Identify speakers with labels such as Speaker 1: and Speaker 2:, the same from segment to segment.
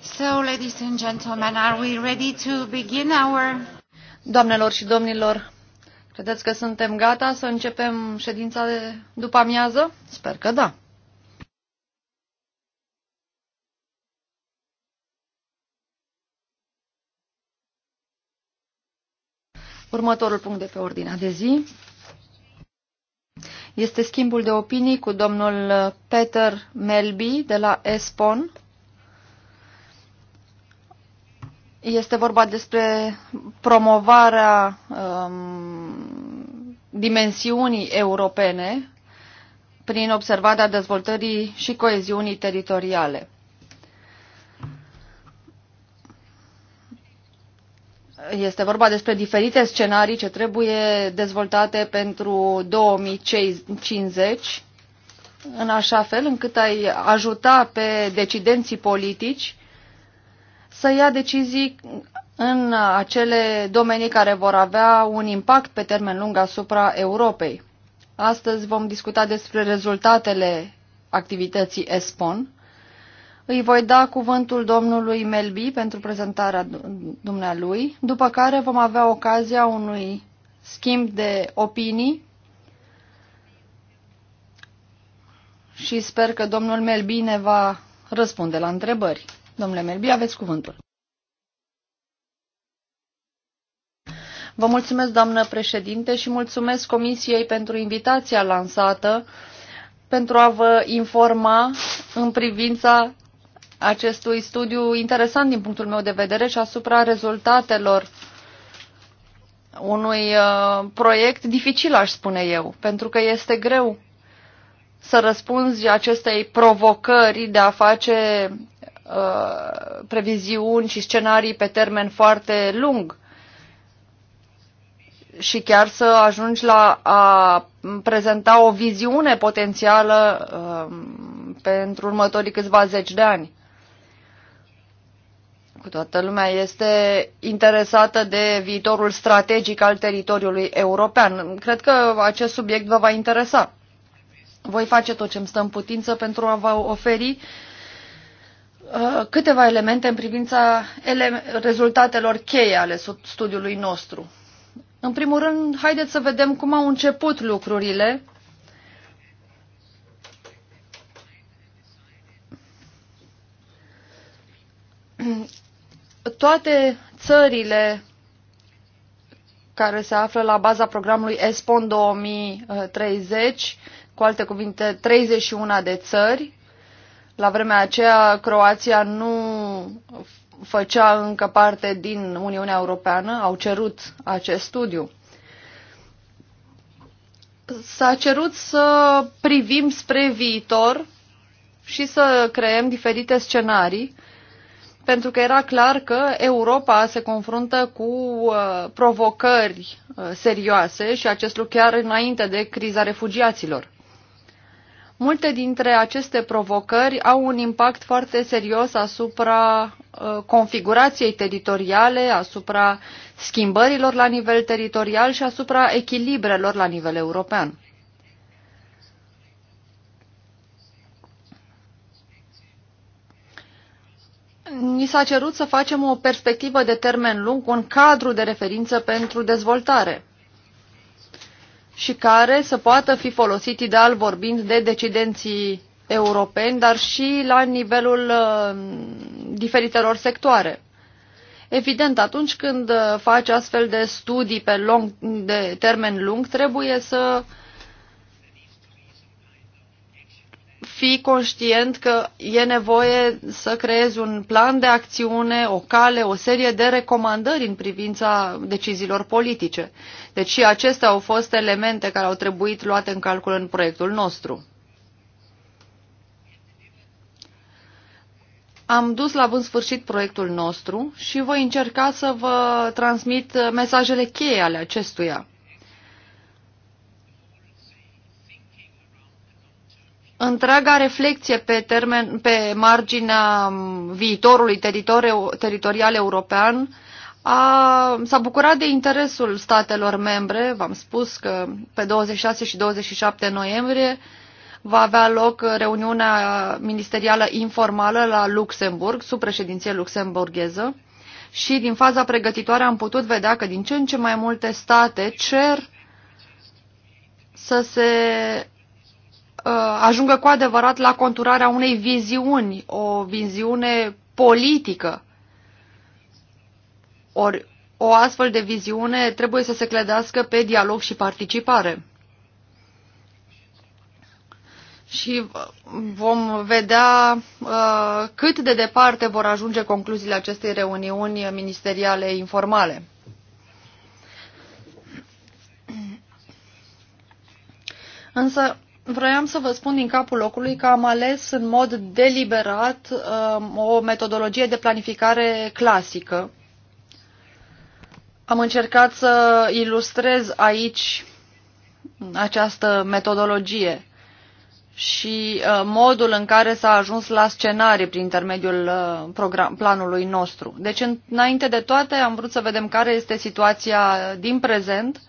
Speaker 1: So, ladies and gentlemen, are we ready to begin our... Doamnelor și domnilor, credeți că suntem gata să începem ședința de după amiază? Sper că da. Următorul punct de pe ordinea de zi este schimbul de opinii cu domnul Peter Melby de la ESPON, Este vorba despre promovarea um, dimensiunii europene prin observarea dezvoltării și coeziunii teritoriale. Este vorba despre diferite scenarii ce trebuie dezvoltate pentru 2050, în așa fel încât ai ajuta pe decidenții politici să ia decizii în acele domenii care vor avea un impact pe termen lung asupra Europei. Astăzi vom discuta despre rezultatele activității ESPON. Îi voi da cuvântul domnului Melbi pentru prezentarea dumnealui, după care vom avea ocazia unui schimb de opinii și sper că domnul Melbi ne va răspunde la întrebări. Domnule Melbi, aveți cuvântul. Vă mulțumesc, doamnă președinte, și mulțumesc Comisiei pentru invitația lansată pentru a vă informa în privința acestui studiu interesant din punctul meu de vedere și asupra rezultatelor unui uh, proiect dificil, aș spune eu, pentru că este greu să răspunzi acestei provocări de a face Uh, previziuni și scenarii pe termen foarte lung și chiar să ajungi la a prezenta o viziune potențială um, pentru următorii câțiva zeci de ani. Cu toată lumea este interesată de viitorul strategic al teritoriului european. Cred că acest subiect vă va interesa. Voi face tot ce îmi stă în putință pentru a vă oferi uh, Uh, câteva elemente în privința ele rezultatelor cheie ale studiului nostru. În primul rând, haideți să vedem cum au început lucrurile toate țările care se află la baza programului ESPON 2030, cu alte cuvinte 31 de țări, la vremea aceea, Croația nu făcea încă parte din Uniunea Europeană, au cerut acest studiu. S-a cerut să privim spre viitor și să creăm diferite scenarii, pentru că era clar că Europa se confruntă cu uh, provocări uh, serioase și acest lucru chiar înainte de criza refugiaților. Multe dintre aceste provocări au un impact foarte serios asupra uh, configurației teritoriale, asupra schimbărilor la nivel teritorial și asupra echilibrelor la nivel european. Ni s-a cerut să facem o perspectivă de termen lung, un cadru de referință pentru dezvoltare și care să poată fi folosit ideal vorbind de decidenții europeni, dar și la nivelul uh, diferitelor sectoare. Evident, atunci când uh, faci astfel de studii pe long, de termen lung, trebuie să uh, fii conștient că e nevoie să creezi un plan de acțiune, o cale, o serie de recomandări în privința deciziilor politice. Deci și acestea au fost elemente care au trebuit luate în calcul în proiectul nostru. Am dus la bun sfârșit proiectul nostru și voi încerca să vă transmit mesajele cheie ale acestuia. întreaga reflexie pe, termen, pe marginea viitorului teritoriu, teritorial european s-a bucurat de interesul statelor membre. V-am spus că pe 26 și 27 noiembrie va avea loc reuniunea ministerială informală la Luxemburg, sub președinție luxemburgheză. Și din faza pregătitoare am putut vedea că din ce în ce mai multe state cer să se Uh, ajungă cu adevărat la conturarea unei viziuni, o viziune politică. Ori o astfel de viziune trebuie să se clădească pe dialog și participare. Și uh, vom vedea uh, cât de departe vor ajunge concluziile acestei reuniuni ministeriale informale. Însă Vroiam să vă spun din capul locului că am ales în mod deliberat um, o metodologie de planificare clasică. Am încercat să ilustrez aici această metodologie și uh, modul în care s-a ajuns la scenarii prin intermediul uh, planului nostru. Deci, înainte de toate, am vrut să vedem care este situația din prezent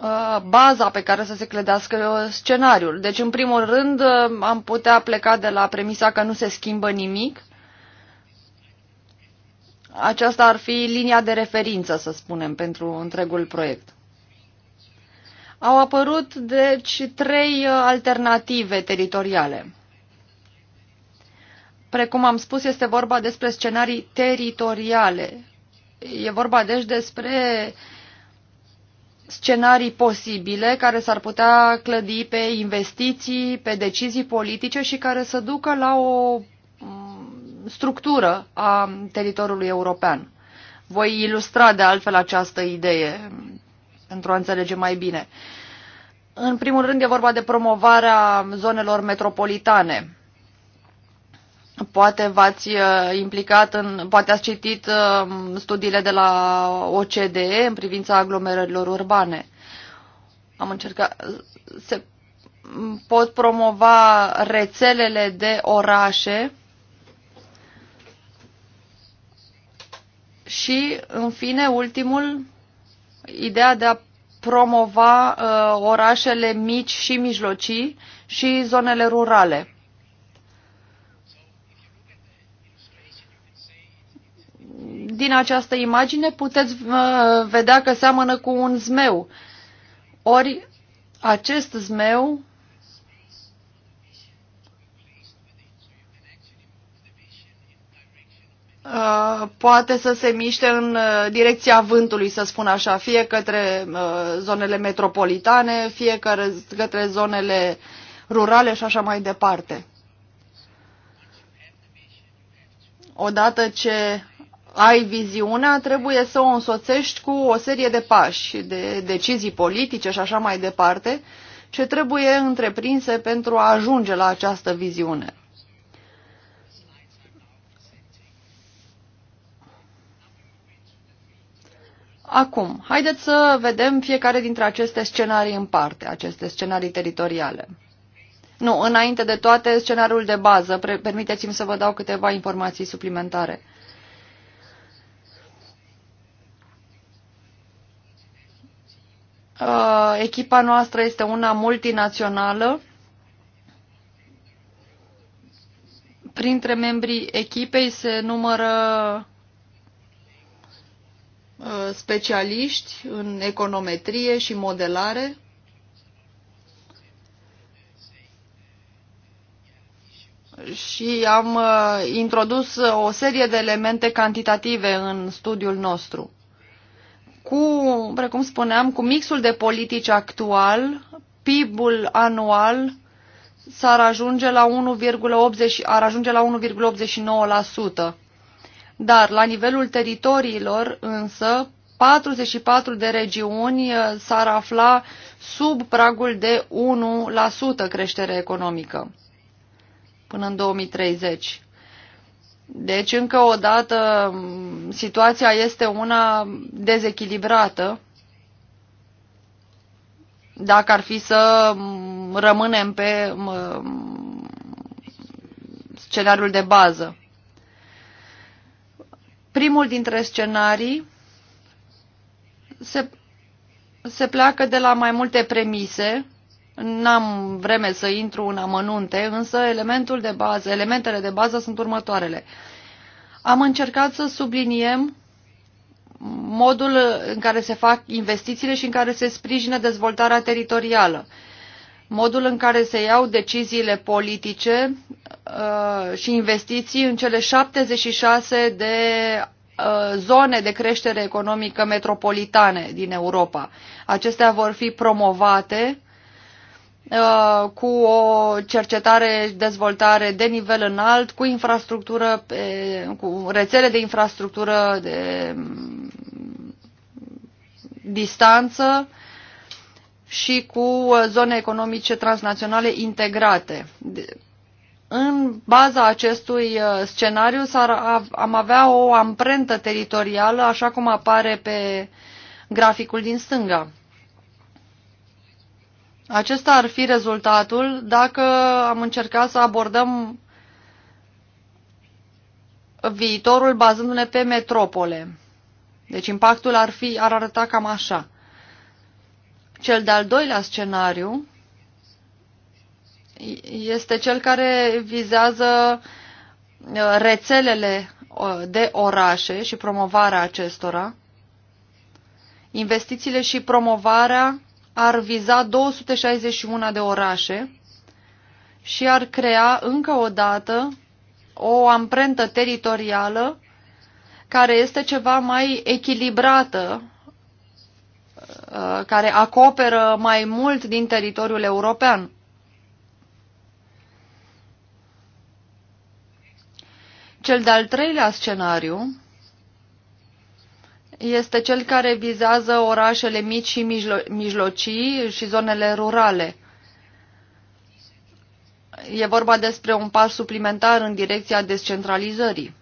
Speaker 1: Uh, baza pe care să se clădească scenariul. Deci, în primul rând, uh, am putea pleca de la premisa că nu se schimbă nimic. Aceasta ar fi linia de referință, să spunem, pentru întregul proiect. Au apărut, deci, trei uh, alternative teritoriale. Precum am spus, este vorba despre scenarii teritoriale. E vorba, deci, despre uh, scenarii posibile care s-ar putea clădi pe investiții, pe decizii politice și care să ducă la o mm, structură a teritoriului european. Voi ilustra de altfel această idee pentru a înțelege mai bine. În primul rând e vorba de promovarea zonelor metropolitane. Poate v-ați uh, implicat în, poate ați citit uh, studiile de la OCDE în privința aglomerărilor urbane. Am încercat, se pot promova rețelele de orașe și, în fine, ultimul, ideea de a promova uh, orașele mici și mijlocii și zonele rurale. din această imagine puteți uh, vedea că seamănă cu un zmeu. Ori acest zmeu uh, poate să se miște în uh, direcția vântului, să spun așa, fie către zonele metropolitane, fie către zonele rurale și așa mai departe. Odată ce ai viziunea, trebuie să o însoțești cu o serie de pași, de decizii politice și așa mai departe, ce trebuie întreprinse pentru a ajunge la această viziune. Acum, haideți să vedem fiecare dintre aceste scenarii în parte, aceste scenarii teritoriale. Nu, înainte de toate, scenariul de bază. Permiteți-mi să vă dau câteva informații suplimentare. Uh, echipa noastră este una multinațională. Printre membrii echipei se numără uh, specialiști în econometrie și modelare. Și am uh, introdus o serie de elemente cantitative în studiul nostru cu, precum spuneam, cu mixul de politici actual, PIB-ul anual s-ar ajunge la 1,80, ar ajunge la 1,89%. Dar la nivelul teritoriilor însă 44 de regiuni uh, s-ar afla sub pragul de 1% creștere economică până în 2030. Deci, încă o dată, situația este una dezechilibrată. Dacă ar fi să rămânem pe scenariul de bază. Primul dintre scenarii se, se pleacă de la mai multe premise N-am vreme să intru în amănunte, însă elementul de bază, elementele de bază sunt următoarele. Am încercat să subliniem modul în care se fac investițiile și în care se sprijină dezvoltarea teritorială, modul în care se iau deciziile politice uh, și investiții în cele 76 de uh, zone de creștere economică metropolitane din Europa. Acestea vor fi promovate Uh, cu o cercetare, dezvoltare de nivel înalt, cu infrastructură, cu rețele de infrastructură de mm, distanță și cu uh, zone economice transnaționale integrate. În baza acestui uh, scenariu am avea o amprentă teritorială, așa cum apare pe graficul din stânga. Acesta ar fi rezultatul dacă am încercat să abordăm viitorul bazându-ne pe metropole. Deci impactul ar, fi, ar arăta cam așa. Cel de-al doilea scenariu este cel care vizează uh, rețelele uh, de orașe și promovarea acestora, investițiile și promovarea ar viza 261 de orașe și ar crea încă o dată o amprentă teritorială care este ceva mai echilibrată, uh, care acoperă mai mult din teritoriul european. Cel de-al treilea scenariu este cel care vizează orașele mici și mijlo mijlocii și zonele rurale. E vorba despre un pas suplimentar în direcția descentralizării.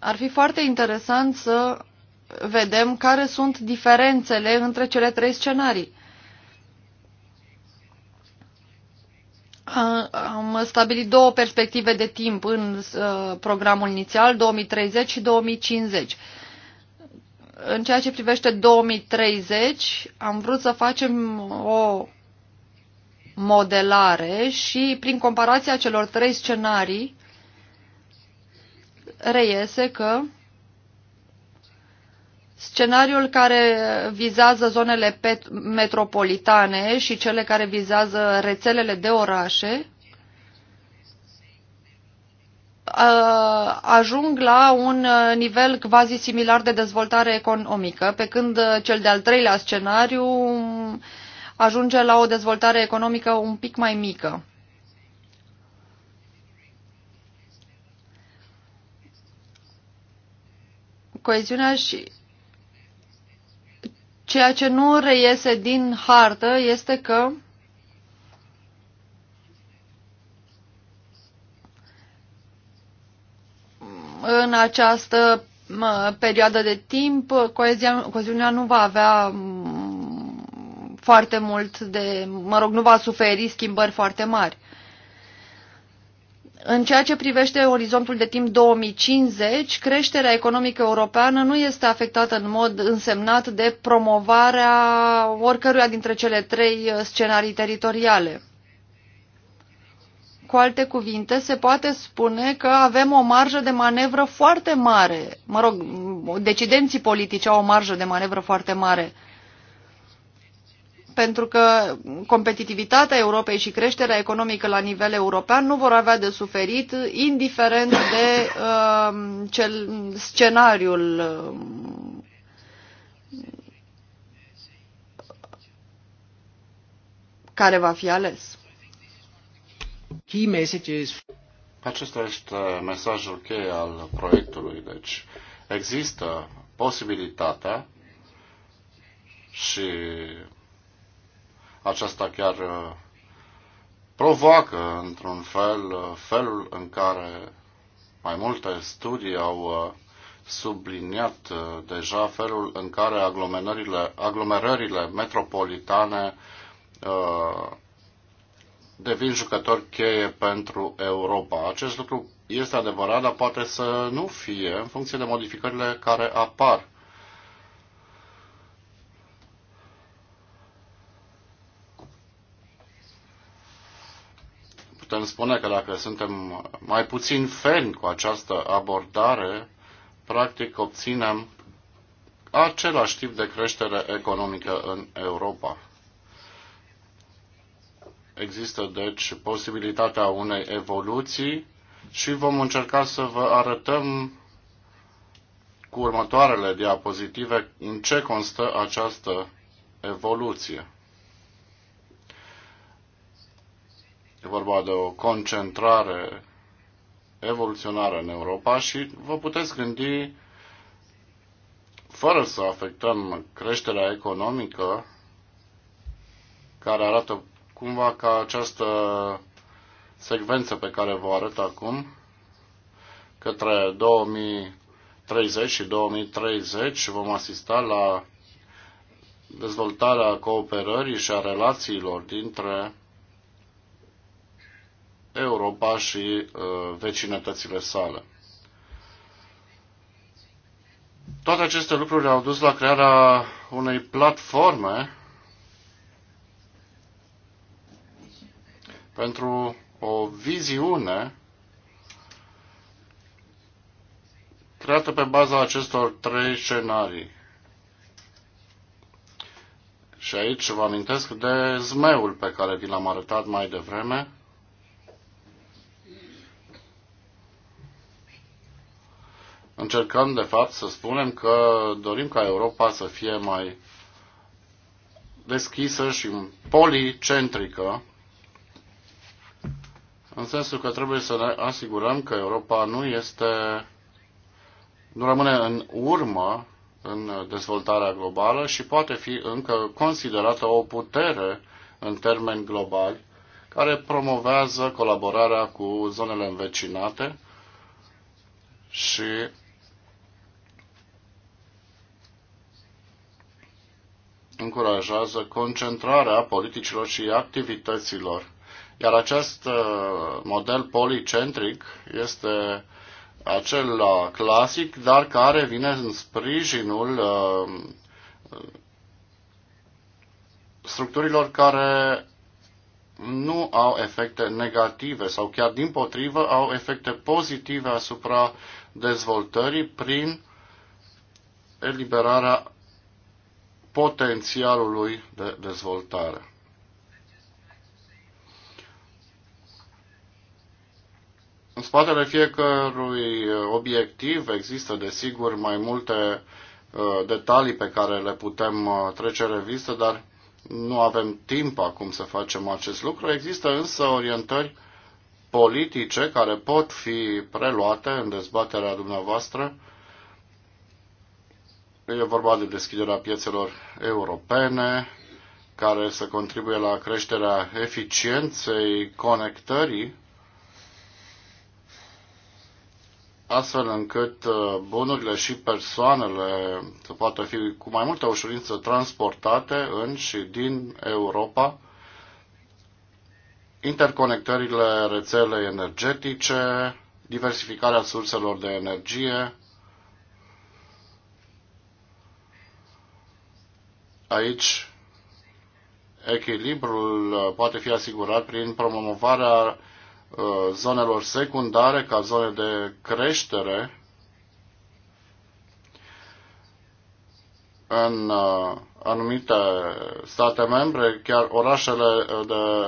Speaker 1: Ar fi foarte interesant să vedem care sunt diferențele între cele trei scenarii. Am stabilit două perspective de timp în uh, programul inițial, 2030 și 2050. În ceea ce privește 2030, am vrut să facem o modelare și prin comparația celor trei scenarii reiese că Scenariul care vizează zonele metropolitane și cele care vizează rețelele de orașe ajung la un nivel quasi similar de dezvoltare economică, pe când cel de-al treilea scenariu ajunge la o dezvoltare economică un pic mai mică. Coeziunea și Ceea ce nu reiese din hartă este că în această perioadă de timp coezia, coeziunea nu va avea foarte mult de, mă rog, nu va suferi schimbări foarte mari. În ceea ce privește orizontul de timp 2050, creșterea economică europeană nu este afectată în mod însemnat de promovarea oricăruia dintre cele trei uh, scenarii teritoriale. Cu alte cuvinte, se poate spune că avem o marjă de manevră foarte mare. Mă rog, decidenții politici au o marjă de manevră foarte mare pentru că competitivitatea Europei și creșterea economică la nivel european nu vor avea de suferit, indiferent de uh, cel, scenariul um, care va fi ales. Key messages.
Speaker 2: Acesta este mesajul cheie al proiectului. Deci există posibilitatea și aceasta chiar uh, provoacă, într-un fel, uh, felul în care mai multe studii au uh, subliniat deja felul în care aglomerările, aglomerările metropolitane devin jucători cheie pentru Europa. Acest lucru este adevărat, dar poate să nu fie în funcție de modificările care apar. putem spune că dacă suntem mai puțin feni cu această abordare, practic obținem același tip de creștere economică în Europa. Există deci posibilitatea unei evoluții și vom încerca să vă arătăm cu următoarele diapozitive în ce constă această evoluție. E vorba de o concentrare evoluționară în Europa și vă puteți gândi, fără să afectăm creșterea economică, care arată cumva ca această secvență pe care vă arăt acum, către 2030 și 2030 vom asista la dezvoltarea cooperării și a relațiilor dintre Europa și uh, vecinătățile sale. Toate aceste lucruri au dus la crearea unei platforme pentru o viziune creată pe baza acestor trei scenarii. Și aici vă amintesc de zmeul pe care vi l-am arătat mai devreme, Încercăm, de fapt, să spunem că dorim ca Europa să fie mai deschisă și policentrică, în sensul că trebuie să ne asigurăm că Europa nu este, nu rămâne în urmă în dezvoltarea globală și poate fi încă considerată o putere în termeni globali care promovează colaborarea cu zonele învecinate și încurajează concentrarea politicilor și activităților. Iar acest uh, model policentric este acel clasic, dar care vine în sprijinul uh, structurilor care nu au efecte negative sau chiar din potrivă au efecte pozitive asupra dezvoltării prin eliberarea potențialului de dezvoltare. În spatele fiecărui obiectiv există, desigur, mai multe uh, detalii pe care le putem uh, trece revistă, dar nu avem timp acum să facem acest lucru. Există însă orientări politice care pot fi preluate în dezbaterea dumneavoastră E vorba de deschiderea piețelor europene care să contribuie la creșterea eficienței conectării astfel încât uh, bunurile și persoanele să poată fi cu mai multă ușurință transportate în și din Europa. Interconectările rețelei energetice, diversificarea surselor de energie, Aici echilibrul uh, poate fi asigurat prin promovarea uh, zonelor secundare ca zone de creștere în uh, anumite state membre, chiar orașele de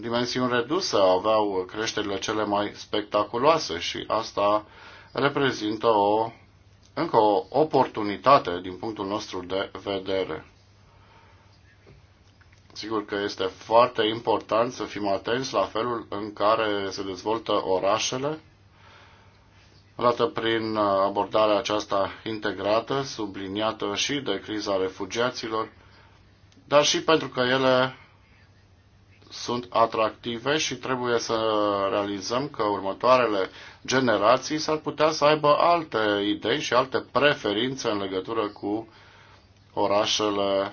Speaker 2: dimensiuni reduse aveau creșterile cele mai spectaculoase și asta reprezintă o, încă o oportunitate din punctul nostru de vedere. Sigur că este foarte important să fim atenți la felul în care se dezvoltă orașele, odată prin uh, abordarea aceasta integrată, subliniată și de criza refugiaților, dar și pentru că ele sunt atractive și trebuie să realizăm că următoarele generații s-ar putea să aibă alte idei și alte preferințe în legătură cu orașele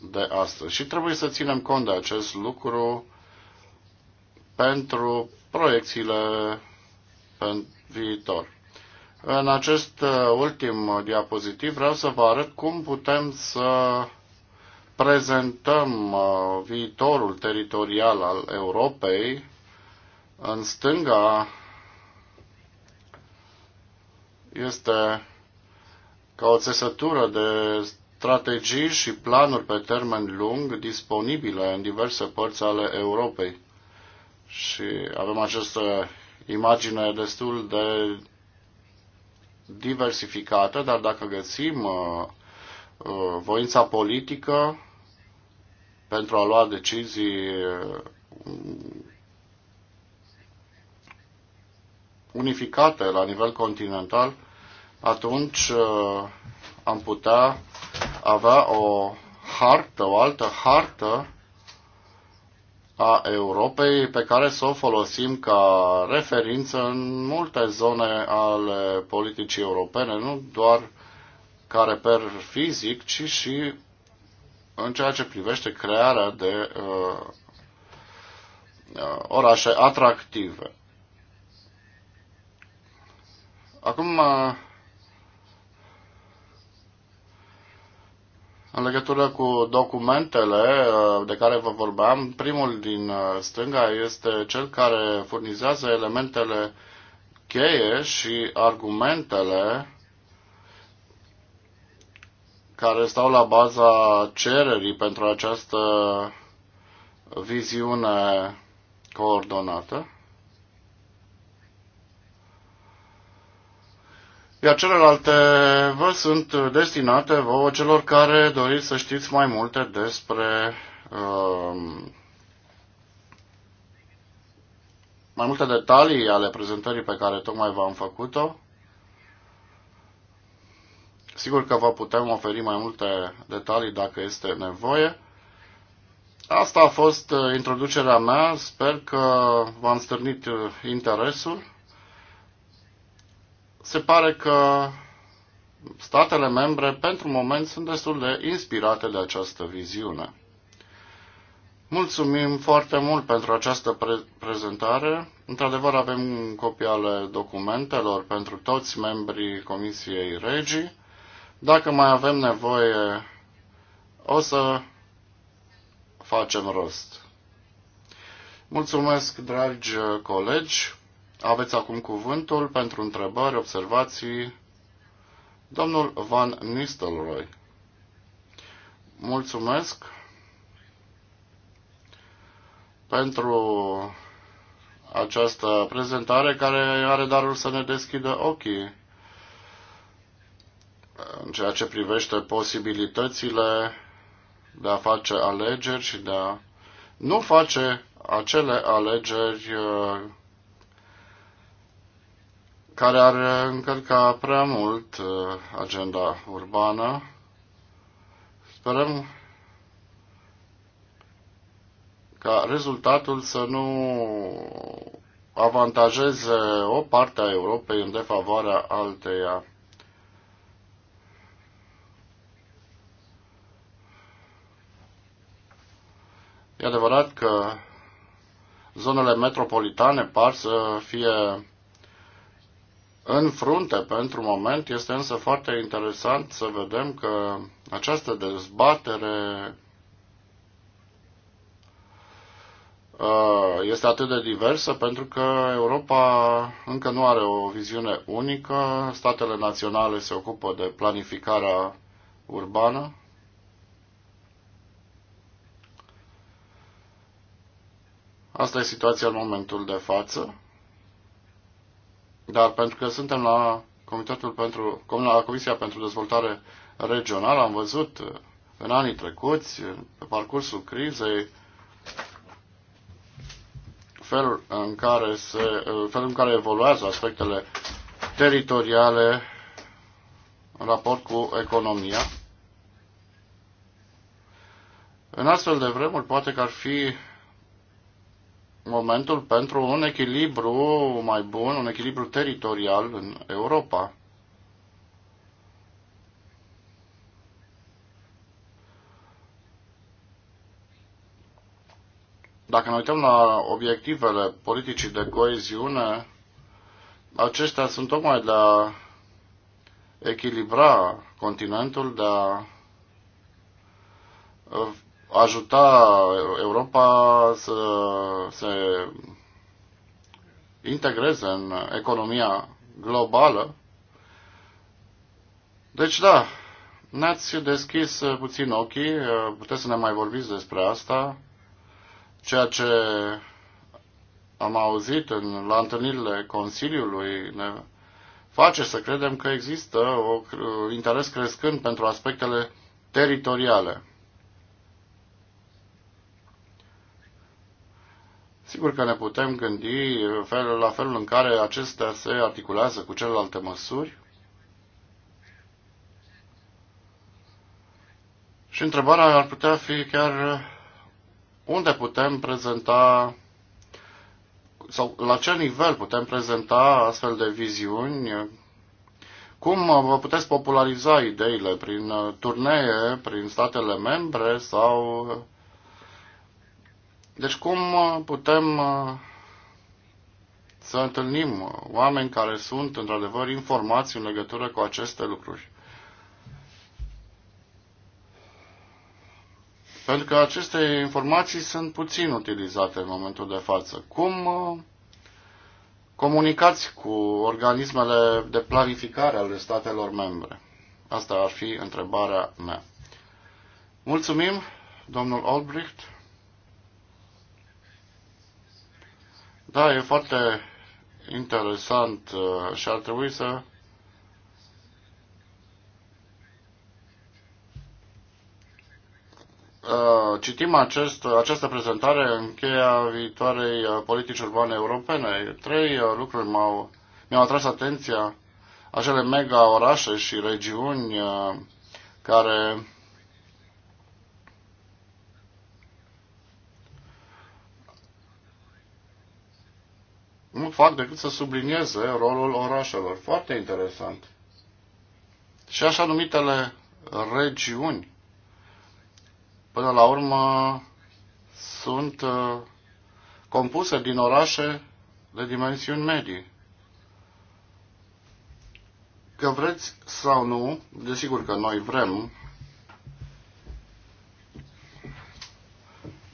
Speaker 2: de astăzi. Și trebuie să ținem cont de acest lucru pentru proiecțiile în viitor. În acest uh, ultim diapozitiv vreau să vă arăt cum putem să prezentăm uh, viitorul teritorial al Europei. În stânga este ca o țesătură de strategii și planuri pe termen lung disponibile în diverse părți ale Europei. Și avem această imagine destul de diversificată, dar dacă găsim uh, uh, voința politică pentru a lua decizii uh, unificate la nivel continental, atunci am putea avea o hartă, o altă hartă a Europei pe care să o folosim ca referință în multe zone ale politicii europene, nu doar ca reper fizic, ci și în ceea ce privește crearea de uh, uh orașe atractive. Acum, uh, În legătură cu documentele uh, de care vă vorbeam, primul din uh, stânga este cel care furnizează elementele cheie și argumentele care stau la baza cererii pentru această viziune coordonată. iar celelalte vă sunt destinate vouă celor care doriți să știți mai multe despre um, mai multe detalii ale prezentării pe care tocmai v-am făcut-o. Sigur că vă putem oferi mai multe detalii dacă este nevoie. Asta a fost uh, introducerea mea. Sper că v-am stârnit uh, interesul se pare că statele membre, pentru moment, sunt destul de inspirate de această viziune. Mulțumim foarte mult pentru această pre- prezentare. Într-adevăr, avem copii ale documentelor pentru toți membrii Comisiei Regii. Dacă mai avem nevoie, o să facem rost. Mulțumesc, dragi colegi, aveți acum cuvântul pentru întrebări, observații. Domnul Van Nistelrooy. Mulțumesc pentru această prezentare care are darul să ne deschidă ochii în ceea ce privește posibilitățile de a face alegeri și de a nu face acele alegeri uh, care ar încălca prea mult uh, agenda urbană. Sperăm ca rezultatul să nu avantajeze o parte a Europei în defavoarea alteia. E adevărat că zonele metropolitane par să fie în frunte pentru moment. Este însă foarte interesant să vedem că această dezbatere uh, este atât de diversă pentru că Europa încă nu are o viziune unică. Statele naționale se ocupă de planificarea urbană. Asta e situația în momentul de față. Dar pentru că suntem la, Comitetul pentru, la Comisia pentru Dezvoltare Regională, am văzut uh, în anii trecuți, pe parcursul crizei, felul în care, se, uh, felul în care evoluează aspectele teritoriale în raport cu economia. În astfel de vremuri, poate că ar fi momentul pentru un echilibru mai bun, un echilibru teritorial în Europa. Dacă ne uităm la obiectivele politicii de coeziune, acestea sunt tocmai de a echilibra continentul, de a ajuta Europa să se integreze în economia globală. Deci da, ne-ați deschis puțin ochii, puteți să ne mai vorbiți despre asta, ceea ce am auzit în, la întâlnirile Consiliului ne face să credem că există un interes crescând pentru aspectele teritoriale. Sigur că ne putem gândi fel, la felul în care acestea se articulează cu celelalte măsuri. Și întrebarea ar putea fi chiar unde putem prezenta sau la ce nivel putem prezenta astfel de viziuni, cum vă puteți populariza ideile prin turnee, prin statele membre sau deci cum uh, putem uh, să întâlnim uh, oameni care sunt într-adevăr informați în legătură cu aceste lucruri? Pentru că aceste informații sunt puțin utilizate în momentul de față. Cum comunicați cu organismele de planificare ale statelor membre? Asta ar fi întrebarea mea. Mulțumim, domnul Albrecht. Da, e foarte interesant uh, și ar trebui să uh, citim acest, această prezentare în cheia viitoarei uh, politici urbane europene. Trei lucruri m-au, mi-au atras atenția. Acele mega orașe și regiuni care nu fac decât să sublinieze rolul orașelor. Foarte interesant. Și așa numitele regiuni, până la urmă, sunt uh, compuse din orașe de dimensiuni medii. Că vreți sau nu, desigur că noi vrem,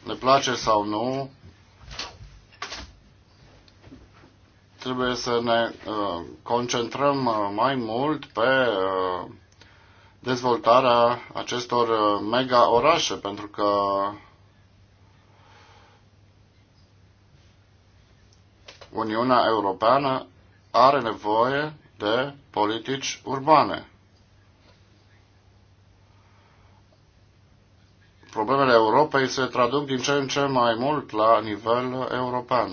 Speaker 2: ne place sau nu, Trebuie să ne uh, concentrăm uh, mai mult pe uh, dezvoltarea acestor mega orașe, pentru că Uniunea Europeană are nevoie de politici urbane. Problemele Europei se traduc din ce în ce mai mult la nivel european.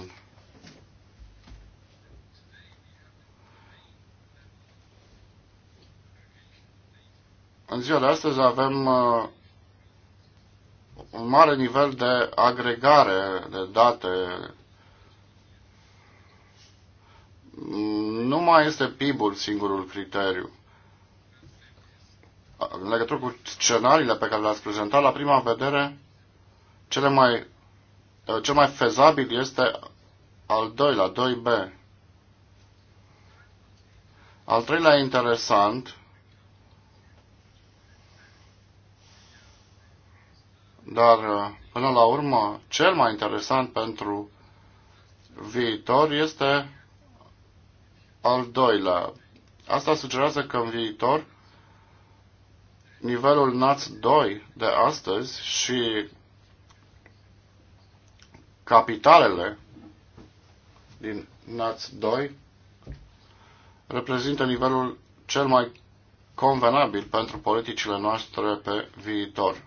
Speaker 2: În ziua de astăzi avem uh, un mare nivel de agregare de date. Nu mai este PIB-ul singurul criteriu. În legătură cu scenariile pe care le-ați prezentat, la prima vedere, cele mai, uh, cel mai fezabil este al doilea, 2B. Al treilea interesant Dar, uh, până la urmă, cel mai interesant pentru viitor este al doilea. Asta sugerează că în viitor nivelul NAT 2 de astăzi și capitalele din NAT 2 reprezintă nivelul cel mai convenabil pentru politicile noastre pe viitor.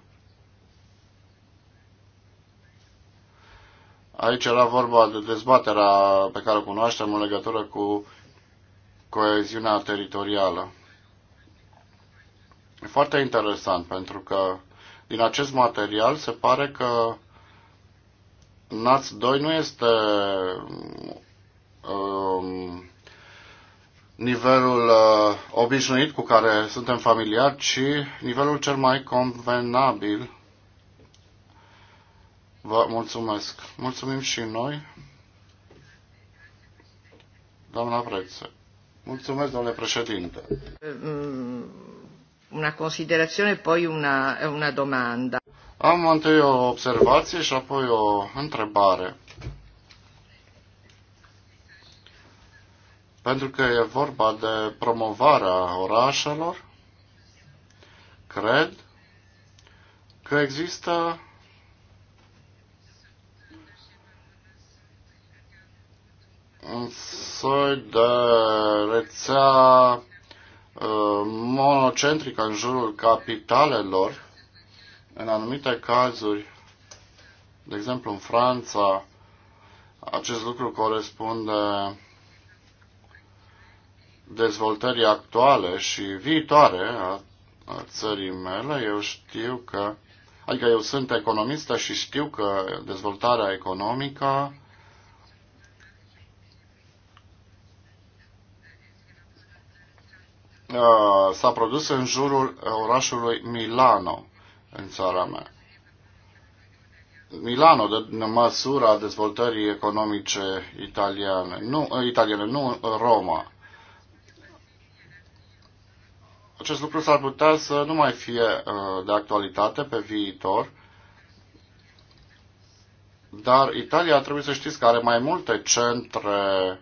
Speaker 2: Aici era vorba de dezbaterea pe care o cunoaștem în legătură cu coeziunea teritorială. E foarte interesant pentru că din acest material se pare că NAS 2 nu este um, nivelul uh, obișnuit cu care suntem familiari, ci nivelul cel mai convenabil Vă mulțumesc. Mulțumim și noi. Doamna Prețe. Mulțumesc, domnule președinte.
Speaker 1: Mm, una considerazione, poi una, una domanda. Am întâi o observație și apoi
Speaker 2: o întrebare. Pentru că e vorba de promovarea orașelor, cred că există un soi de rețea uh, monocentrică în jurul capitalelor, în anumite cazuri, de exemplu în Franța, acest lucru corespunde dezvoltării actuale și viitoare a, a țării mele. Eu știu că, adică eu sunt economistă și știu că dezvoltarea economică Uh, s-a produs în jurul orașului Milano, în țara mea. Milano, de măsura dezvoltării economice italiane, nu, uh, italiane, nu uh, Roma. Acest lucru s-ar putea să nu mai fie de actualitate pe viitor, dar Italia trebuie să știți că are mai multe centre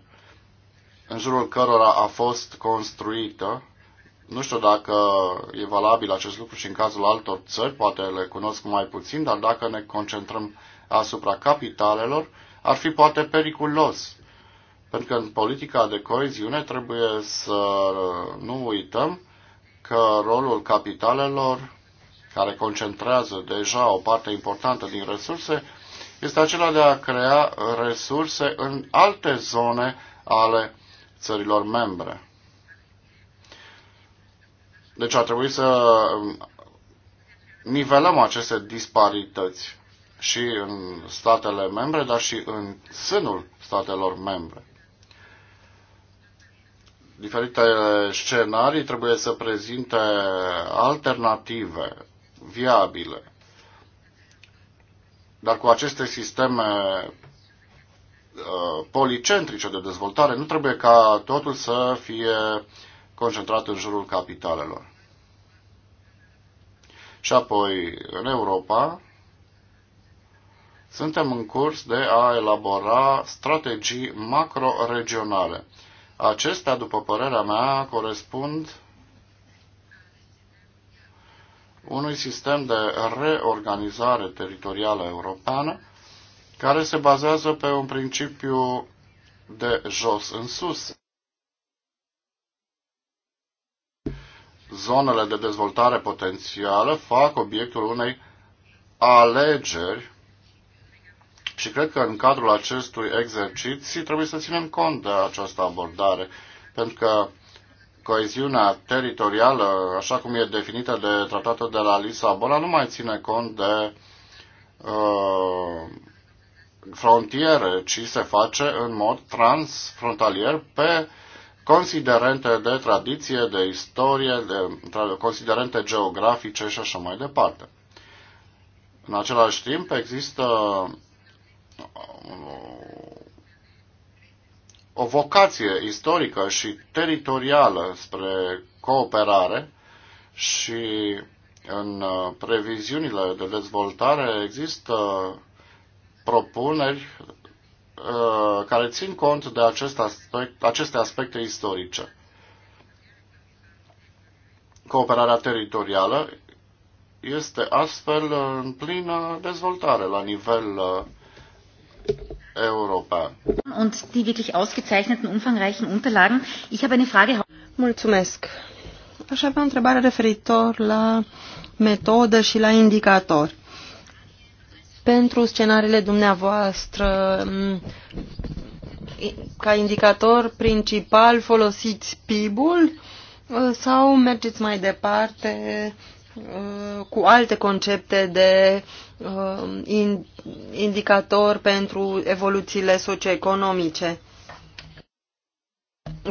Speaker 2: în jurul cărora a fost construită nu știu dacă e valabil acest lucru și în cazul altor țări, poate le cunosc mai puțin, dar dacă ne concentrăm asupra capitalelor, ar fi poate periculos. Pentru că în politica de coeziune trebuie să nu uităm că rolul capitalelor, care concentrează deja o parte importantă din resurse, este acela de a crea resurse în alte zone ale țărilor membre. Deci ar trebui să um, nivelăm aceste disparități și în statele membre, dar și în sânul statelor membre. Diferite scenarii trebuie să prezinte alternative viabile. Dar cu aceste sisteme uh, policentrice de dezvoltare nu trebuie ca totul să fie concentrat în jurul capitalelor. Și apoi, în Europa, suntem în curs de a elabora strategii macro-regionale. Acestea, după părerea mea, corespund unui sistem de reorganizare teritorială europeană care se bazează pe un principiu de jos în sus. zonele de dezvoltare potențială fac obiectul unei alegeri și cred că în cadrul acestui exercițiu trebuie să ținem cont de această abordare, pentru că coeziunea teritorială, așa cum e definită de tratatul de la Lisabona, nu mai ține cont de uh, frontiere, ci se face în mod transfrontalier pe considerente de tradiție, de istorie, de considerente geografice și așa mai departe. În același timp există uh, o vocație istorică și teritorială spre cooperare și în uh, previziunile de dezvoltare există propuneri Uh, care țin cont de acest aspect, aceste aspecte istorice. Cooperarea teritorială este astfel în plină dezvoltare la nivel uh, european.
Speaker 3: Und die wirklich ausgezeichneten, umfangreichen Unterlagen. Ich habe eine Frage. Mulțumesc. Aș avea o întrebare referitor la metodă și la indicatori pentru scenariile dumneavoastră. Mm, ca indicator principal folosiți PIB-ul uh, sau mergeți mai departe uh, cu alte concepte de uh, indicator pentru evoluțiile socioeconomice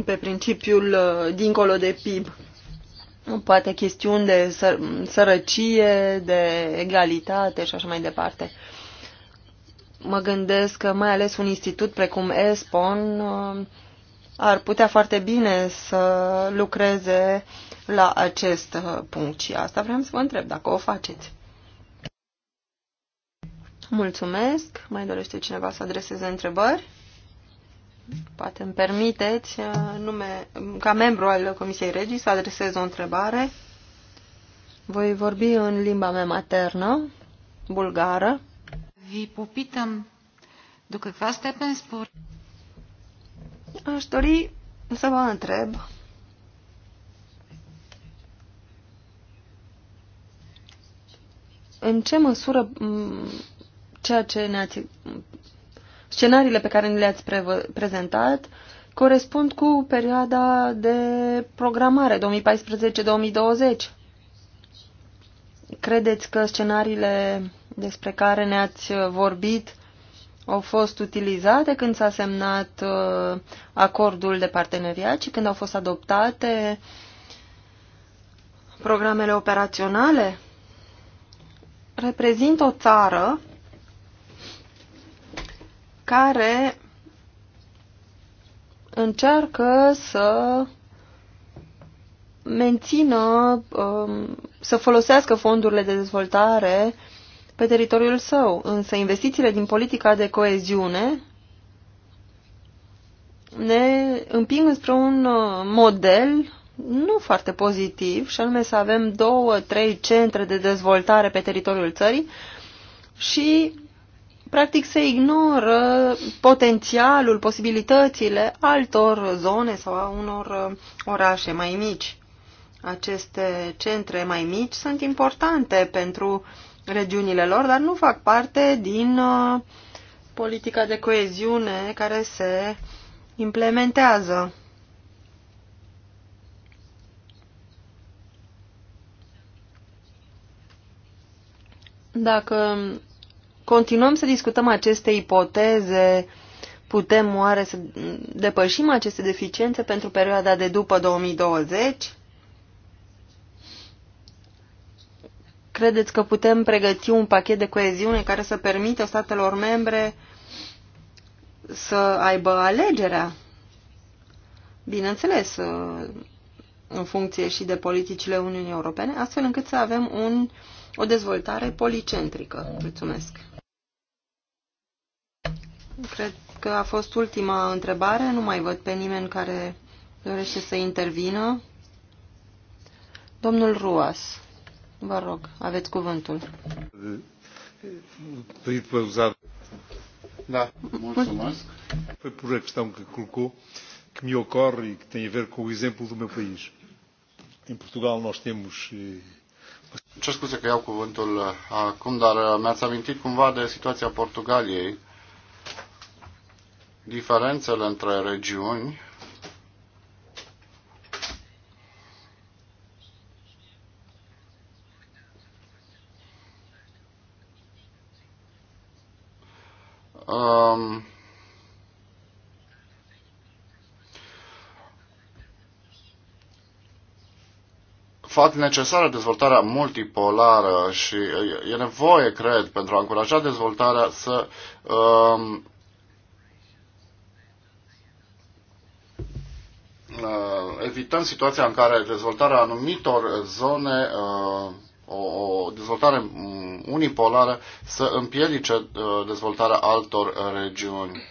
Speaker 3: pe principiul dincolo de PIB poate chestiuni de sărăcie, de egalitate și așa mai departe. Mă gândesc că mai ales un institut precum ESPON uh, ar putea foarte bine să lucreze la acest uh, punct și asta vreau să vă întreb dacă o faceți. Mulțumesc. Mai dorește cineva să adreseze întrebări? Poate îmi permiteți, uh, nume, ca membru al Comisiei Regii, să adresez o întrebare. Voi vorbi în limba mea maternă, bulgară. Vi ducă do asta pe spor. Aș dori să vă întreb în ce măsură ceea ce ne-ați scenariile pe care ni le-ați pre prezentat corespund cu perioada de programare 2014-2020. Credeți că scenariile despre care ne-ați vorbit au fost utilizate când s-a semnat uh, acordul de parteneriat și când au fost adoptate programele operaționale? Reprezint o țară care încearcă să mențină, um, să folosească fondurile de dezvoltare pe teritoriul său. Însă investițiile din politica de coeziune ne împing spre un uh, model nu foarte pozitiv, și anume să avem două, trei centre de dezvoltare pe teritoriul țării și practic se ignoră potențialul, posibilitățile altor zone sau a unor uh, orașe mai mici. Aceste centre mai mici sunt importante pentru regiunile lor, dar nu fac parte din uh, politica de coeziune care se implementează. Dacă continuăm să discutăm aceste ipoteze, putem oare să depășim aceste deficiențe pentru perioada de după 2020? Credeți că putem pregăti un pachet de coeziune care să permită statelor membre să aibă alegerea? Bineînțeles, uh, în funcție și de politicile Uniunii Europene, astfel încât să avem un, o dezvoltare policentrică. Mulțumesc! Cred că a fost ultima întrebare. Nu mai văd pe nimeni care dorește să intervină. Domnul Ruas, vă rog, aveți cuvântul.
Speaker 2: Da, mulțumesc. Foi por a questão que colocou que me ocorre e que tem a ver com o exemplo do meu país. Em Portugal nós temos eh, ce scuze că iau cuvântul acum, dar mi-ați amintit cumva de situația Portugaliei diferențele între regiuni um, fac necesară dezvoltarea multipolară și e nevoie, cred, pentru a încuraja dezvoltarea să um, Uh, evităm situația în care dezvoltarea anumitor zone, uh, o dezvoltare mm, unipolară, să împiedice uh, dezvoltarea altor regiuni.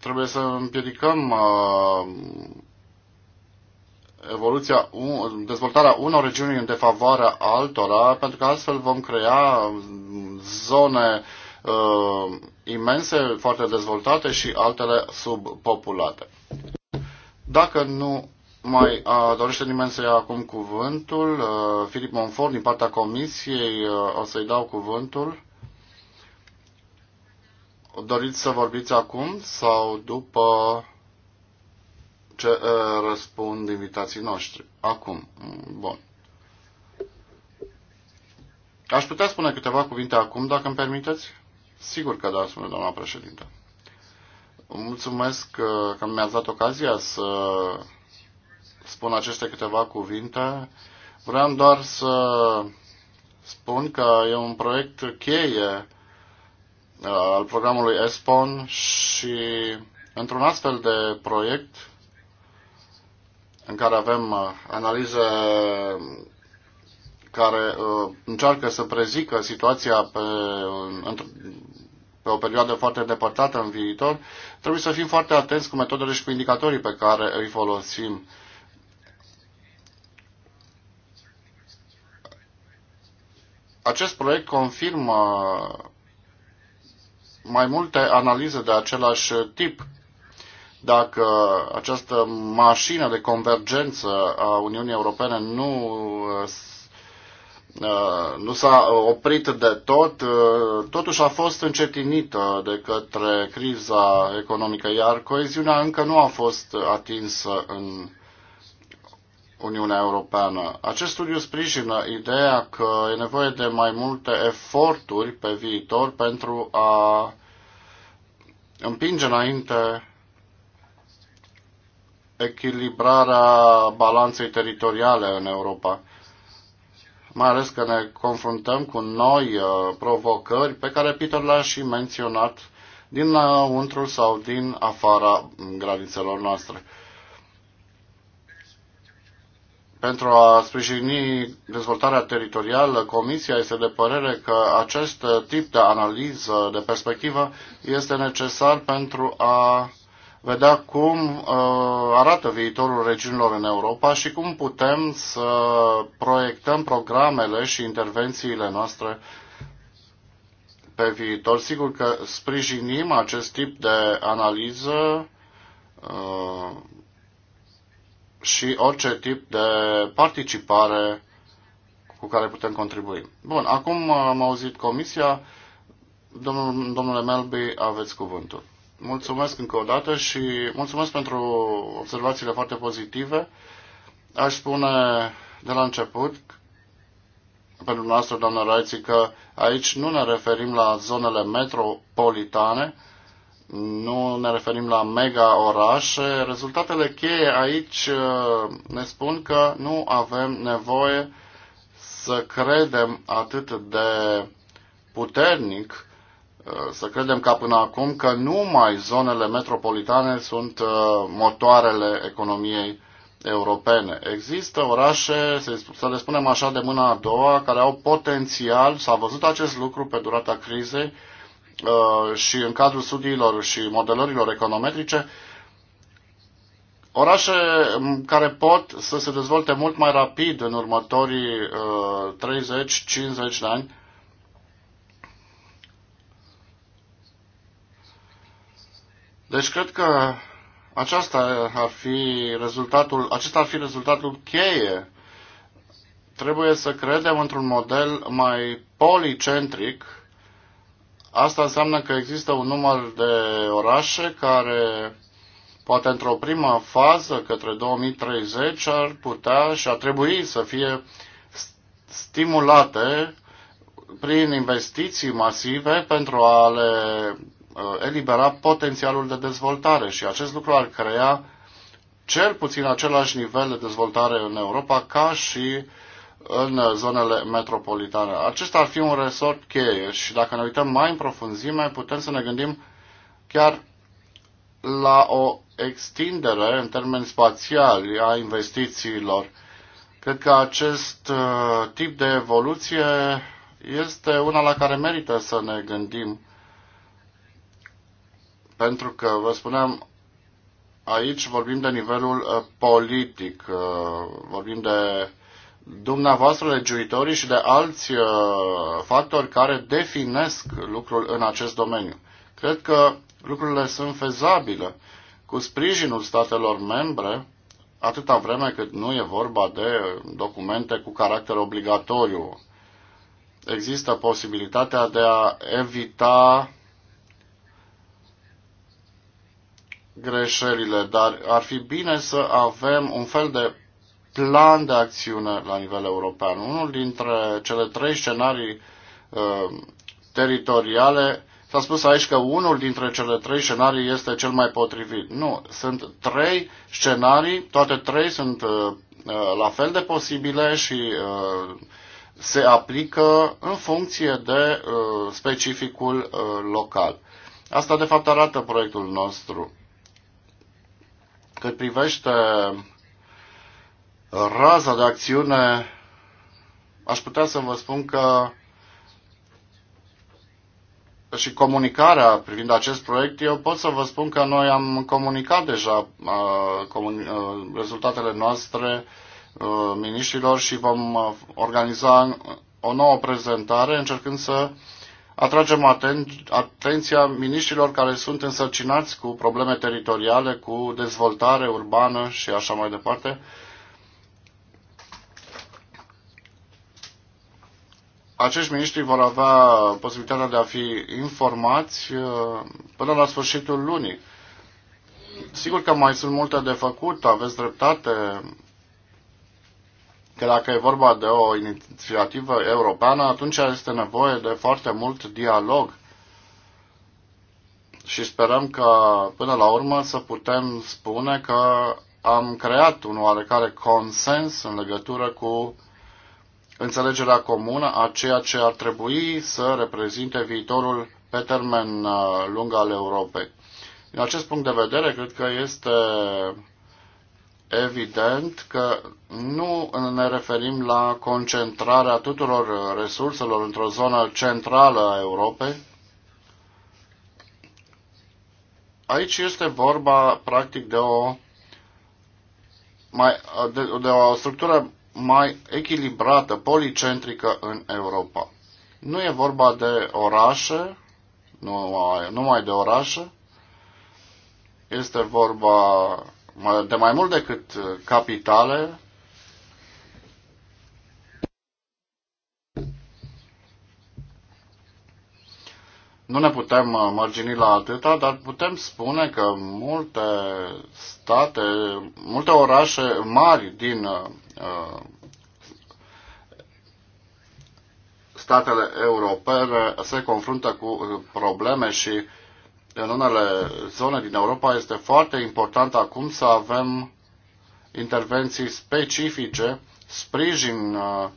Speaker 2: Trebuie să împiedicăm evoluția, dezvoltarea unor regiuni în defavoarea altora, pentru că altfel vom crea mm, zone uh, uh, imense, foarte dezvoltate și altele subpopulate. Dacă nu mai uh, dorește nimeni să ia acum cuvântul, uh, Filip Monfort din partea comisiei uh, o să-i dau cuvântul. Doriți să vorbiți acum sau după ce uh, răspund invitații noștri? Acum. Bun. Aș putea spune câteva cuvinte acum, dacă îmi permiteți? Sigur că da, spune doamna președintă. Mulțumesc că, că mi-ați dat ocazia să spun aceste câteva cuvinte. Vreau doar să spun că e un proiect cheie uh, al programului ESPON și într-un astfel de proiect în care avem uh, analize care uh, încearcă să prezică situația pe, pe o perioadă foarte depărtată în viitor, trebuie să fim foarte atenți cu metodele și cu indicatorii pe care îi folosim. Acest proiect confirmă mai multe analize de același tip. Dacă această mașină de convergență a Uniunii Europene nu Uh, nu s-a uh, oprit de tot, uh, totuși a fost încetinită de către criza economică, iar coeziunea încă nu a fost atinsă în Uniunea Europeană. Acest studiu sprijină ideea că e nevoie de mai multe eforturi pe viitor pentru a împinge înainte echilibrarea balanței teritoriale în Europa mai ales că ne confruntăm cu noi uh, provocări pe care Peter le-a și menționat din untrul sau din afara granițelor noastre. Pentru a sprijini dezvoltarea teritorială, Comisia este de părere că acest tip de analiză, de perspectivă, este necesar pentru a vedea cum uh, arată viitorul regiunilor în Europa și cum putem să proiectăm programele și intervențiile noastre pe viitor. Sigur că sprijinim acest tip de analiză uh, și orice tip de participare cu care putem contribui. Bun, acum am auzit comisia. Domnul, domnule Melby, aveți cuvântul. Mulțumesc încă o dată și mulțumesc pentru observațiile foarte pozitive. Aș spune de la început, pentru noastră, doamnă Raiții, că aici nu ne referim la zonele metropolitane, nu ne referim la mega orașe. Rezultatele cheie aici uh, ne spun că nu avem nevoie să credem atât de puternic Uh, să credem ca până acum că numai zonele metropolitane sunt uh, motoarele economiei europene. Există orașe, să le spunem așa, de mâna a doua, care au potențial, s-a văzut acest lucru pe durata crizei uh, și în cadrul studiilor și modelărilor econometrice, orașe care pot să se dezvolte mult mai rapid în următorii 30-50 de ani, Deci cred că aceasta ar fi rezultatul, acesta ar fi rezultatul cheie. Trebuie să credem într-un model mai policentric. Asta înseamnă că există un număr de orașe care poate într-o primă fază către 2030 ar putea și ar trebui să fie stimulate prin investiții masive pentru a le Uh, elibera potențialul de dezvoltare și acest lucru ar crea cel puțin același nivel de dezvoltare în Europa ca și în zonele metropolitane. Acesta ar fi un resort cheie și dacă ne uităm mai în profunzime, putem să ne gândim chiar la o extindere în termeni spațiali a investițiilor. Cred că acest uh, tip de evoluție este una la care merită să ne gândim pentru că, vă spuneam, aici vorbim de nivelul uh, politic, uh, vorbim de dumneavoastră legiuitorii și de alți uh, factori care definesc lucrul în acest domeniu. Cred că lucrurile sunt fezabile cu sprijinul statelor membre, atâta vreme cât nu e vorba de documente cu caracter obligatoriu. Există posibilitatea de a evita greșelile, dar ar fi bine să avem un fel de plan de acțiune la nivel european. Unul dintre cele trei scenarii uh, teritoriale, s-a spus aici că unul dintre cele trei scenarii este cel mai potrivit. Nu, sunt trei scenarii, toate trei sunt uh, uh la fel de posibile și uh, se aplică în funcție de uh, specificul uh, local. Asta de fapt arată proiectul nostru. Cât privește raza de acțiune, aș putea să vă spun că și comunicarea privind acest proiect, eu pot să vă spun că noi am comunicat deja uh, comuni- uh, rezultatele noastre uh, miniștrilor și vom uh, organiza o nouă prezentare încercând să uh, atragem aten- atenția miniștrilor care sunt însărcinați cu probleme teritoriale, cu dezvoltare urbană și așa mai departe. Acești miniștri vor avea posibilitatea de a fi informați uh, până la sfârșitul lunii. Sigur că mai sunt multe de făcut, aveți dreptate, că dacă e vorba de o inițiativă europeană, atunci este nevoie de foarte mult dialog și sperăm că până la urmă să putem spune că am creat un oarecare consens în legătură cu înțelegerea comună a ceea ce ar trebui să reprezinte viitorul pe termen uh, lung al Europei. Din acest punct de vedere, cred că este evident că nu ne referim la concentrarea tuturor resurselor într-o zonă centrală a Europei. Aici este vorba, practic, de o, mai, de, de o structură mai echilibrată, policentrică în Europa. Nu e vorba de orașe, numai, numai de orașe, este vorba de mai mult decât uh, capitale, nu ne putem uh, mărgini la atâta, dar putem spune că multe state, multe orașe mari din uh, uh statele europene se confruntă cu probleme și în unele zone din Europa este foarte important acum să avem intervenții specifice, sprijin uh,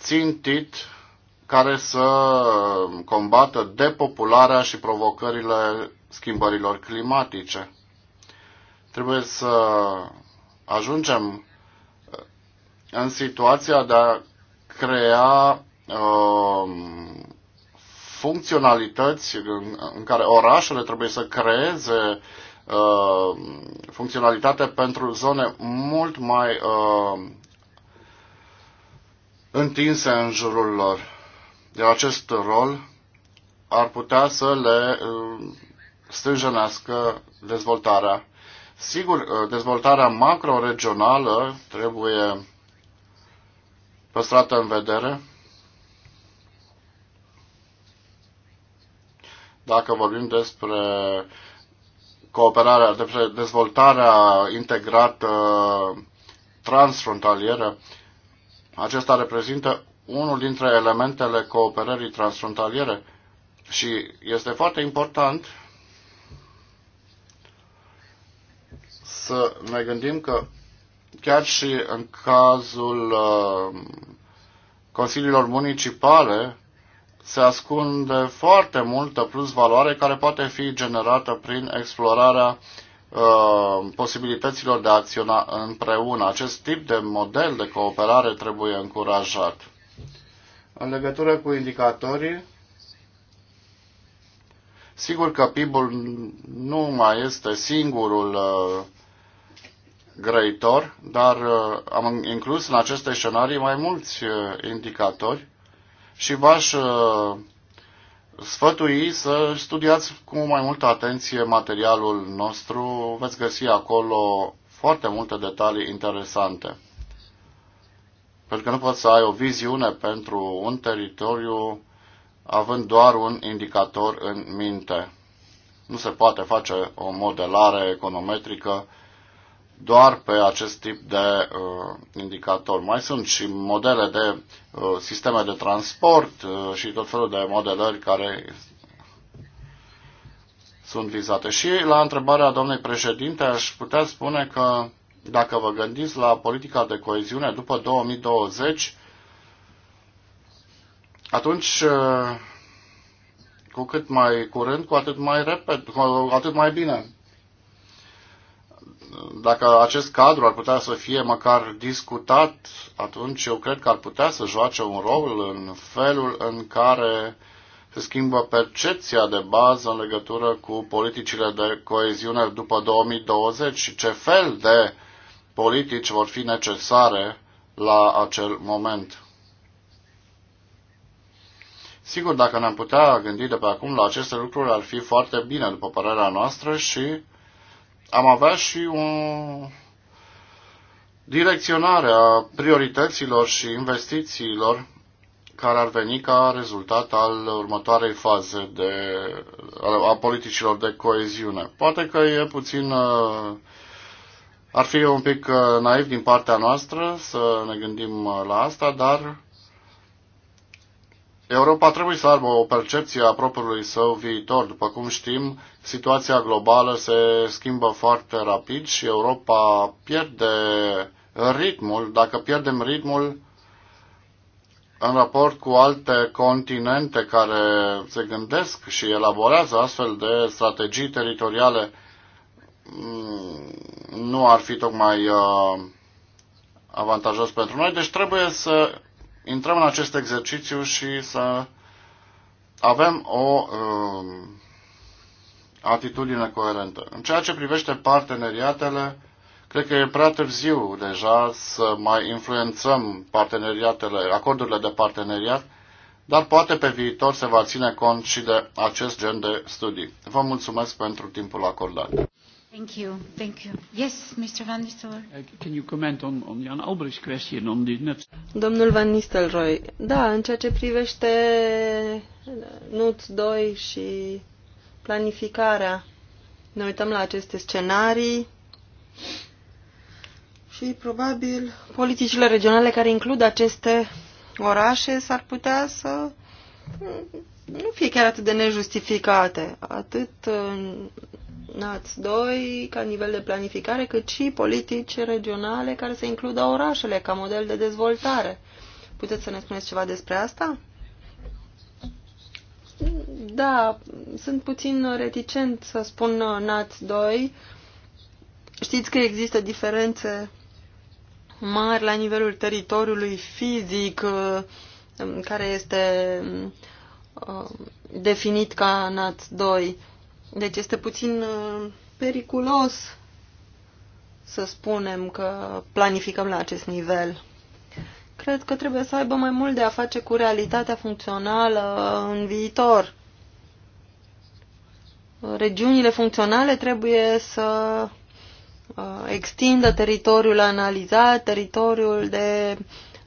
Speaker 2: țintit care să combată depopularea și provocările schimbărilor climatice. Trebuie să ajungem uh, în situația de a crea uh, funcționalități în, în care orașele trebuie să creeze uh, funcționalitate pentru zone mult mai uh, întinse în jurul lor. Iar acest rol ar putea să le uh, stânjenească dezvoltarea. Sigur, uh, dezvoltarea macroregională trebuie păstrată în vedere, dacă vorbim despre cooperarea, despre dezvoltarea integrată transfrontalieră, acesta reprezintă unul dintre elementele cooperării transfrontaliere și este foarte important să ne gândim că chiar și în cazul uh, consiliilor municipale se ascunde foarte multă plus valoare care poate fi generată prin explorarea uh, posibilităților de a acționa împreună. Acest tip de model de cooperare trebuie încurajat. În legătură cu indicatorii, sigur că PIB-ul nu mai este singurul uh, grăitor, dar uh, am inclus în aceste scenarii mai mulți indicatori și v-aș uh, sfătui să studiați cu mai multă atenție materialul nostru. Veți găsi acolo foarte multe detalii interesante. Pentru că nu poți să ai o viziune pentru un teritoriu având doar un indicator în minte. Nu se poate face o modelare econometrică doar pe acest tip de uh, indicator. Mai sunt și modele de uh, sisteme de transport uh, și tot felul de modelări care sunt vizate. Și la întrebarea domnului președinte aș putea spune că dacă vă gândiți la politica de coeziune după 2020, atunci uh, cu cât mai curând, cu atât mai repede, cu atât mai bine dacă acest cadru ar putea să fie măcar discutat, atunci eu cred că ar putea să joace un rol în felul în care se schimbă percepția de bază în legătură cu politicile de coeziune după 2020 și ce fel de politici vor fi necesare la acel moment. Sigur, dacă ne-am putea gândi de pe acum la aceste lucruri, ar fi foarte bine, după părerea noastră, și am avea și o direcționare a priorităților și investițiilor care ar veni ca rezultat al următoarei faze de, a politicilor de coeziune. Poate că e puțin, uh, ar fi un pic uh, naiv din partea noastră să ne gândim uh, la asta, dar Europa trebuie să aibă o percepție a propriului său viitor. După cum știm, situația globală se schimbă foarte rapid și Europa pierde ritmul. Dacă pierdem ritmul în raport cu alte continente care se gândesc și elaborează astfel de strategii teritoriale, mm, nu ar fi tocmai uh, avantajos pentru noi. Deci trebuie să intrăm în acest exercițiu și să avem o uh, atitudine coerentă. În ceea ce privește parteneriatele, cred că e prea târziu deja să mai influențăm parteneriatele, acordurile de parteneriat, dar poate pe viitor se va ține cont și de acest gen de studii. Vă mulțumesc pentru timpul acordat. Thank you. Thank
Speaker 3: you. Yes, Mr. Van Nistelrooy. Uh,
Speaker 2: can you comment on, on Jan Albrecht's question on the net?
Speaker 3: Domnul Van Nistelrooy, da, în ceea ce privește eh, nut 2 și planificarea, ne uităm la aceste scenarii și probabil politicile regionale care includ aceste orașe s-ar putea să nu fie chiar atât de nejustificate, atât nați uh, doi ca nivel de planificare, cât și politici regionale care să includă orașele ca model de dezvoltare. Puteți să ne spuneți ceva despre asta? Da, sunt puțin reticent să spun uh, NAT2. Știți că există diferențe mari la nivelul teritoriului fizic uh, care este uh, Uh, definit ca NAT 2. Deci este puțin uh, periculos să spunem că planificăm la acest nivel. Cred că trebuie să aibă mai mult de a face cu realitatea funcțională în viitor. Regiunile funcționale trebuie să uh, extindă teritoriul analizat, teritoriul de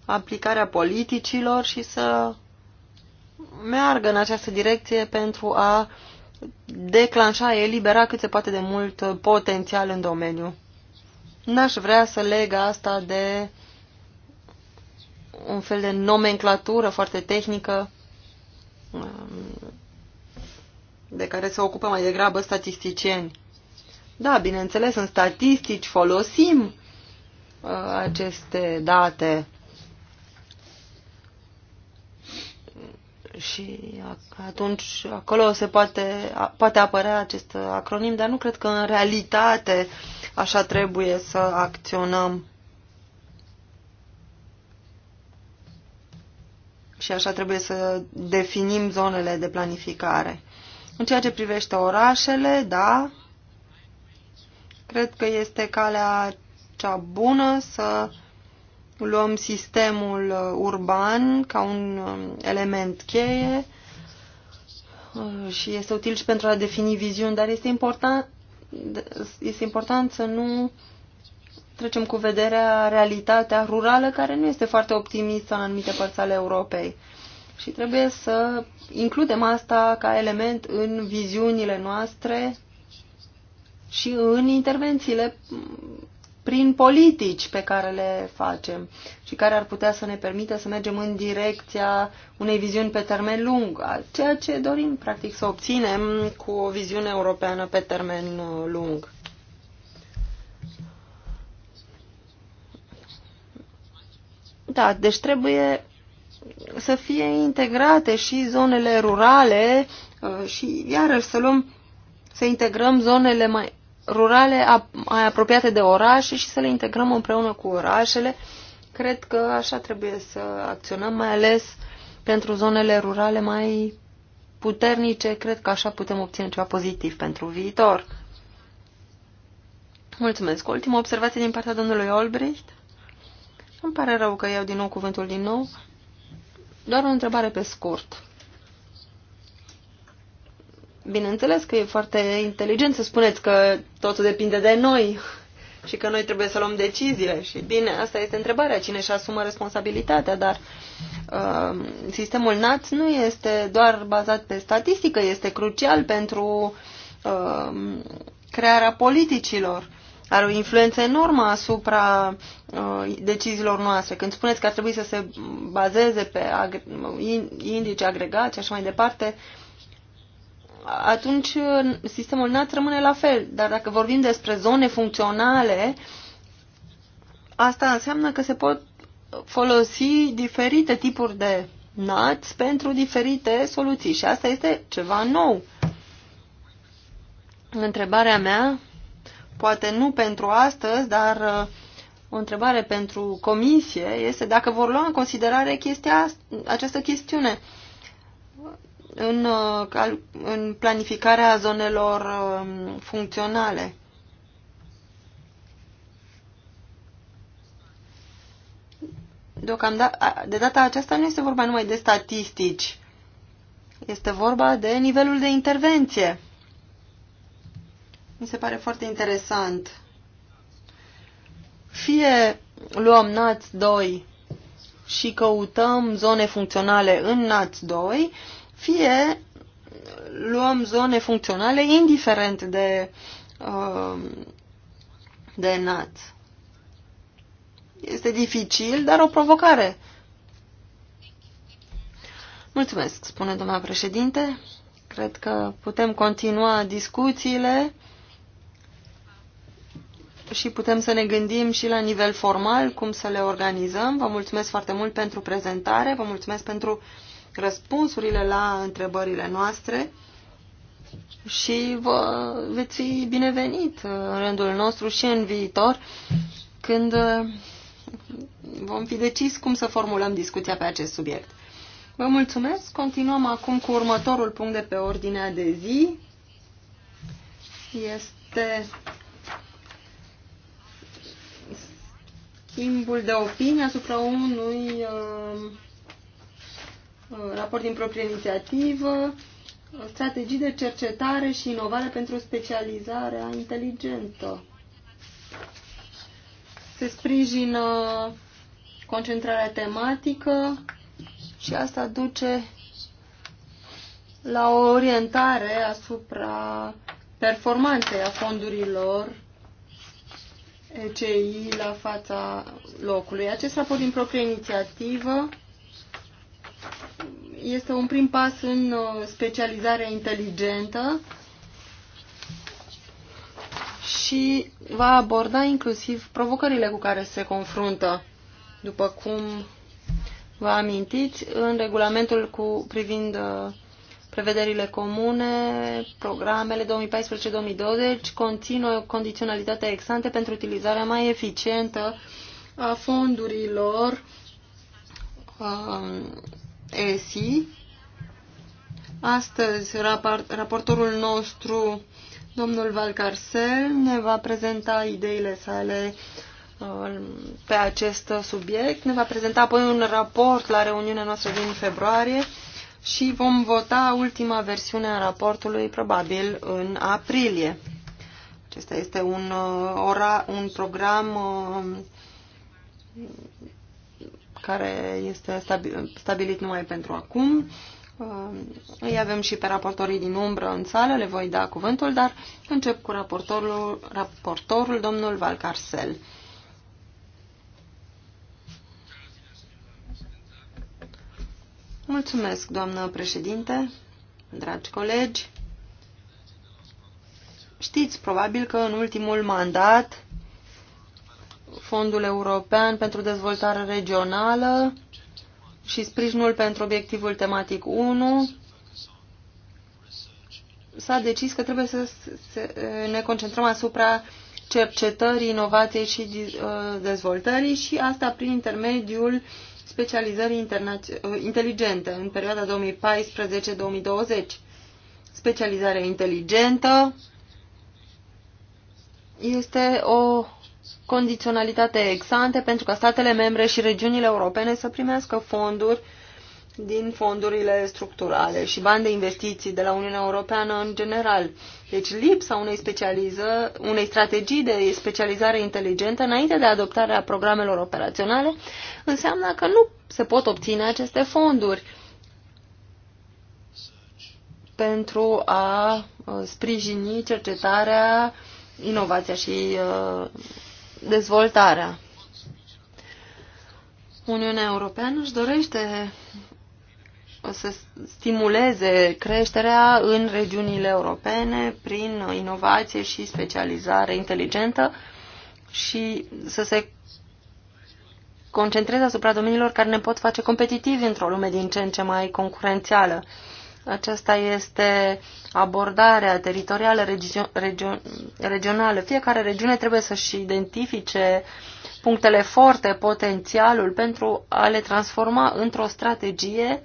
Speaker 3: aplicare a politicilor și să meargă în această direcție pentru a declanșa, elibera cât se poate de mult potențial în domeniu. N-aș vrea să leg asta de un fel de nomenclatură foarte tehnică um, de care se ocupă mai degrabă statisticieni. Da, bineînțeles, în statistici folosim uh, aceste date și atunci acolo se poate, poate apărea acest acronim, dar nu cred că în realitate așa trebuie să acționăm. Și așa trebuie să definim zonele de planificare. În ceea ce privește orașele, da, cred că este calea cea bună să luăm sistemul uh, urban ca un um, element cheie uh, și este util și pentru a defini viziuni, dar este important, este important să nu trecem cu vederea realitatea rurală care nu este foarte optimistă în anumite părți ale Europei. Și trebuie să includem asta ca element în viziunile noastre și în intervențiile prin politici pe care le facem și care ar putea să ne permită să mergem în direcția unei viziuni pe termen lung, ceea ce dorim, practic, să obținem cu o viziune europeană pe termen uh, lung. Da, deci trebuie să fie integrate și zonele rurale uh, și iarăși să luăm să integrăm zonele mai rurale mai apropiate de orașe și să le integrăm împreună cu orașele. Cred că așa trebuie să acționăm, mai ales pentru zonele rurale mai puternice. Cred că așa putem obține ceva pozitiv pentru viitor. Mulțumesc. Ultima observație din partea domnului Olbricht. Îmi pare rău că iau din nou cuvântul din nou. Doar o întrebare pe scurt. Bineînțeles că e foarte inteligent să spuneți că totul depinde de noi și că noi trebuie să luăm deciziile. Și bine, asta este întrebarea, cine își asumă responsabilitatea, dar uh, sistemul NAT nu este doar bazat pe statistică, este crucial pentru uh, crearea politicilor. Are o influență enormă asupra uh, deciziilor noastre. Când spuneți că ar trebui să se bazeze pe agre indice agregați și așa mai departe, uh, atunci sistemul NAT rămâne la fel. Dar dacă vorbim despre zone funcționale, asta înseamnă că se pot folosi diferite tipuri de NAT pentru diferite soluții și asta este ceva nou. Întrebarea mea, poate nu pentru astăzi, dar uh, o întrebare pentru comisie, este dacă vor lua în considerare chestia, această chestiune în, uh, în planificarea zonelor um, funcționale. de data aceasta nu este vorba numai de statistici, este vorba de nivelul de intervenție. Mi se pare foarte interesant. Fie luăm NAT 2 și căutăm zone funcționale în NAT 2, fie luăm zone funcționale indiferent de, uh, de NAT. Este dificil, dar o provocare. Mulțumesc, spune doamna președinte. Cred că putem continua discuțiile și putem să ne gândim și la nivel formal cum să le organizăm. Vă mulțumesc foarte mult pentru prezentare, vă mulțumesc pentru uh, răspunsurile la întrebările noastre și vă veți fi binevenit în rândul nostru și în viitor când uh, vom fi decis cum să formulăm discuția pe acest subiect. Vă mulțumesc. Continuăm acum cu următorul punct de pe ordinea de zi. Este schimbul de opinie asupra unui uh, raport din proprie inițiativă, strategii de cercetare și inovare pentru specializarea inteligentă. Se sprijină concentrarea tematică și asta duce la o orientare asupra performanței a fondurilor ECI la fața locului. Acest raport din proprie inițiativă este un prim pas în uh, specializarea inteligentă și va aborda inclusiv provocările cu care se confruntă. După cum vă amintiți, în regulamentul cu privind uh, prevederile comune, programele 2014-2020 conțin o condiționalitate exante pentru utilizarea mai eficientă a fondurilor uh, ESI. Astăzi, raportorul nostru, domnul Valcarcel, ne va prezenta ideile sale uh, pe acest subiect. Ne va prezenta apoi un raport la reuniunea noastră din februarie și vom vota ultima versiune a raportului probabil în aprilie. Acesta este un, uh, ora, un program uh, care este stabilit numai pentru acum. Uh, îi avem și pe raportorii din umbră în sală, le voi da cuvântul, dar încep cu raportorul, raportorul domnul Valcarcel. Mulțumesc, doamnă președinte, dragi colegi. Știți probabil că în ultimul mandat Fondul European pentru Dezvoltare Regională și sprijinul pentru obiectivul tematic 1, s-a decis că trebuie să ne concentrăm asupra cercetării, inovației și uh, dezvoltării și asta prin intermediul specializării uh, inteligente în perioada 2014-2020. Specializarea inteligentă este o condiționalitate exante pentru ca statele membre și regiunile europene să primească fonduri din fondurile structurale și bani de investiții de la Uniunea Europeană în general. Deci lipsa unei, specializă, unei strategii de specializare inteligentă înainte de adoptarea programelor operaționale înseamnă că nu se pot obține aceste fonduri pentru a sprijini cercetarea, inovația și uh, dezvoltarea. Uniunea Europeană își dorește să stimuleze creșterea în regiunile europene prin inovație și specializare inteligentă și să se concentreze asupra domeniilor care ne pot face competitivi într-o lume din ce în ce mai concurențială. Aceasta este abordarea teritorială regio regio regională. Fiecare regiune trebuie să-și identifice punctele forte, potențialul pentru a le transforma într-o strategie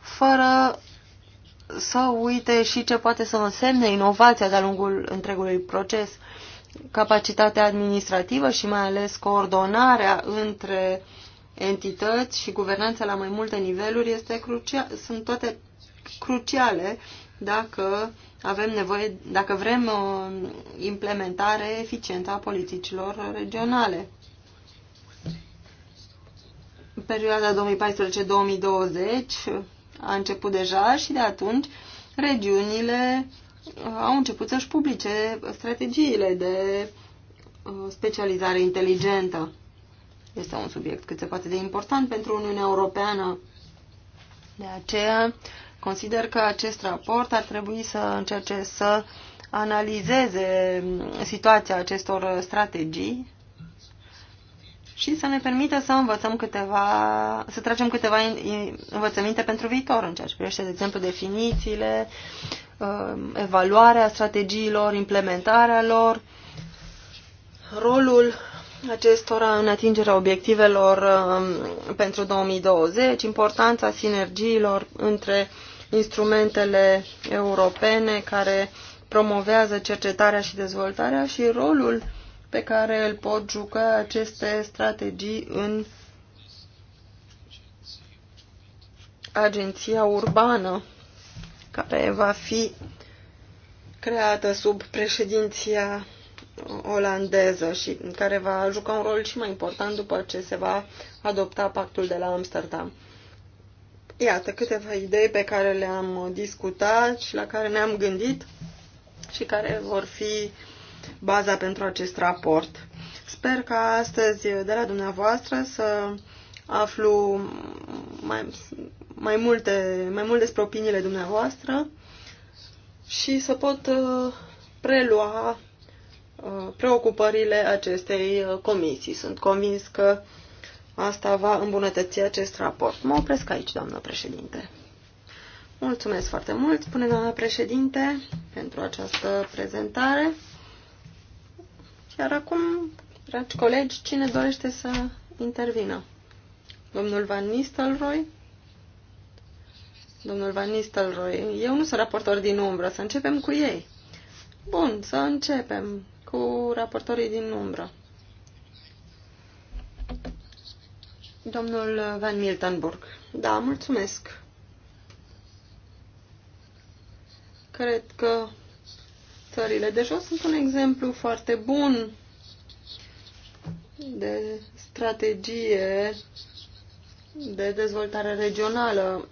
Speaker 3: fără să uite și ce poate să însemne inovația de-a lungul întregului proces. Capacitatea administrativă și mai ales coordonarea între uh, entități și guvernanța la mai multe niveluri este crucia, sunt toate cruciale dacă avem nevoie, dacă vrem uh, implementare eficientă a politicilor regionale. Perioada 2014-2020 a început deja și de atunci regiunile uh, au început să-și publice strategiile de uh, specializare inteligentă. Este un subiect cât se poate de important pentru Uniunea Europeană. De aceea, consider că acest raport ar trebui să încerce să analizeze situația acestor strategii și să ne permită să învățăm câteva, să tragem câteva învățăminte pentru viitor în ceea ce privește, de exemplu, definițiile, um, evaluarea strategiilor, implementarea lor, rolul acestora în atingerea obiectivelor um, pentru 2020, importanța sinergiilor între instrumentele europene care promovează cercetarea și dezvoltarea și rolul pe care îl pot juca aceste strategii în agenția urbană care va fi creată sub președinția olandeză și care va juca un rol și mai important după ce se va adopta pactul de la Amsterdam. Iată câteva idei pe care le-am discutat și la care ne-am gândit și care vor fi baza pentru acest raport. Sper că astăzi de la dumneavoastră să aflu mai, mai, multe, mai mult despre opiniile dumneavoastră și să pot uh, prelua Uh, preocupările acestei uh, comisii. Sunt convins că asta va îmbunătăți acest raport. Mă opresc aici, doamnă președinte. Mulțumesc foarte mult, spune doamna președinte, pentru această prezentare. Iar acum, dragi colegi, cine dorește să intervină? Domnul Van Nistelrooy? Domnul Van Nistelrooy, eu nu sunt raportor din umbră, să începem cu ei. Bun, să începem cu raportorii din umbră. Domnul Van Miltenburg. Da, mulțumesc. Cred că țările de jos sunt un exemplu foarte bun de strategie de dezvoltare regională.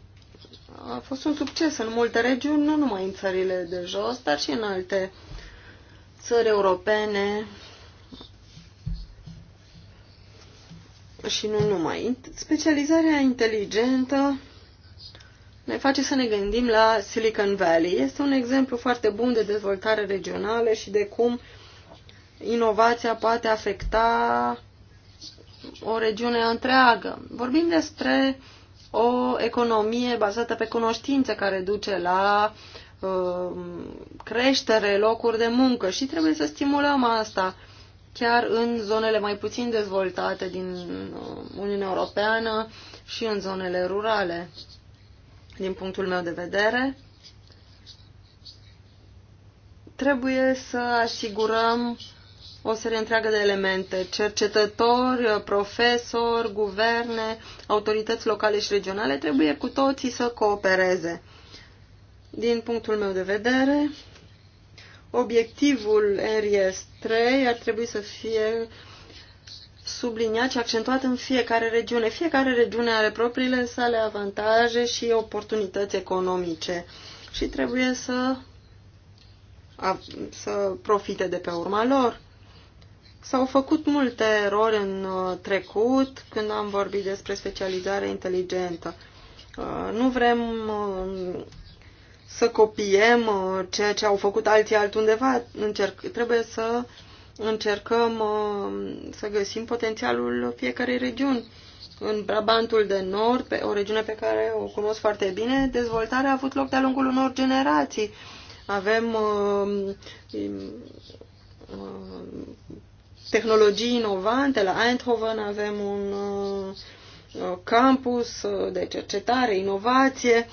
Speaker 3: A fost un succes în multe regiuni, nu numai în țările de jos, dar și în alte țări europene și nu numai. Specializarea inteligentă ne face să ne gândim la Silicon Valley. Este un exemplu foarte bun de dezvoltare regională și de cum inovația poate afecta o regiune întreagă. Vorbim despre o economie bazată pe cunoștință care duce la Um, creștere, locuri de muncă și trebuie să stimulăm asta chiar în zonele mai puțin dezvoltate din um, Uniunea Europeană și în zonele rurale. Din punctul meu de vedere, trebuie să asigurăm o serie întreagă de elemente, cercetători, profesori, guverne, autorități locale și regionale, trebuie cu toții să coopereze. Din punctul meu de vedere, obiectivul RIS 3 ar trebui să fie subliniat și accentuat în fiecare regiune. Fiecare regiune are propriile sale avantaje și oportunități economice și trebuie să, a, să profite de pe urma lor. S-au făcut multe erori în uh, trecut când am vorbit despre specializare inteligentă. Uh, nu vrem uh, să copiem uh, ceea ce au făcut alții altundeva. Încerc, trebuie să încercăm uh, să găsim potențialul fiecarei regiuni. În Brabantul de Nord, pe o regiune pe care o cunosc foarte bine, dezvoltarea a avut loc de-a lungul unor generații. Avem uh, tehnologii inovante, la Eindhoven avem un campus de cercetare, inovație,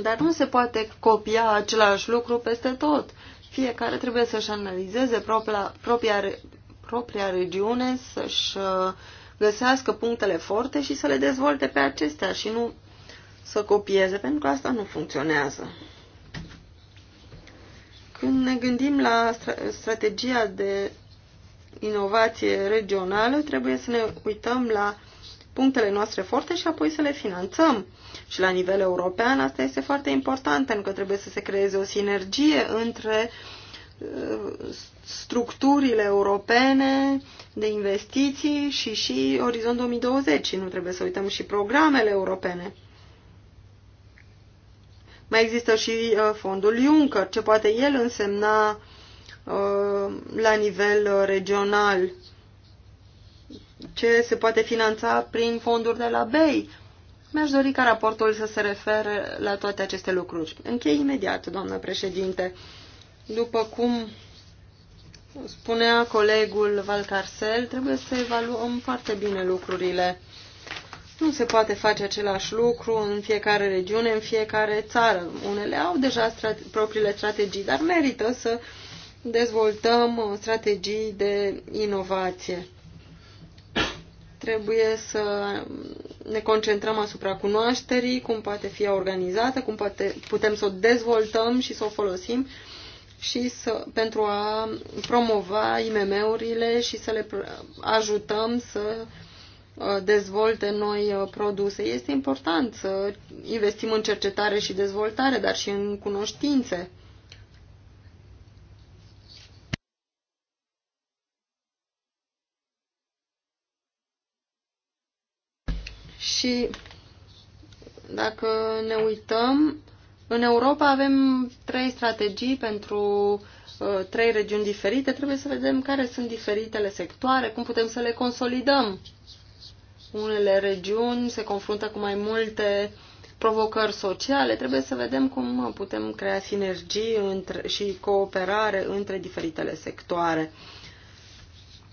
Speaker 3: dar nu se poate copia același lucru peste tot. Fiecare trebuie să-și analizeze propria, propria, propria regiune, să-și uh, găsească punctele forte și să le dezvolte pe acestea și nu să copieze, pentru că asta nu funcționează. Când ne gândim la strategia de inovație regională, trebuie să ne uităm la punctele noastre forte și apoi să le finanțăm. Și la nivel european asta este foarte important, pentru că trebuie să se creeze o sinergie între uh, structurile europene de investiții și și Orizont 2020 nu trebuie să uităm și programele europene. Mai există și uh, fondul Juncker, ce poate el însemna uh, la nivel regional ce se poate finanța prin fonduri de la BEI. Mi-aș dori ca raportul să se refere la toate aceste lucruri. Închei imediat, doamnă președinte. După cum spunea colegul Valcarcel, trebuie să evaluăm foarte bine lucrurile. Nu se poate face același lucru în fiecare regiune, în fiecare țară. Unele au deja strate- propriile strategii, dar merită să dezvoltăm uh, strategii de inovație. Trebuie să ne concentrăm asupra cunoașterii, cum poate fi organizată, cum poate, putem să o dezvoltăm și să o folosim și să, pentru a promova IMM-urile și să le ajutăm să uh, dezvolte noi uh, produse. Este important să investim în cercetare și dezvoltare, dar și în cunoștințe. Și dacă ne uităm, în Europa avem trei strategii pentru uh, trei regiuni diferite. Trebuie să vedem care sunt diferitele sectoare, cum putem să le consolidăm. Unele regiuni se confruntă cu mai multe provocări sociale. Trebuie să vedem cum uh, putem crea sinergii între, și cooperare între diferitele sectoare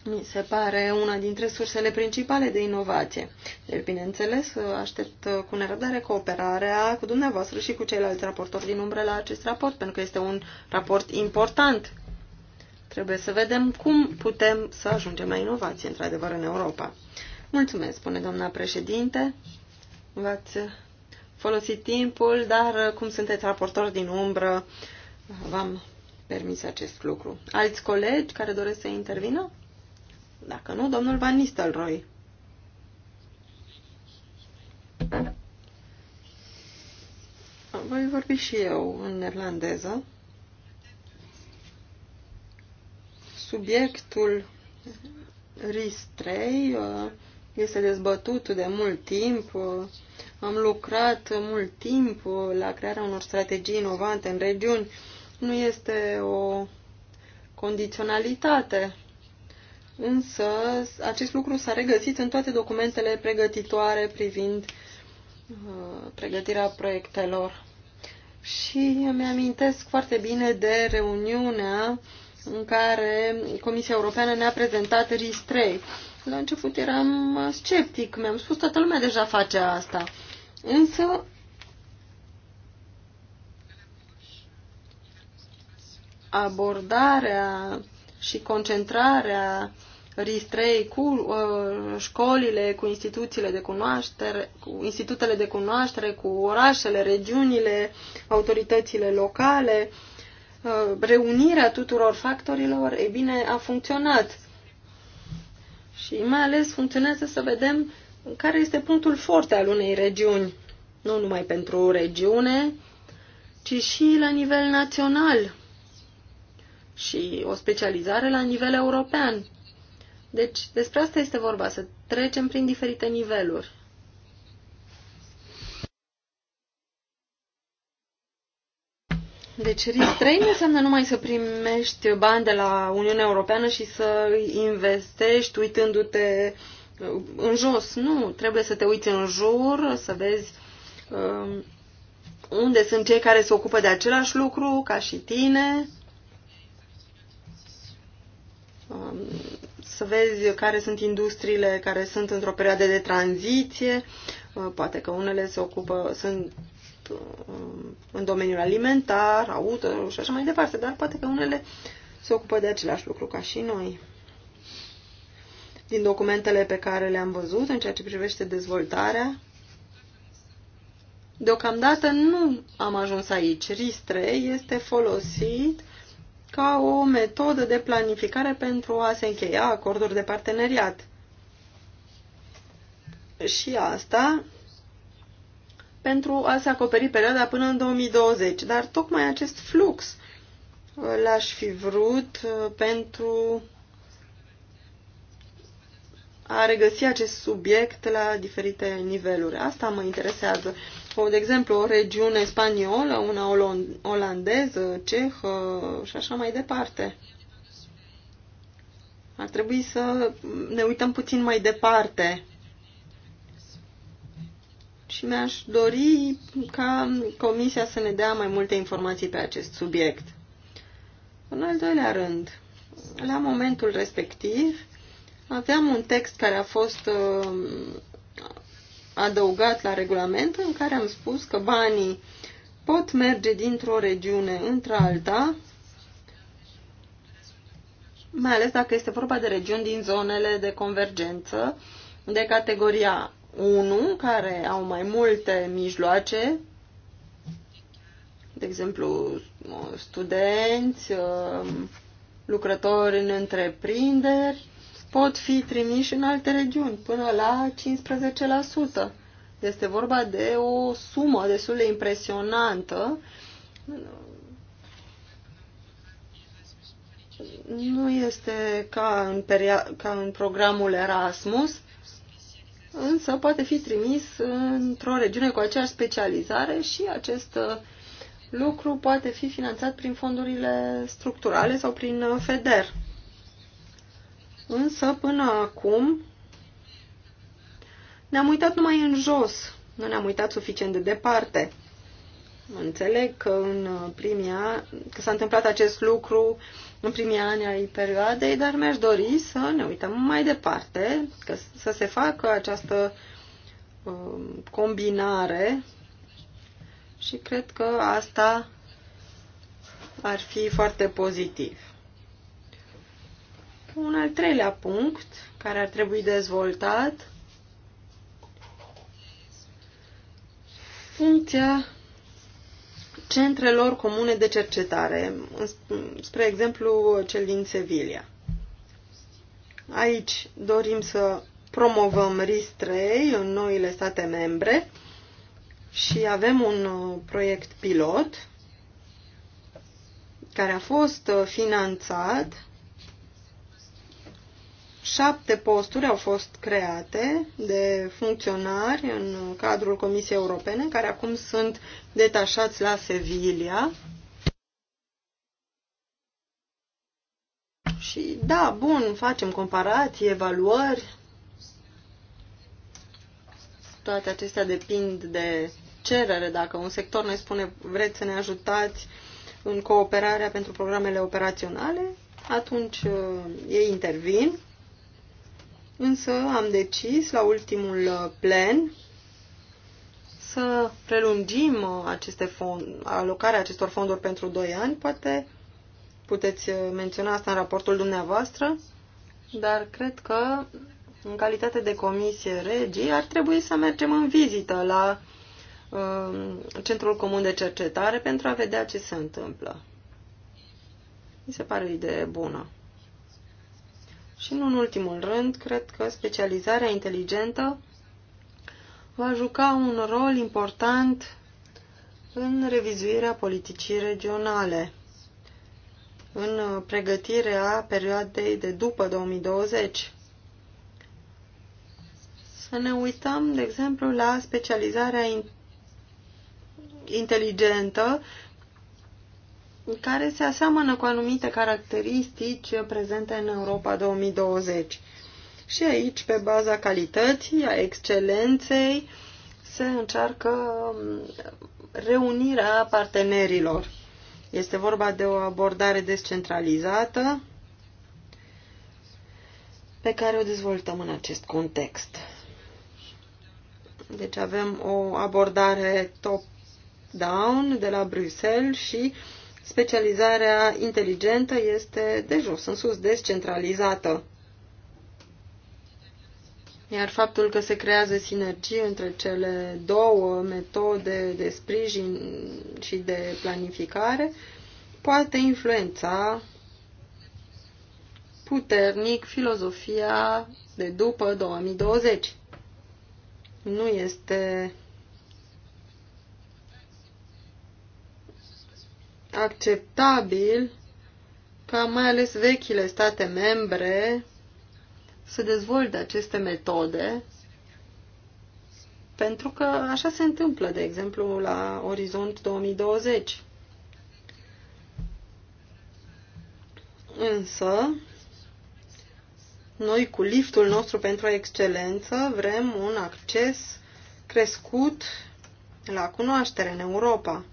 Speaker 3: mi se pare una dintre sursele principale de inovație. Deci, bineînțeles, aștept cu nerăbdare cooperarea cu dumneavoastră și cu ceilalți raportori din umbră la acest raport, pentru că este un raport important. Trebuie să vedem cum putem să ajungem la inovație, într-adevăr, în Europa. Mulțumesc, spune doamna președinte. V-ați folosit timpul, dar uh, cum sunteți raportor din umbră, v-am permis acest lucru. Alți colegi care doresc să intervină? Dacă nu, domnul Van Nistelrooy. Voi vorbi și eu în neerlandeză. Subiectul RIS 3 uh, este dezbătut de mult timp. Uh, am lucrat mult timp uh, la crearea unor strategii inovante în regiuni. Nu este o condiționalitate însă acest lucru s-a regăsit în toate documentele pregătitoare privind uh, pregătirea proiectelor. Și îmi amintesc foarte bine de reuniunea în care Comisia Europeană ne-a prezentat RIS 3. La început eram sceptic, mi-am spus toată lumea deja face asta. Însă abordarea și concentrarea ristrei cu uh, școlile, cu instituțiile de cunoaștere, cu institutele de cunoaștere, cu orașele, regiunile, autoritățile locale, uh, reunirea tuturor factorilor, e bine, a funcționat. Și mai ales funcționează să vedem care este punctul forte al unei regiuni, nu numai pentru o regiune, ci și la nivel național și o specializare la nivel european deci, despre asta este vorba, să trecem prin diferite niveluri. Deci restrain înseamnă numai să primești bani de la Uniunea Europeană și să investești uitându-te uh, în jos. Nu, trebuie să te uiți în jur, să vezi um, unde sunt cei care se ocupă de același lucru ca și tine. Um, să vezi care sunt industriile care sunt într-o perioadă de tranziție, uh, poate că unele se ocupă, sunt uh, în domeniul alimentar, auto și așa mai departe, dar poate că unele se ocupă de același lucru ca și noi. Din documentele pe care le-am văzut în ceea ce privește dezvoltarea, deocamdată nu am ajuns aici. RIS 3 este folosit ca o metodă de planificare pentru a se încheia acorduri de parteneriat. Și asta pentru a se acoperi perioada până în 2020. Dar tocmai acest flux uh, l-aș fi vrut uh, pentru a regăsi acest subiect la diferite niveluri. Asta mă interesează de exemplu, o regiune spaniolă, una olandeză, cehă și așa mai departe. Ar trebui să ne uităm puțin mai departe. Și mi-aș dori ca Comisia să ne dea mai multe informații pe acest subiect. În al doilea rând, la momentul respectiv, aveam un text care a fost uh, adăugat la regulament în care am spus că banii pot merge dintr-o regiune într-alta, mai ales dacă este vorba de regiuni din zonele de convergență de categoria 1, care au mai multe mijloace, de exemplu studenți, lucrători în întreprinderi, pot fi trimiși în alte regiuni, până la 15%. Este vorba de o sumă destul de impresionantă. Nu este ca în, peria- ca în programul Erasmus, însă poate fi trimis într-o regiune cu aceeași specializare și acest uh, lucru poate fi finanțat prin fondurile structurale sau prin uh, FEDER. Însă, până acum, ne-am uitat numai în jos, nu ne-am uitat suficient de departe. Înțeleg că în primii ani, că s-a întâmplat acest lucru în primii ani ai perioadei, dar mi-aș dori să ne uităm mai departe, că să se facă această uh, combinare și cred că asta ar fi foarte pozitiv un al treilea punct care ar trebui dezvoltat. Funcția centrelor comune de cercetare, spre exemplu cel din Sevilla. Aici dorim să promovăm RIS-3 în noile state membre și avem un uh, proiect pilot care a fost uh, finanțat Șapte posturi au fost create de funcționari în cadrul Comisiei Europene, care acum sunt detașați la Sevilla. Și da, bun, facem comparații, evaluări. Toate acestea depind de cerere. Dacă un sector ne spune vreți să ne ajutați în cooperarea pentru programele operaționale, atunci uh, ei intervin însă am decis la ultimul uh, plen să prelungim uh, aceste fond, alocarea acestor fonduri pentru 2 ani. Poate puteți uh, menționa asta în raportul dumneavoastră, dar cred că în calitate de comisie regii ar trebui să mergem în vizită la um, Centrul Comun de Cercetare pentru a vedea ce se întâmplă. Mi se pare o idee bună. Și nu în ultimul rând, cred că specializarea inteligentă va juca un rol important în revizuirea politicii regionale, în pregătirea perioadei de după 2020. Să ne uităm, de exemplu, la specializarea inteligentă care se aseamănă cu anumite caracteristici prezente în Europa 2020. Și aici, pe baza calității, a excelenței, se încearcă um, reunirea partenerilor. Este vorba de o abordare descentralizată pe care o dezvoltăm în acest context. Deci avem o abordare top-down de la Bruxelles și specializarea inteligentă este de jos în sus, descentralizată. Iar faptul că se creează sinergii între cele două metode de sprijin și de planificare poate influența puternic filozofia de după 2020. Nu este acceptabil ca mai ales vechile state membre să dezvolte aceste metode, pentru că așa se întâmplă, de exemplu, la Orizont 2020. Însă, noi cu liftul nostru pentru excelență vrem un acces crescut la cunoaștere în Europa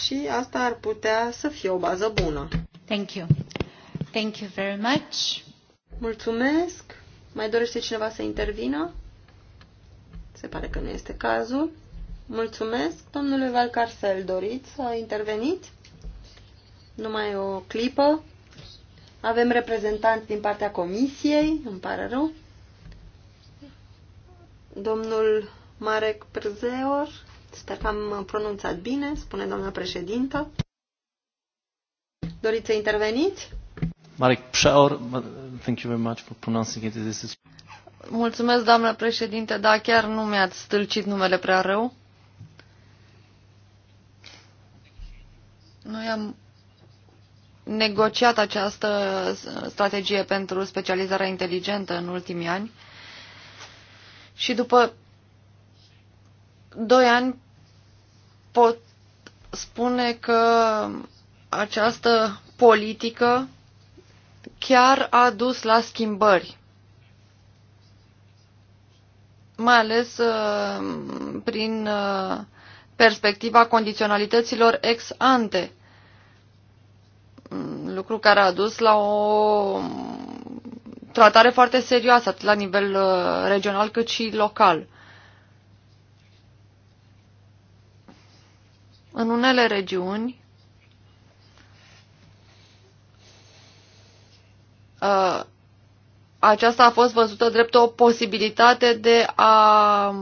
Speaker 3: și asta ar putea să fie o bază bună. Thank you. Thank you very much. Mulțumesc. Mai dorește cineva să intervină? Se pare că nu este cazul. Mulțumesc. Domnule Valcarcel, doriți să interveniți? Numai o clipă. Avem reprezentanți din partea comisiei, îmi pare rău. Domnul Marek Przeor Sper că am pronunțat bine, spune doamna președintă. Doriți
Speaker 1: să interveniți?
Speaker 2: Marek Pșaor, thank you very much for pronouncing it. This is...
Speaker 1: Mulțumesc, doamnă președinte, da, chiar nu mi-ați stâlcit numele prea rău. Noi am negociat această strategie pentru specializarea inteligentă în ultimii ani și după doi ani pot spune că această politică chiar a dus la schimbări, mai ales uh, prin uh, perspectiva condiționalităților ex ante, mm, lucru care a dus la o tratare foarte serioasă, atât la nivel uh, regional cât și local. În unele regiuni, ă, aceasta a fost văzută drept o posibilitate de a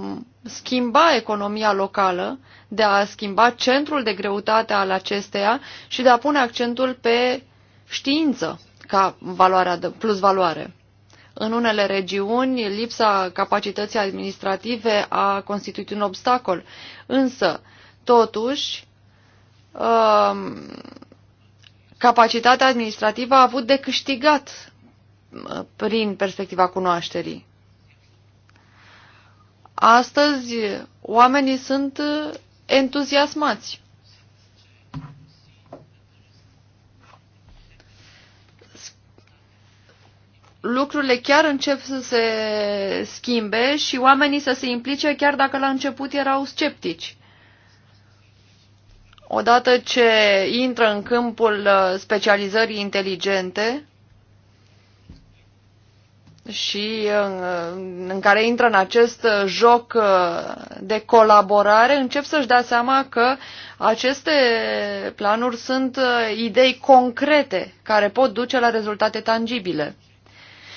Speaker 1: schimba economia locală, de a schimba centrul de greutate al acesteia și de a pune accentul pe știință ca valoare plus valoare. În unele regiuni, lipsa capacității administrative a constituit un obstacol, însă Totuși, um, capacitatea administrativă a avut de câștigat uh, prin perspectiva cunoașterii. Astăzi, oamenii sunt uh, entuziasmați. lucrurile chiar încep să se schimbe și oamenii să se implice chiar dacă la început erau sceptici odată ce intră în câmpul uh, specializării inteligente și uh, în care intră în acest uh, joc de colaborare, încep să-și dea seama că aceste planuri sunt idei concrete care pot duce la rezultate tangibile.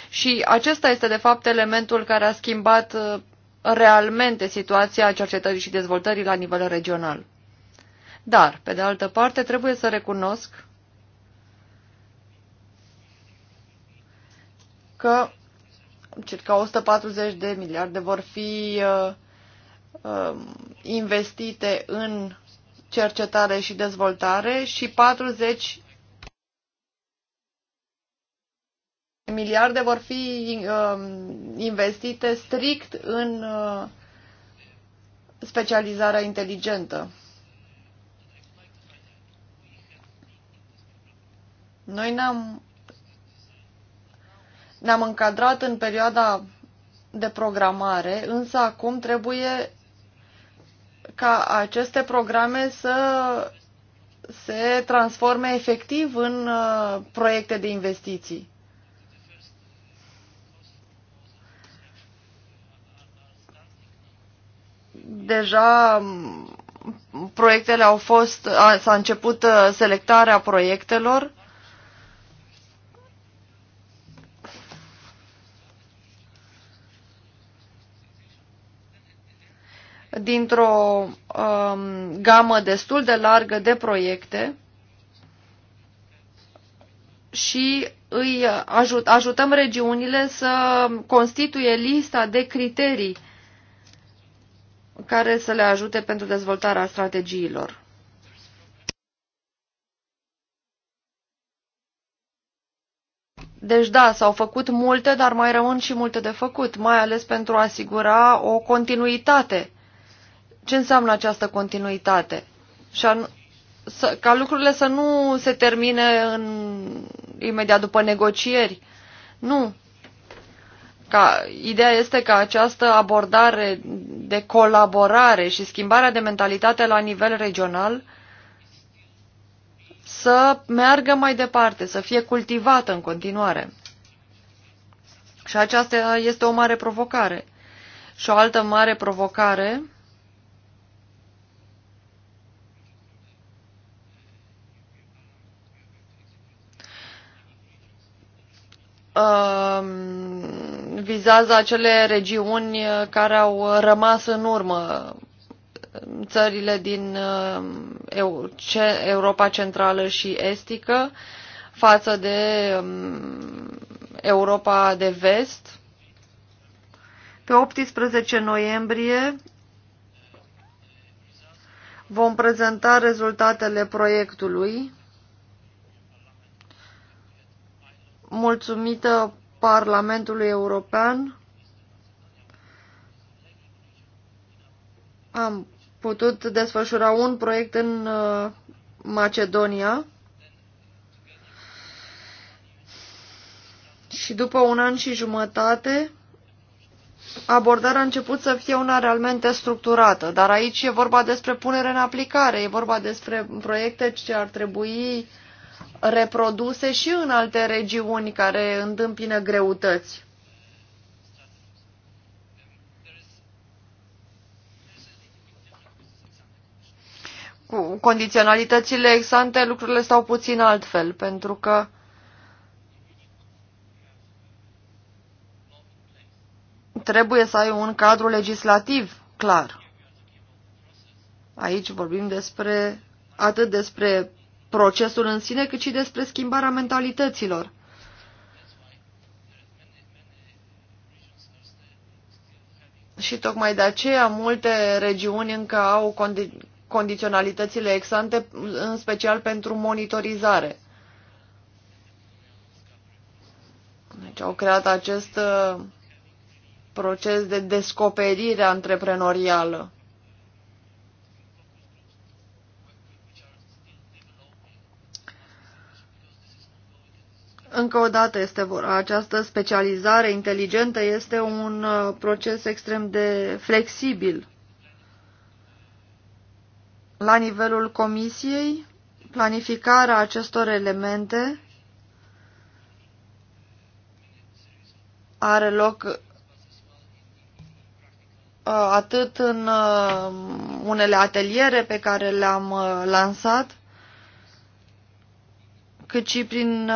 Speaker 1: Și acesta este, de fapt, elementul care a schimbat realmente situația cercetării și dezvoltării la nivel regional. Dar, pe de altă parte, trebuie să recunosc că circa 140 de miliarde vor fi uh, uh, investite în cercetare și dezvoltare și 40 miliarde vor fi uh, investite strict în uh, specializarea inteligentă. Noi ne-am ne-am încadrat în perioada de programare, însă acum trebuie ca aceste programe să se transforme efectiv în uh, proiecte de investiții. Deja proiectele au fost, s-a început uh, selectarea proiectelor dintr-o um, gamă destul de largă de proiecte și îi ajut, ajutăm regiunile să constituie lista de criterii care să le ajute pentru dezvoltarea strategiilor. Deci da, s-au făcut multe, dar mai rămân și multe de făcut, mai ales pentru a asigura o continuitate ce înseamnă această continuitate? Și an, să, ca lucrurile să nu se termine în, imediat după negocieri. Nu. Ca, ideea este că această abordare de colaborare și schimbarea de mentalitate la nivel regional să meargă mai departe, să fie cultivată în continuare. Și aceasta este o mare provocare. Și o altă mare provocare Um, vizează acele regiuni care au rămas în urmă, țările din um, Europa Centrală și Estică față de um, Europa de Vest. Pe 18 noiembrie vom prezenta rezultatele proiectului mulțumită Parlamentului European, am putut desfășura un proiect în uh, Macedonia și după un an și jumătate abordarea a început să fie una realmente structurată, dar aici e vorba despre punere în aplicare, e vorba despre proiecte ce ar trebui uh, reproduse și în alte regiuni care întâmpină greutăți. Cu condiționalitățile exante lucrurile stau puțin altfel, pentru că trebuie să ai un cadru legislativ clar. Aici vorbim despre atât despre procesul în sine, cât și despre schimbarea mentalităților. Și tocmai de aceea multe regiuni încă au condi condiționalitățile exante, în special pentru monitorizare. Deci au creat acest uh, proces de descoperire antreprenorială. Încă o dată este vor. Această specializare inteligentă este un uh, proces extrem de flexibil. La nivelul comisiei, planificarea acestor elemente are loc uh, atât în uh, unele ateliere pe care le-am lansat, cât și prin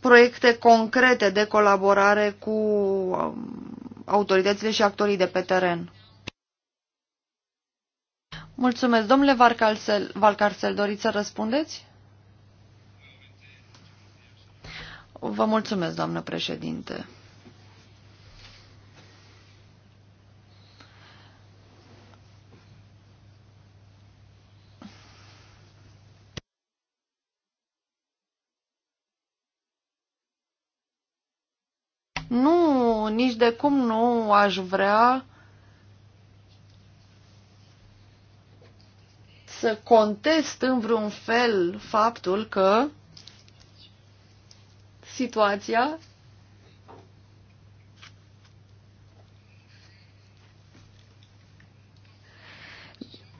Speaker 1: proiecte concrete de colaborare cu um, autoritățile și actorii de pe teren. Mulțumesc. Domnule Valcarcel, Valcarcel doriți să răspundeți? Vă mulțumesc, doamnă președinte. de cum nu aș vrea să contest în vreun fel faptul că situația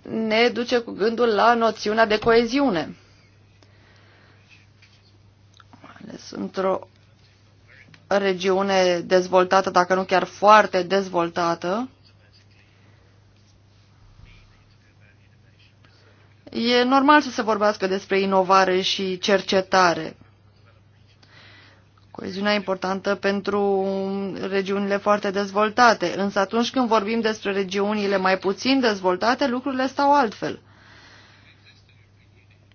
Speaker 1: ne duce cu gândul la noțiunea de coeziune. Ales într-o regiune dezvoltată, dacă nu chiar foarte dezvoltată, e normal să se vorbească despre inovare și cercetare. Coeziunea importantă pentru regiunile foarte dezvoltate, însă atunci când vorbim despre regiunile mai puțin dezvoltate, lucrurile stau altfel.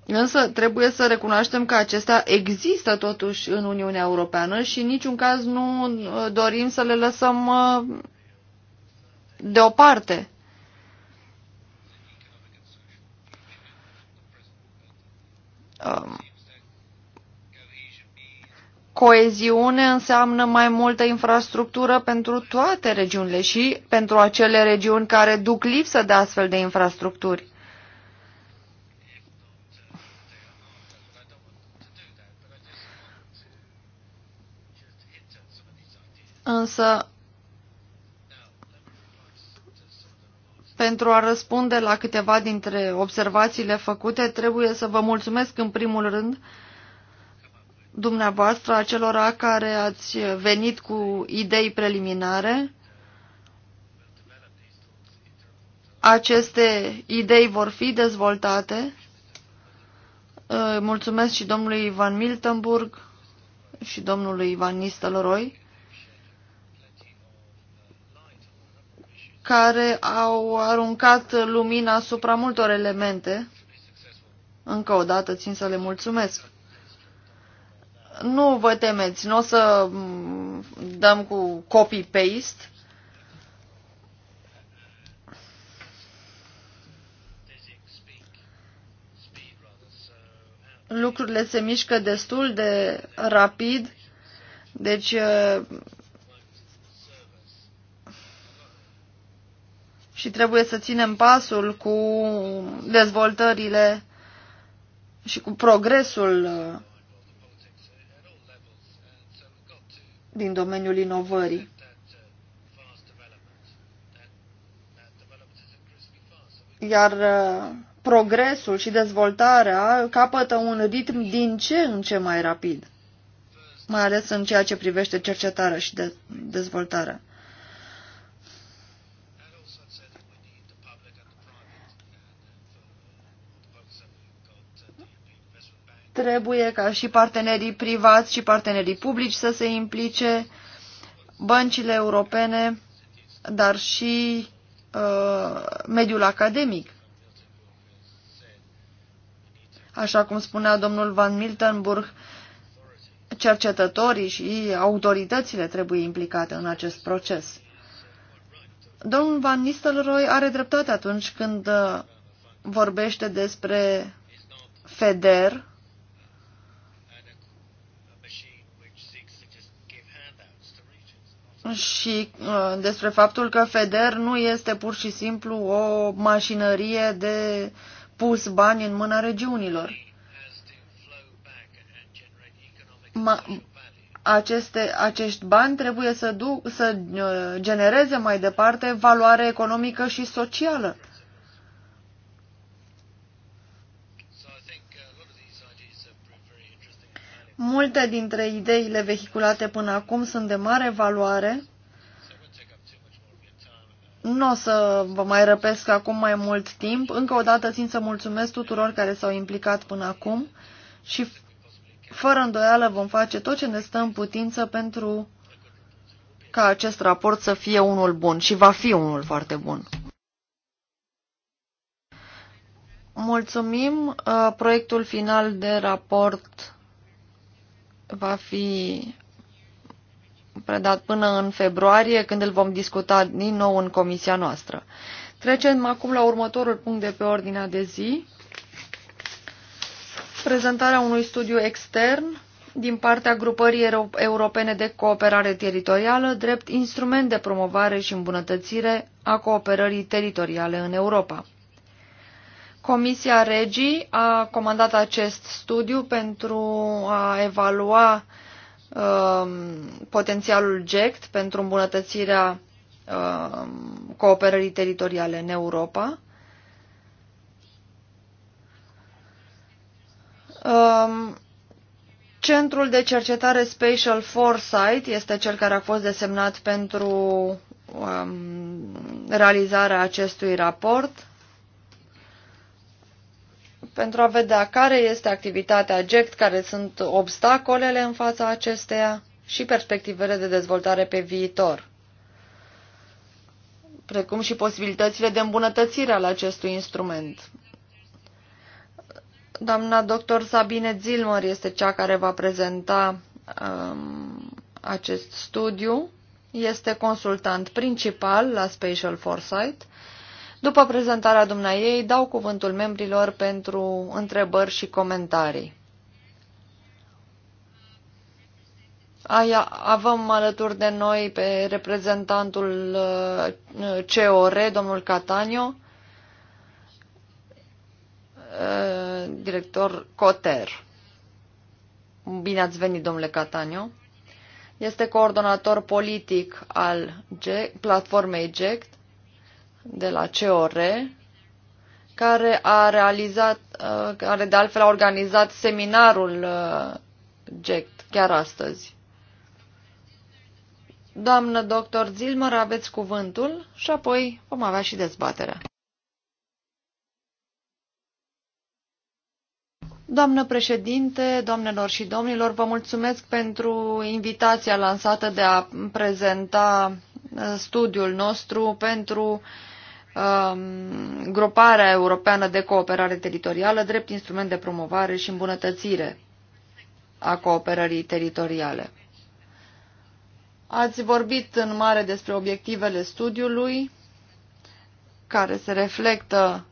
Speaker 1: Însă trebuie să recunoaștem că acestea există totuși în Uniunea Europeană și în niciun caz nu uh, dorim să le lăsăm uh, deoparte. Um, coeziune înseamnă mai multă infrastructură pentru toate regiunile și pentru acele regiuni care duc lipsă de astfel de infrastructuri. Însă, pentru a răspunde la câteva dintre observațiile făcute, trebuie să vă mulțumesc în primul rând dumneavoastră, acelora care ați venit cu idei preliminare. Aceste idei vor fi dezvoltate. Mulțumesc și domnului Ivan Miltenburg și domnului Ivan Nistelrooy care au aruncat lumina asupra multor elemente. Încă o dată țin să le mulțumesc. Nu vă temeți, nu o să mm, dăm cu copy-paste. Lucrurile se mișcă destul de rapid, deci și trebuie să ținem pasul cu dezvoltările și cu progresul uh, din domeniul inovării. Iar uh, progresul și dezvoltarea capătă un ritm din ce în ce mai rapid, mai ales în ceea ce privește cercetarea și de dezvoltarea. Trebuie ca și partenerii privați și partenerii publici să se implice, băncile europene, dar și uh, mediul academic. Așa cum spunea domnul Van Miltenburg, cercetătorii și autoritățile trebuie implicate în acest proces. Domnul Van Nistelrooy are dreptate atunci când uh, vorbește despre FEDER și uh, despre faptul că FEDER nu este pur și simplu o mașinărie de pus bani în mâna regiunilor. Ma aceste, acești bani trebuie să, duc, să uh, genereze mai departe valoare economică și socială. Multe dintre ideile vehiculate până acum sunt de mare valoare. Nu o să vă mai răpesc acum mai mult timp. Încă o dată țin să mulțumesc tuturor care s-au implicat până acum și fără îndoială vom face tot ce ne stă în putință pentru ca acest raport să fie unul bun și va fi unul foarte bun. Mulțumim. Uh, proiectul final de raport va fi predat până în februarie, când îl vom discuta din nou în comisia noastră. Trecem acum la următorul punct de pe ordinea de zi, prezentarea unui studiu extern din partea Grupării Europene de Cooperare Teritorială, drept instrument de promovare și îmbunătățire a cooperării teritoriale în Europa. Comisia Regii a comandat acest studiu pentru a evalua um, potențialul GECT pentru îmbunătățirea um, cooperării teritoriale în Europa. Um, Centrul de cercetare Spatial Foresight este cel care a fost desemnat pentru um, realizarea acestui raport pentru a vedea care este activitatea GECT, care sunt obstacolele în fața acesteia și perspectivele de dezvoltare pe viitor, precum și posibilitățile de îmbunătățire al acestui instrument. Doamna doctor Sabine Zilmer este cea care va prezenta um, acest studiu. Este consultant principal la Spatial Foresight după prezentarea dumneaei, dau cuvântul membrilor pentru întrebări și comentarii. Aia, avem alături de noi pe reprezentantul uh, COR, domnul Catania, uh, director Coter. Bine ați venit, domnule Catania. Este coordonator politic al G platformei GECT de la COR, care a realizat, uh, care de altfel a organizat seminarul uh, GECT chiar astăzi. Doamnă doctor Zilmer, aveți cuvântul și apoi vom avea și dezbaterea. Doamnă președinte, doamnelor și domnilor, vă mulțumesc pentru invitația lansată de a prezenta uh, studiul nostru pentru uh, Um, groparea Europeană de Cooperare Teritorială drept instrument de promovare și îmbunătățire a cooperării teritoriale. Ați vorbit în mare despre obiectivele studiului care se reflectă.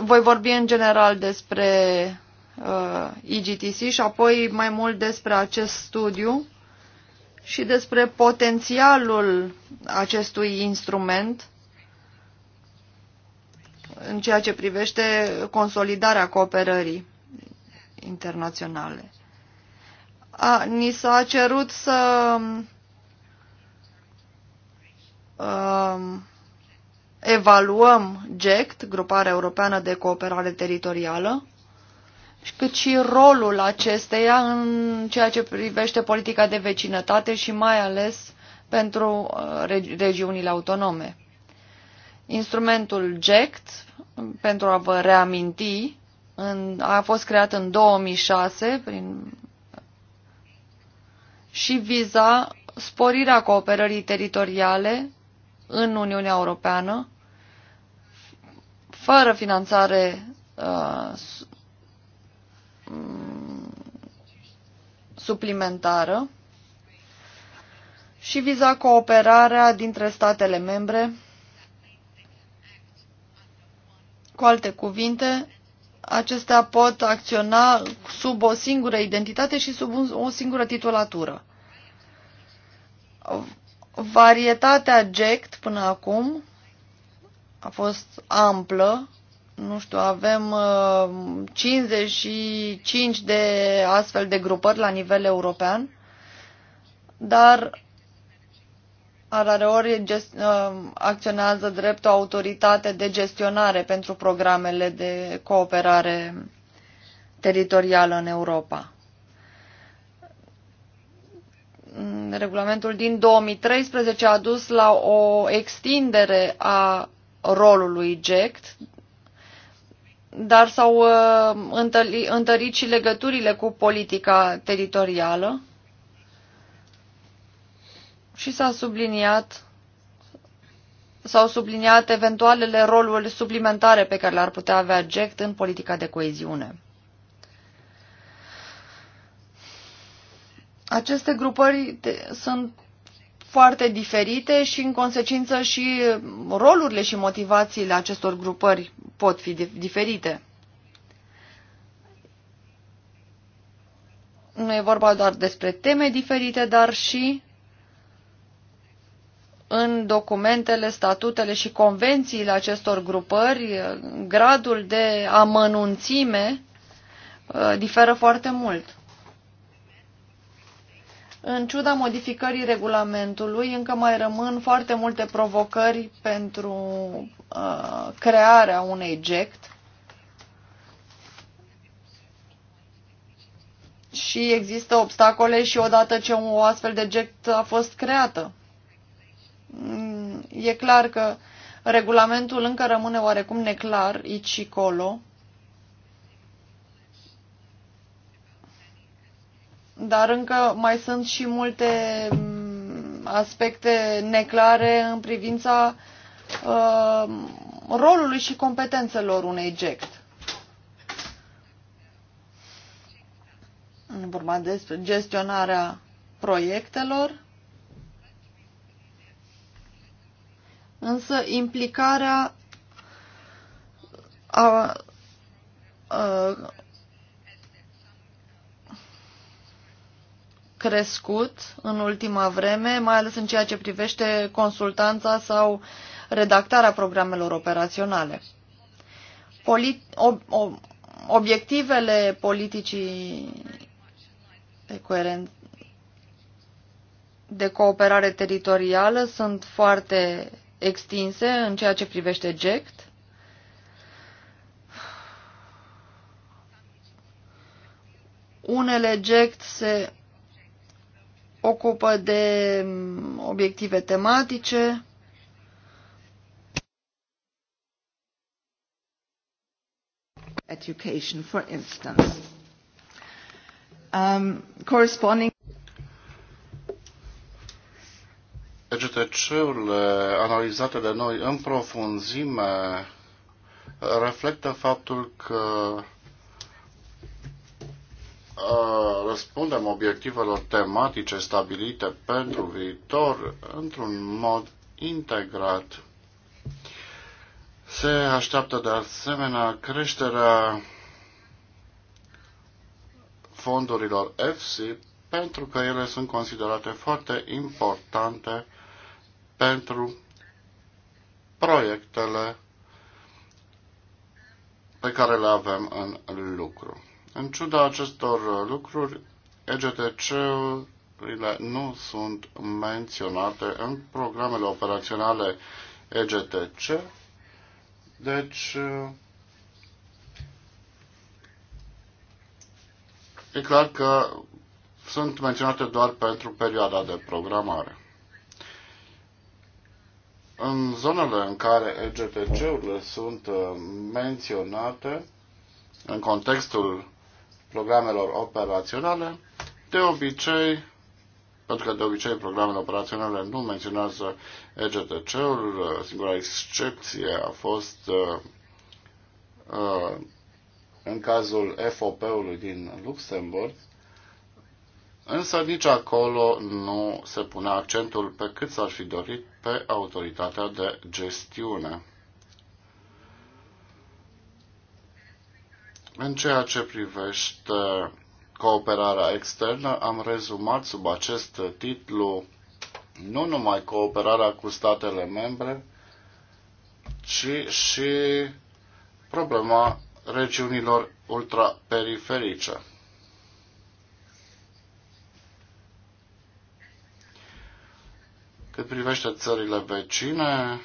Speaker 1: Voi vorbi în general despre uh, IGTC și apoi mai mult despre acest studiu și despre potențialul acestui instrument în ceea ce privește consolidarea cooperării internaționale. A, ni s-a cerut să uh, evaluăm GECT, Gruparea Europeană de Cooperare Teritorială, cât și rolul acesteia în ceea ce privește politica de vecinătate și mai ales pentru uh, regiunile autonome. Instrumentul GECT pentru a vă reaminti, în, a fost creat în 2006 prin, și viza sporirea cooperării teritoriale în Uniunea Europeană, fără finanțare uh, mm, suplimentară și viza cooperarea dintre statele membre Cu alte cuvinte, acestea pot acționa sub o singură identitate și sub o singură titulatură. Varietatea GECT până acum a fost amplă. Nu știu, avem 55 uh, de astfel de grupări la nivel european, dar rareori uh, acționează drept o autoritate de gestionare pentru programele de cooperare teritorială în Europa. Regulamentul din 2013 a dus la o extindere a rolului GECT, dar s-au uh, întărit și legăturile cu politica teritorială și s-a subliniat s-au subliniat eventualele roluri suplimentare pe care le-ar putea avea GECT în politica de coeziune. Aceste grupări sunt foarte diferite și, în consecință, și rolurile și motivațiile acestor grupări pot fi diferite. Nu e vorba doar despre teme diferite, dar și în documentele, statutele și convențiile acestor grupări, gradul de amănunțime uh, diferă foarte mult. În ciuda modificării regulamentului, încă mai rămân foarte multe provocări pentru uh, crearea unei GECT și există obstacole și odată ce o astfel de GECT a fost creată. Mm, e clar că regulamentul încă rămâne oarecum neclar aici și colo. Dar încă mai sunt și multe mm, aspecte neclare în privința uh, rolului și competențelor unei GECT. În vorba despre gestionarea proiectelor, Însă implicarea a, a crescut în ultima vreme, mai ales în ceea ce privește consultanța sau redactarea programelor operaționale. Polit, ob, ob, obiectivele politicii de, coeren, de cooperare teritorială sunt foarte extinse în ceea ce privește GECT. Unele GECT se ocupă de mm, obiective tematice, education, for instance. Um, corresponding
Speaker 2: EGTC-urile eh, analizate de noi în profunzime eh, reflectă faptul că eh, răspundem obiectivelor tematice stabilite pentru viitor într-un mod integrat. Se așteaptă de asemenea creșterea fondurilor EFSI pentru că ele sunt considerate foarte importante pentru proiectele pe care le avem în lucru. În ciuda acestor lucruri, EGTC-urile nu sunt menționate în programele operaționale EGTC, deci e clar că sunt menționate doar pentru perioada de programare. În zonele în care EGTC-urile sunt uh, menționate în contextul programelor operaționale, de obicei, pentru că de obicei programele operaționale nu menționează EGTC-ul, uh, singura excepție a fost uh, în cazul FOP-ului din Luxemburg, Însă nici acolo nu se pune accentul pe cât s-ar fi dorit pe autoritatea de gestiune. În ceea ce privește cooperarea externă, am rezumat sub acest titlu nu numai cooperarea cu statele membre, ci și problema regiunilor ultraperiferice. Cât privește țările vecine,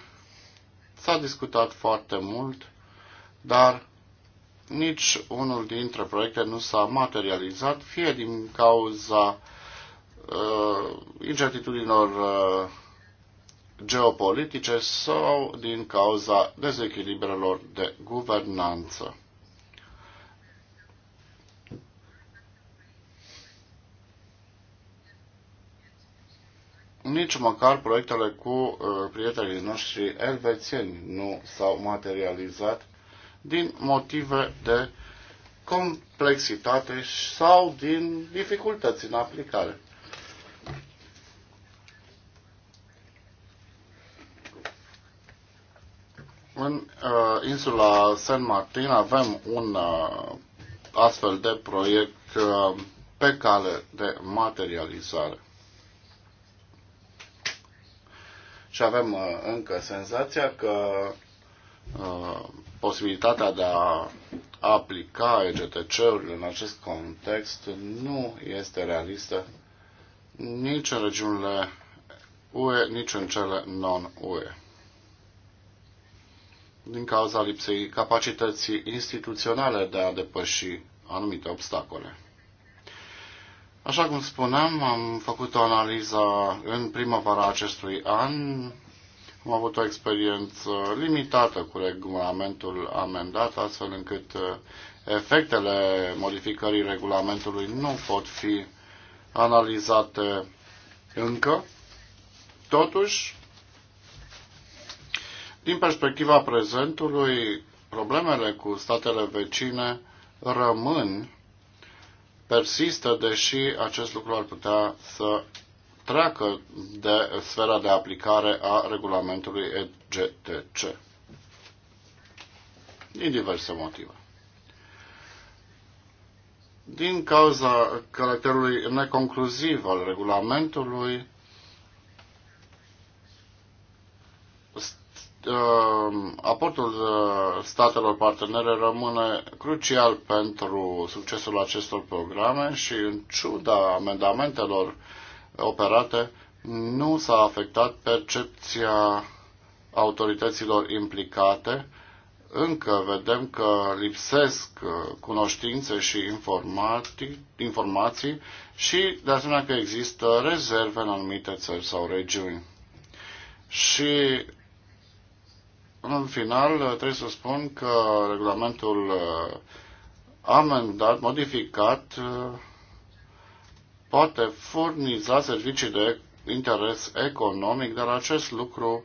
Speaker 2: s-a discutat foarte mult, dar nici unul dintre proiecte nu s-a materializat, fie din cauza uh, incertitudinilor uh, geopolitice sau din cauza dezechilibrelor de guvernanță. nici măcar proiectele cu uh, prietenii noștri elvețieni nu s-au materializat din motive de complexitate sau din dificultăți în aplicare. În uh, insula San Martin avem un uh, astfel de proiect uh, pe cale de materializare. și avem uh, încă senzația că uh, posibilitatea de a aplica EGTC-urile în acest context nu este realistă nici în regiunile UE, nici în cele non-UE. Din cauza lipsei capacității instituționale de a depăși anumite obstacole. Așa cum spuneam, am făcut o analiză în primăvara acestui an. Am avut o experiență limitată cu regulamentul amendat, astfel încât uh, efectele modificării regulamentului nu pot fi analizate încă. Totuși, din perspectiva prezentului, problemele cu statele vecine rămân persistă, deși acest lucru ar putea să treacă de sfera de aplicare a regulamentului EGTC. Din diverse motive. Din cauza caracterului neconcluziv al regulamentului, Uh, aportul uh, statelor partenere rămâne crucial pentru succesul acestor programe și în ciuda amendamentelor operate, nu s-a afectat percepția autorităților implicate. Încă vedem că lipsesc uh, cunoștințe și informații și, de asemenea, că există rezerve în anumite țări sau regiuni. Și în final, trebuie să spun că regulamentul uh, amendat, modificat, uh, poate furniza servicii de interes economic, dar acest lucru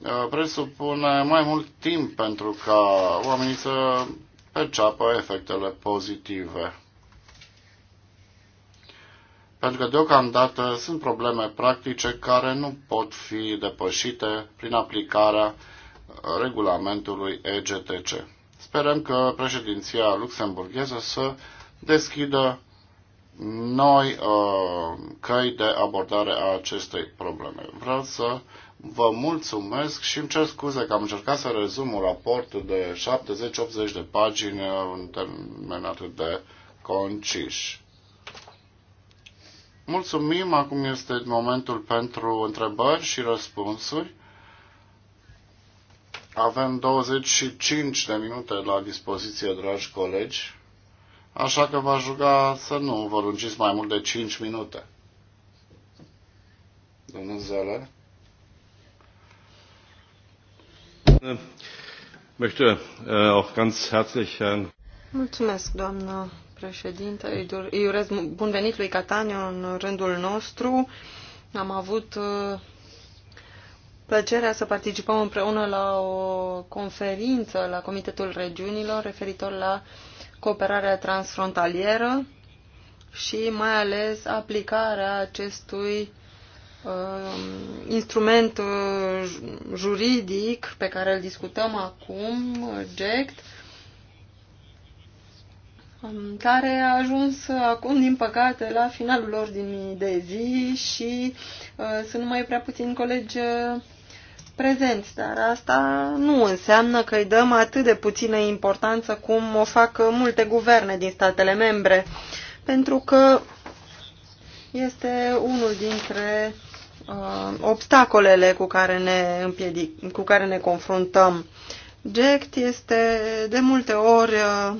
Speaker 2: uh, presupune mai mult timp pentru ca oamenii să perceapă efectele pozitive. Pentru că deocamdată sunt probleme practice care nu pot fi depășite prin aplicarea regulamentului EGTC. Sperăm că președinția luxemburgheză să deschidă noi uh, căi de abordare a acestei probleme. Vreau să vă mulțumesc și îmi cer scuze că am încercat să rezum un raport de 70-80 de pagini în termen atât de conciși. Mulțumim, acum este momentul pentru întrebări și răspunsuri. Avem 25 de minute la dispoziție, dragi colegi, așa că v-aș ruga să nu vă lungiți mai mult de 5 minute. Dumnezeule! Zeller. Möchte äh, auch ganz herzlich Herrn
Speaker 3: Mulțumesc, doamnă președinte. Îi urez bun venit lui Catania în rândul nostru. Am avut uh, plăcerea să participăm împreună la o conferință la Comitetul Regiunilor referitor la cooperarea transfrontalieră și mai ales aplicarea acestui uh, instrument uh, juridic pe care îl discutăm acum, GECT, um, care a ajuns acum, din păcate, la finalul ordinii de zi și uh, sunt mai prea puțini colegi uh, prezenți, dar asta nu înseamnă că îi dăm atât de puțină importanță cum o fac multe guverne din statele membre, pentru că este unul dintre uh, obstacolele cu care, ne împiedic, cu care ne confruntăm. GECT este de multe ori uh,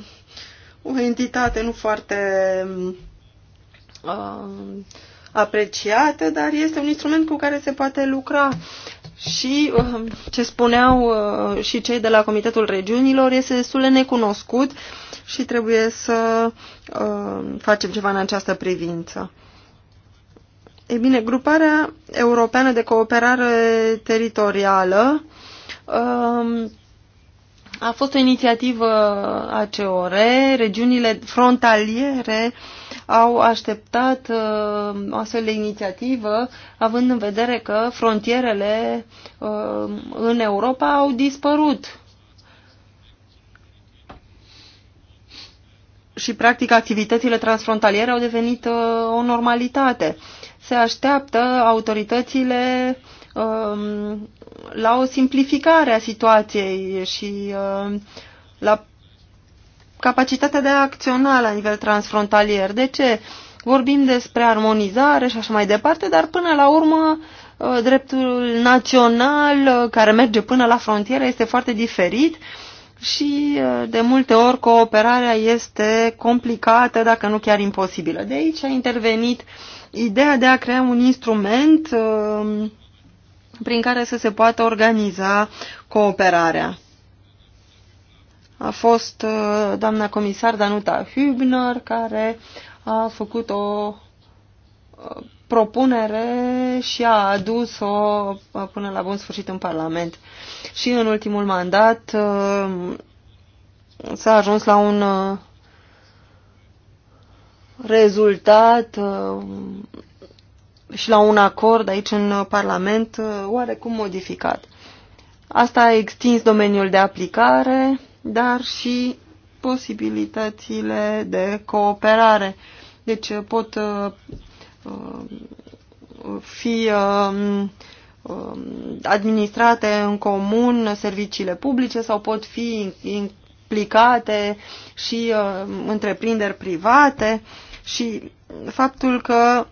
Speaker 3: o entitate nu foarte uh, apreciată, dar este un instrument cu care se poate lucra și uh, ce spuneau uh, și cei de la Comitetul Regiunilor este destul de necunoscut și trebuie să uh, facem ceva în această privință. E bine, Gruparea Europeană de Cooperare Teritorială um, a fost o inițiativă ACOR, regiunile frontaliere uh, au așteptat uh, o astfel de inițiativă, având în vedere că frontierele uh, în Europa au dispărut. Și, practic, activitățile transfrontaliere au devenit uh, o normalitate. Se așteaptă autoritățile uh, la o simplificare a situației și uh, la capacitatea de a acționa la nivel transfrontalier. De ce? Vorbim despre armonizare și așa mai departe, dar până la urmă uh, dreptul național uh, care merge până la frontieră este foarte diferit și uh, de multe ori cooperarea este complicată, dacă nu chiar imposibilă. De aici a intervenit ideea de a crea un instrument prin care să se poată organiza cooperarea a fost uh, doamna comisar Danuta Hübner, care a făcut o uh, propunere și a adus-o uh, până la bun sfârșit în Parlament. Și în ultimul mandat s-a ajuns la un rezultat și la un acord aici în Parlament oarecum modificat. Asta a extins domeniul de aplicare dar și posibilitățile de cooperare. Deci uh, pot uh, uh, fi um, um, administrate în comun serviciile publice sau pot fi implicate și întreprinderi private și faptul că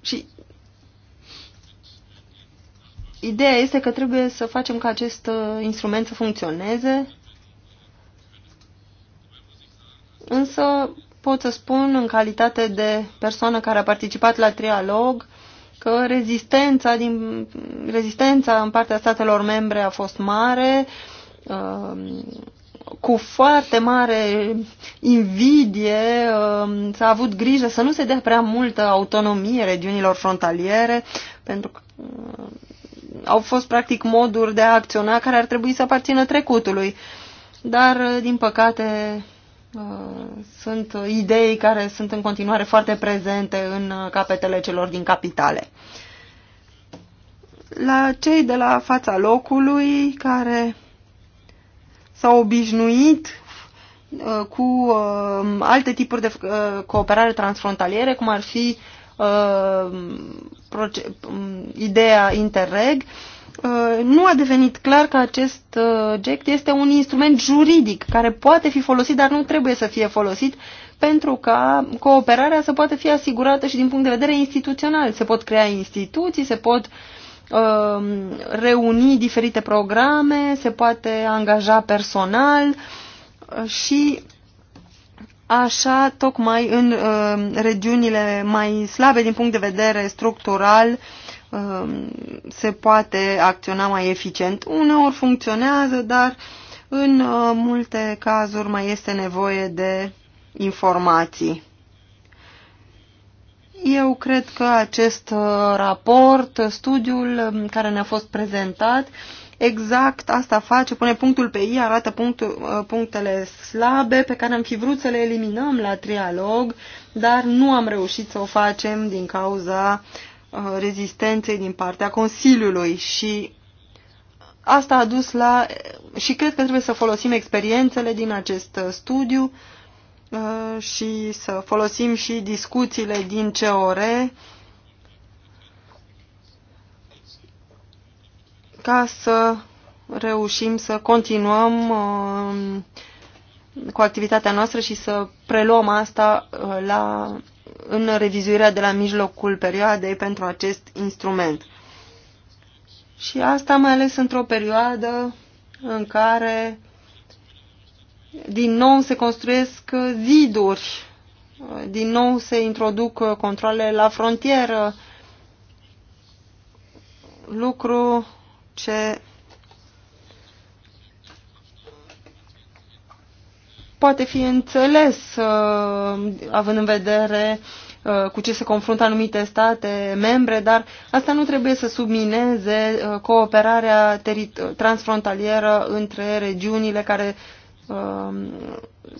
Speaker 3: și Ideea este că trebuie să facem ca acest uh, instrument să funcționeze, însă pot să spun în calitate de persoană care a participat la trialog că rezistența, din, rezistența în partea statelor membre a fost mare, um, cu foarte mare invidie um, s-a avut grijă să nu se dea prea multă autonomie regiunilor frontaliere, pentru că um, au fost practic moduri de a acționa care ar trebui să aparțină trecutului. Dar, din păcate, uh, sunt idei care sunt în continuare foarte prezente în uh, capetele celor din capitale. La cei de la fața locului care s-au obișnuit uh, cu alte tipuri de cooperare transfrontaliere, cum ar fi Mm, ideea Interreg, uh, nu a devenit clar că acest uh, GECT este un instrument juridic care poate fi folosit, dar nu trebuie să fie folosit pentru ca cooperarea să poată fi asigurată și din punct de vedere instituțional. Se pot crea instituții, se pot uh, reuni diferite programe, se poate angaja personal și așa tocmai în uh, regiunile mai slabe din punct de vedere structural uh, se poate acționa mai eficient. Uneori funcționează, dar în uh, multe cazuri mai este nevoie de informații. Eu cred că acest uh, raport, studiul um, care ne-a fost prezentat, exact asta face, pune punctul pe i, arată punctul, uh, punctele slabe pe care am fi vrut să le eliminăm la trialog, dar nu am reușit să o facem din cauza uh, rezistenței din partea Consiliului și asta a dus la uh, și cred că trebuie să folosim experiențele din acest studiu și să folosim și discuțiile din COR ca să reușim să continuăm um, cu activitatea noastră și să preluăm asta uh, la, în revizuirea de la mijlocul perioadei pentru acest instrument. Și asta mai ales într-o perioadă în care din nou se construiesc ziduri, uh, din nou se introduc uh, controle la frontieră, lucru ce poate fi înțeles uh, având în vedere uh, cu ce se confruntă anumite state membre, dar asta nu trebuie să submineze uh, cooperarea transfrontalieră între regiunile care uh,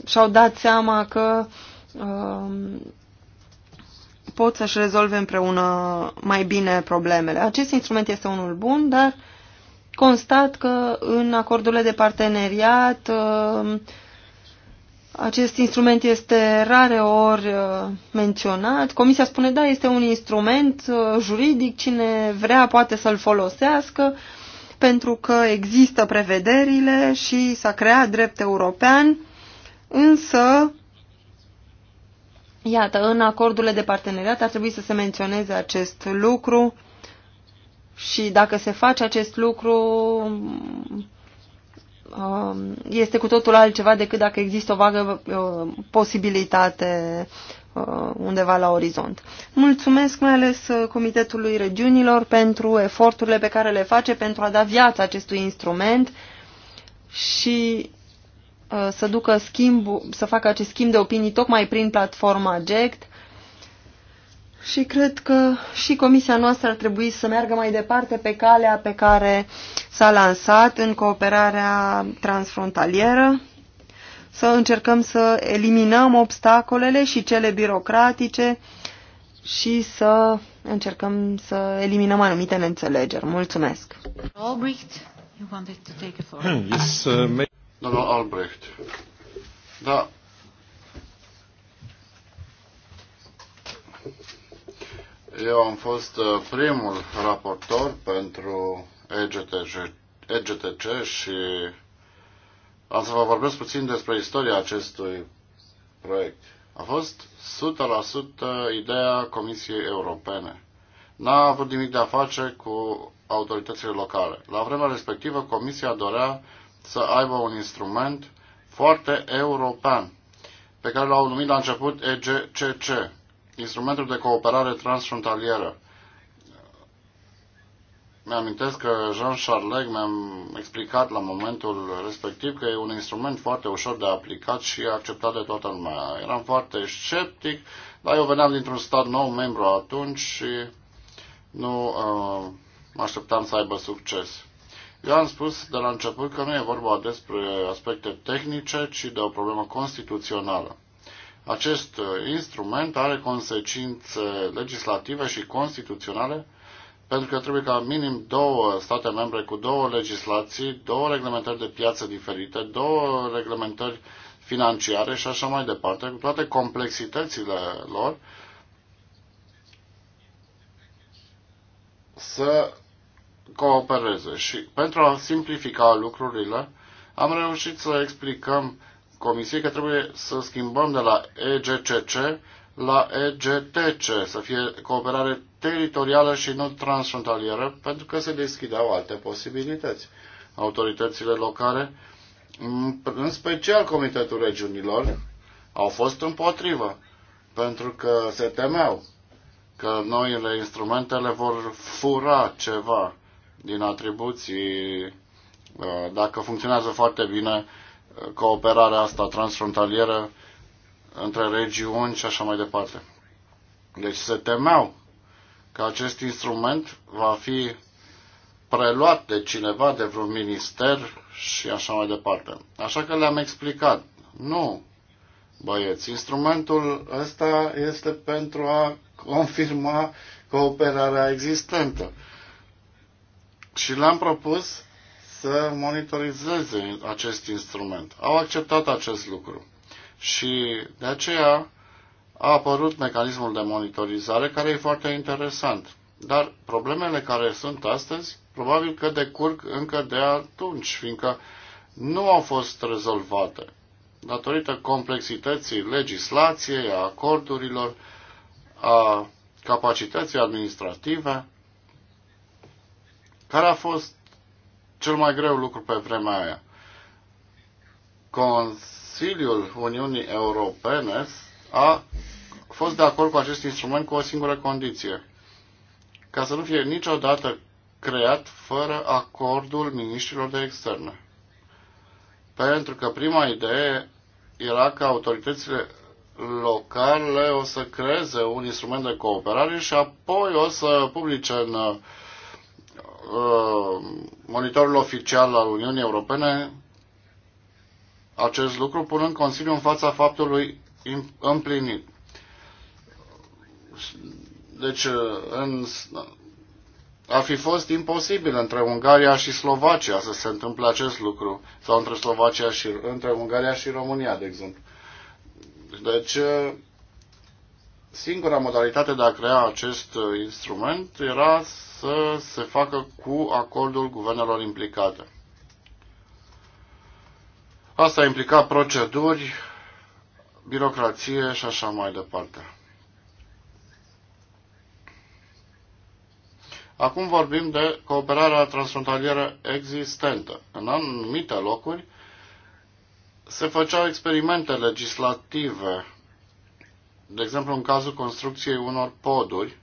Speaker 3: și-au dat seama că uh, pot să-și rezolve împreună mai bine problemele. Acest instrument este unul bun, dar uh, constat că în acordurile de parteneriat uh, acest instrument este rare ori uh, menționat. Comisia spune, da, este un instrument uh, juridic, cine vrea poate să-l folosească, pentru că există prevederile și s-a creat drept european, însă, iată, în acordurile de parteneriat ar trebui să se menționeze acest lucru și dacă se face acest lucru, um, este cu totul altceva decât dacă există o vagă uh, posibilitate uh, undeva la orizont. Mulțumesc mai ales uh, Comitetului Regiunilor pentru eforturile pe care le face pentru a da viață acestui instrument și să ducă schimb, să facă acest schimb de opinii tocmai prin platforma GECT și cred că și comisia noastră ar trebui să meargă mai departe pe calea pe care s-a lansat în cooperarea transfrontalieră, să încercăm să eliminăm obstacolele și cele birocratice și să încercăm să eliminăm anumite neînțelegeri. Mulțumesc!
Speaker 1: Albrecht, you wanted to take uh,
Speaker 3: a
Speaker 2: Doamna Albrecht, da, Eu am fost uh, primul raportor pentru EGTC, EGTC și am să vă vorbesc puțin despre istoria acestui proiect. A fost 100% ideea Comisiei Europene. N-a avut nimic de a face cu autoritățile locale. La vremea respectivă, Comisia dorea să aibă un instrument foarte european, pe care l-au numit la început EGCC, instrumentul de cooperare transfrontalieră. Mi-amintesc că Jean Charleg mi-a explicat la momentul respectiv că e un instrument foarte ușor de aplicat și acceptat de toată lumea. Eram foarte sceptic, dar eu veneam dintr-un stat nou membru atunci și nu uh, mă așteptam să aibă succes. Eu am spus de la început că nu e vorba despre aspecte tehnice, ci de o problemă constituțională. Acest uh, instrument are consecințe legislative și constituționale pentru că trebuie ca minim două state membre cu două legislații, două reglementări de piață diferite, două reglementări financiare și așa mai departe, cu toate complexitățile lor, să coopereze. Și pentru a simplifica lucrurile, am reușit să explicăm Comisiei că trebuie să schimbăm de la EGCC la EGTC, să fie cooperare teritorială și nu transfrontalieră, pentru că se deschideau alte posibilități. Autoritățile locale, în special Comitetul Regiunilor, au fost împotrivă, pentru că se temeau că noile instrumentele vor fura ceva din atribuții uh, dacă funcționează foarte bine cooperarea asta transfrontalieră între regiuni și așa mai departe. Deci se temeau că acest instrument va fi preluat de cineva, de vreun minister și așa mai departe. Așa că le-am explicat. Nu, băieți, instrumentul ăsta este pentru a confirma cooperarea existentă. Și le-am propus să monitorizeze acest instrument. Au acceptat acest lucru și de aceea a apărut mecanismul de monitorizare care e foarte interesant. Dar problemele care sunt astăzi probabil că decurg încă de atunci, fiindcă nu au fost rezolvate datorită complexității legislației, a acordurilor, a capacității administrative, care a fost cel mai greu lucru pe vremea aia. Consiliul Uniunii Europene a fost de acord cu acest instrument cu o singură condiție. Ca să nu fie niciodată creat fără acordul ministrilor de externe. Pentru că prima idee era că autoritățile locale o să creeze un instrument de cooperare și apoi o să publice în Uh, monitorul oficial al Uniunii Europene acest lucru, punând Consiliul în fața faptului împlinit. Deci, uh, în, ar fi fost imposibil între Ungaria și Slovacia să se întâmple acest lucru, sau între Slovacia și între Ungaria și România, de exemplu. Deci, uh, singura modalitate de a crea acest uh, instrument era să se facă cu acordul guvernelor implicate. Asta implica proceduri, birocrație și așa mai departe. Acum vorbim de cooperarea transfrontalieră existentă. În anumite locuri se făceau experimente legislative de exemplu, în cazul construcției unor poduri,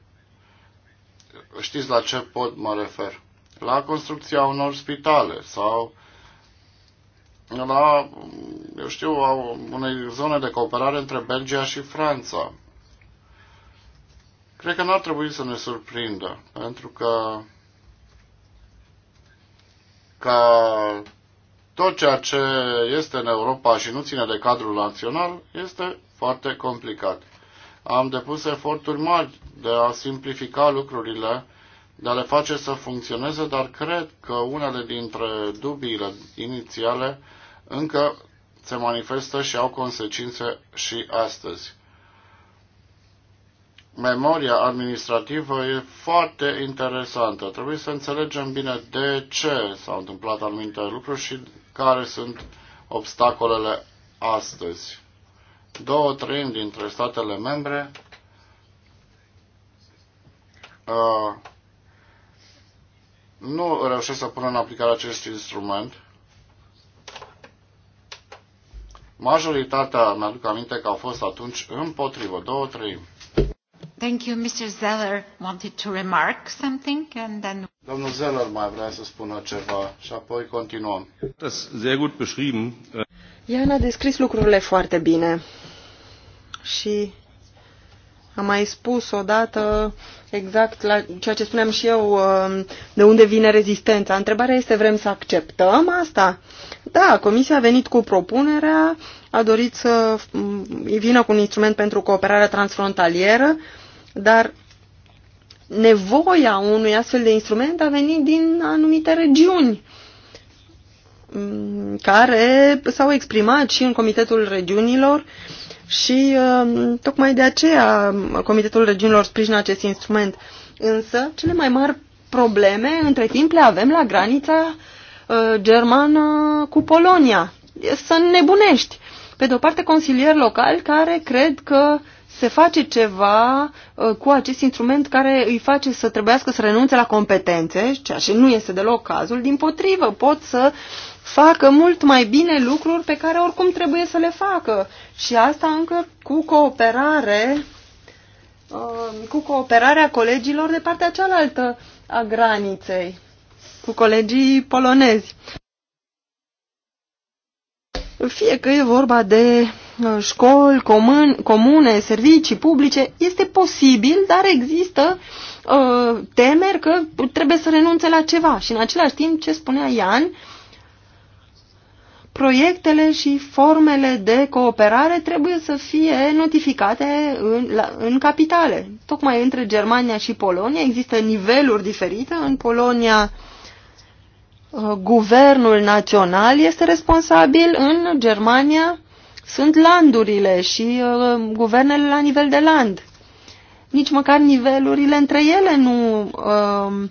Speaker 2: știți la ce pod mă refer? La construcția unor spitale sau la, eu știu, a unei zone de cooperare între Belgia și Franța. Cred că n-ar trebui să ne surprindă, pentru că ca tot ceea ce este în Europa și nu ține de cadrul național este foarte complicat am depus eforturi mari de a simplifica lucrurile, de a le face să funcționeze, dar cred că unele dintre dubiile inițiale încă se manifestă și au consecințe și astăzi. Memoria administrativă e foarte interesantă. Trebuie să înțelegem bine de ce s-au întâmplat anumite lucruri și care sunt obstacolele astăzi două treimi dintre statele membre uh, nu reușesc să pună în aplicare acest instrument. Majoritatea, mi-aduc aminte că au fost atunci împotrivă, două treimi.
Speaker 1: Thank you. Mr. Zeller wanted to remark something and then...
Speaker 2: Domnul Zeller mai vrea să spună ceva și apoi continuăm. Das sehr gut beschrieben.
Speaker 3: a descris lucrurile foarte bine și am mai spus odată exact la ceea ce spuneam și eu, um, de unde vine rezistența. Întrebarea este, vrem să acceptăm asta? Da, Comisia a venit cu propunerea, a dorit să mm, vină cu un instrument pentru cooperarea transfrontalieră, dar nevoia unui astfel de instrument a venit din anumite regiuni mm, care s-au exprimat și în Comitetul Regiunilor uh, și uh, tocmai de aceea Comitetul Regiunilor sprijină acest instrument. Însă, cele mai mari probleme între timp le avem la granița uh, germană cu Polonia. Să nebunești! Pe de o parte, consilieri locali care cred că se face ceva uh, cu acest instrument care îi face să trebuiască să renunțe la competențe, ceea ce nu este deloc cazul. Din potrivă, pot să facă mult mai bine lucruri pe care oricum trebuie să le facă. Și asta încă cu cooperare uh, cu cooperarea colegilor de partea cealaltă a graniței, cu colegii polonezi. Fie că e vorba de uh, școli, comun, comune, servicii publice, este posibil, dar există uh, temeri că trebuie să renunțe la ceva. Și în același timp, ce spunea Ian, uh, proiectele și formele de cooperare trebuie să fie notificate în, la, în capitale. Tocmai între Germania și Polonia există niveluri diferite. În Polonia, uh, guvernul național este responsabil, în Germania sunt landurile și uh, guvernele la nivel de land. Nici măcar nivelurile între ele nu uh,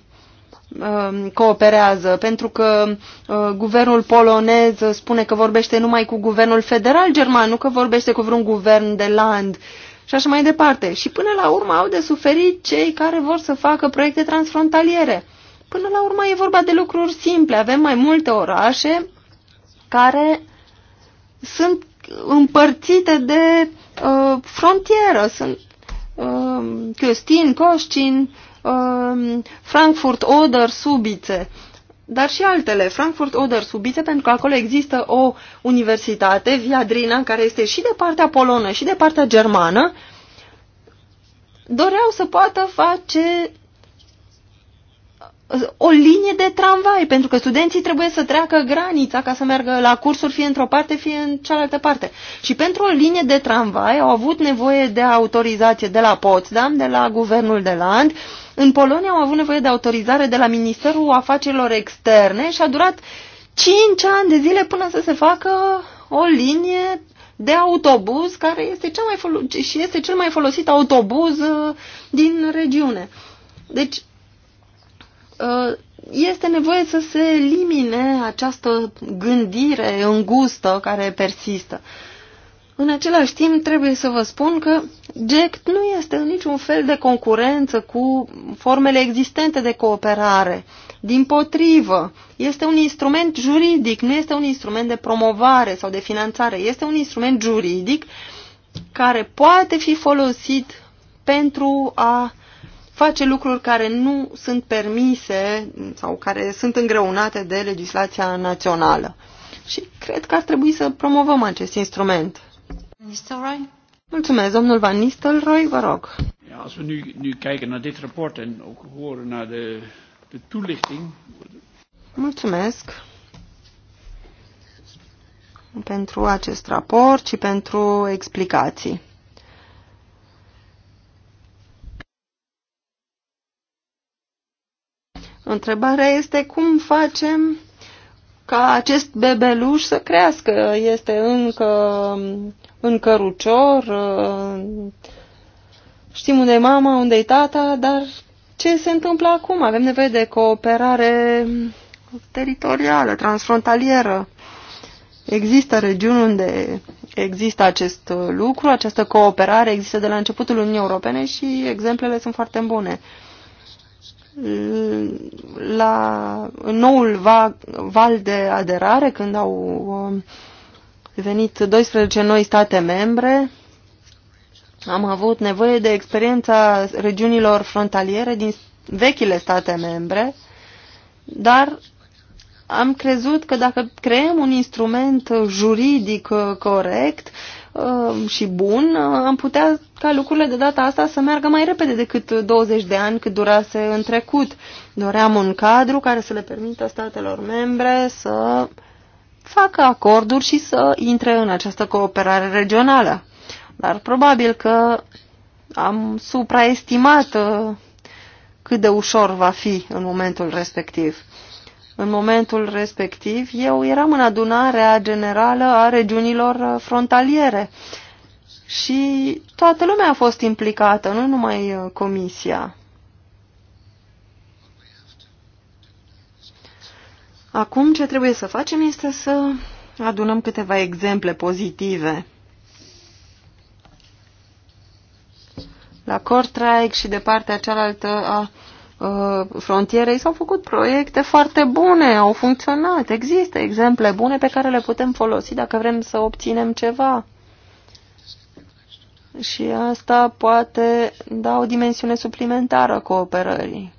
Speaker 3: Um, cooperează, pentru că uh, guvernul polonez spune că vorbește numai cu guvernul federal german, nu că vorbește cu vreun guvern de land și așa mai departe. Și până la urmă au de suferit cei care vor să facă proiecte transfrontaliere. Până la urmă e vorba de lucruri simple. Avem mai multe orașe care sunt împărțite de uh, frontieră. Sunt uh, Căstin, Coșcin, Um, Frankfurt Oder subite, dar și altele. Frankfurt Oder subite, pentru că acolo există o universitate, Viadrina, care este și de partea polonă și de partea germană, doreau să poată face uh, o linie de tramvai, pentru că studenții trebuie să treacă granița ca să meargă la cursuri fie într-o parte, fie în cealaltă parte. Și pentru o linie de tramvai au avut nevoie de autorizație de la Potsdam, de la guvernul de land, în Polonia au avut nevoie de autorizare de la Ministerul Afacerilor Externe și a durat 5 ani de zile până să se facă o linie de autobuz care este cel mai și este cel mai folosit autobuz uh, din regiune. Deci uh, este nevoie să se elimine această gândire îngustă care persistă. În același timp, trebuie să vă spun că GECT nu este în niciun fel de concurență cu formele existente de cooperare. Din potrivă, este un instrument juridic, nu este un instrument de promovare sau de finanțare. Este un instrument juridic care poate fi folosit pentru a face lucruri care nu sunt permise sau care sunt îngreunate de legislația națională. Și cred că ar trebui să promovăm acest instrument.
Speaker 1: Nistelrooy.
Speaker 3: Van Nistelrooy, vă rog.
Speaker 2: als we nu, nu kijken naar dit rapport en ook horen naar de, de toelichting.
Speaker 3: Mulțumesc pentru acest raport și pentru explicații. Întrebarea este cum facem ca acest bebeluș să crească. Este încă în cărucior, uh, știm unde e mama, unde e tata, dar ce se întâmplă acum? Avem nevoie de cooperare teritorială, transfrontalieră. Există regiuni unde există acest lucru, această cooperare există de la începutul Uniunii Europene și exemplele sunt foarte bune. La noul val de aderare, când au uh, venit 12 noi state membre, am avut nevoie de experiența regiunilor frontaliere din vechile state membre, dar am crezut că dacă creăm un instrument juridic uh, corect uh, și bun, uh, am putea ca lucrurile de data asta să meargă mai repede decât 20 de ani cât durase în trecut. Doream un cadru care să le permită statelor membre să uh, facă acorduri și să intre în această cooperare regională. Dar probabil că am supraestimat uh, cât de ușor va fi în momentul respectiv. În momentul respectiv, eu eram în adunarea generală a regiunilor uh, frontaliere și toată lumea a fost implicată, nu numai uh, comisia. Acum ce trebuie să facem este să adunăm câteva exemple pozitive. La Cortraic și de partea cealaltă a ă, frontierei s-au făcut proiecte foarte bune, au funcționat. Există exemple bune pe care le putem folosi dacă vrem să obținem ceva. Și asta poate da o dimensiune suplimentară cooperării.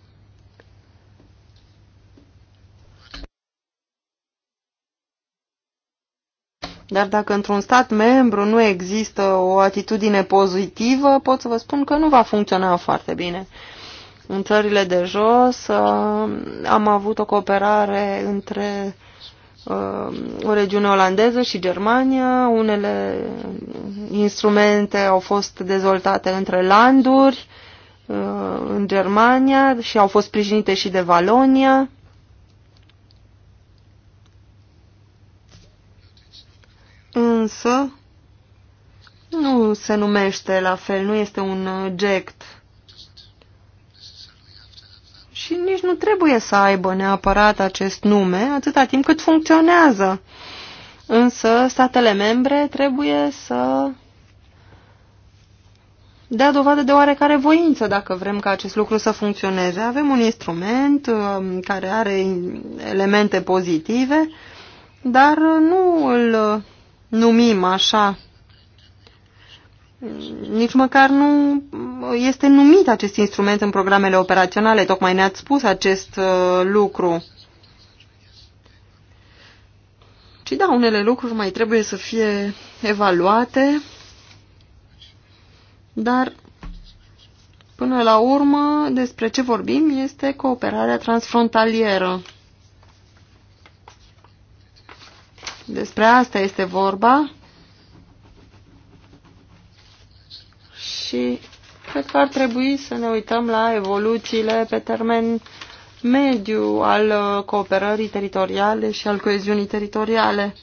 Speaker 3: Dar dacă într-un stat membru nu există o atitudine pozitivă, pot să vă spun că nu va funcționa foarte bine. În țările de jos uh, am avut o cooperare între uh, o regiune olandeză și Germania. Unele instrumente au fost dezvoltate între landuri uh, în Germania și au fost sprijinite și de Valonia. însă nu se numește la fel, nu este un gect. Și nici nu trebuie să aibă neapărat acest nume, atâta timp cât funcționează. Însă statele membre trebuie să dea dovadă de oarecare voință dacă vrem ca acest lucru să funcționeze. Avem un instrument um, care are elemente pozitive, dar nu îl numim așa. Nici măcar nu este numit acest instrument în programele operaționale, tocmai ne-ați spus acest uh, lucru. Ci da, unele lucruri mai trebuie să fie evaluate, dar până la urmă despre ce vorbim este cooperarea transfrontalieră. Despre asta este vorba. Și cred că ar trebui să ne uităm la evoluțiile pe termen mediu al uh, cooperării teritoriale și al coeziunii teritoriale.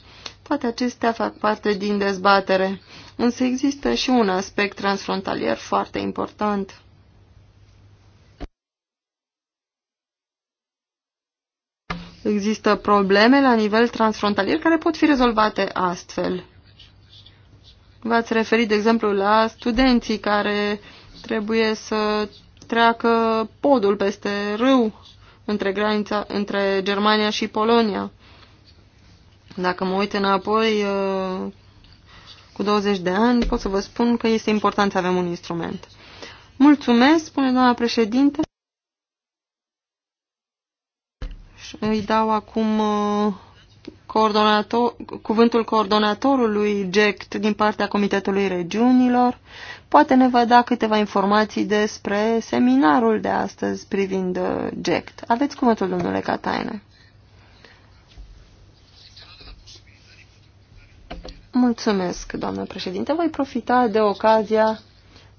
Speaker 3: Toate acestea fac parte din dezbatere, însă există și un aspect transfrontalier foarte important. Există probleme la nivel transfrontalier care pot fi rezolvate astfel. V-ați referit, de exemplu, la studenții care trebuie să treacă podul peste râu între, granița, între Germania și Polonia. Dacă mă uit înapoi uh, cu 20 de ani, pot să vă spun că este important să avem un instrument. Mulțumesc, spune doamna președinte. Îi dau acum uh, coordonator, cuvântul coordonatorului GECT din partea Comitetului Regiunilor. Poate ne va da câteva informații despre seminarul de astăzi privind uh, GECT. Aveți cuvântul, domnule Cataine. Mulțumesc, doamnă președinte. Voi profita de ocazia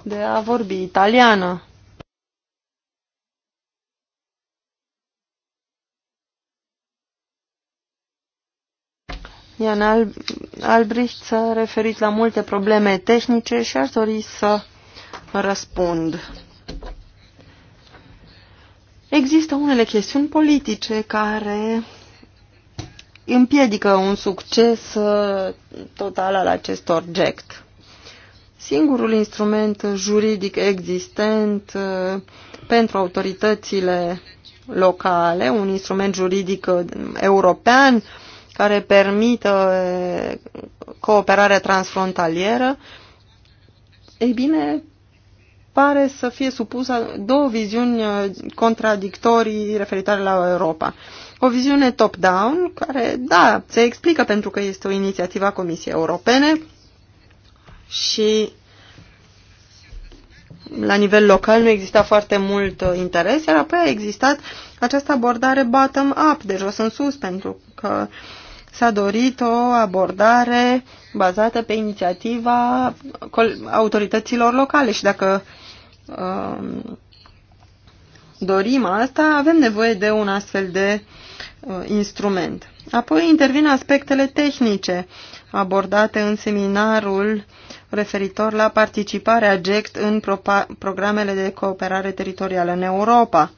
Speaker 3: de a vorbi italiană. Ian Al Albrecht s-a referit la multe probleme tehnice și aș dori să răspund. Există unele chestiuni politice care împiedică un succes uh, total al acestor GECT. Singurul instrument juridic existent uh, pentru autoritățile locale, un instrument juridic uh, european care permită eh, cooperarea transfrontalieră, ei bine, pare să fie supusă două viziuni eh, contradictorii referitoare la Europa. O viziune top-down, care, da, se explică pentru că este o inițiativă a Comisiei Europene și la nivel local nu exista foarte mult eh, interes, iar apoi a existat această abordare bottom-up, de jos în sus, pentru că uh, s-a dorit o abordare bazată pe inițiativa autorităților locale și dacă um, dorim asta, avem nevoie de un astfel de uh, instrument. Apoi intervin aspectele tehnice abordate în seminarul referitor la participarea GECT în programele de cooperare teritorială în Europa.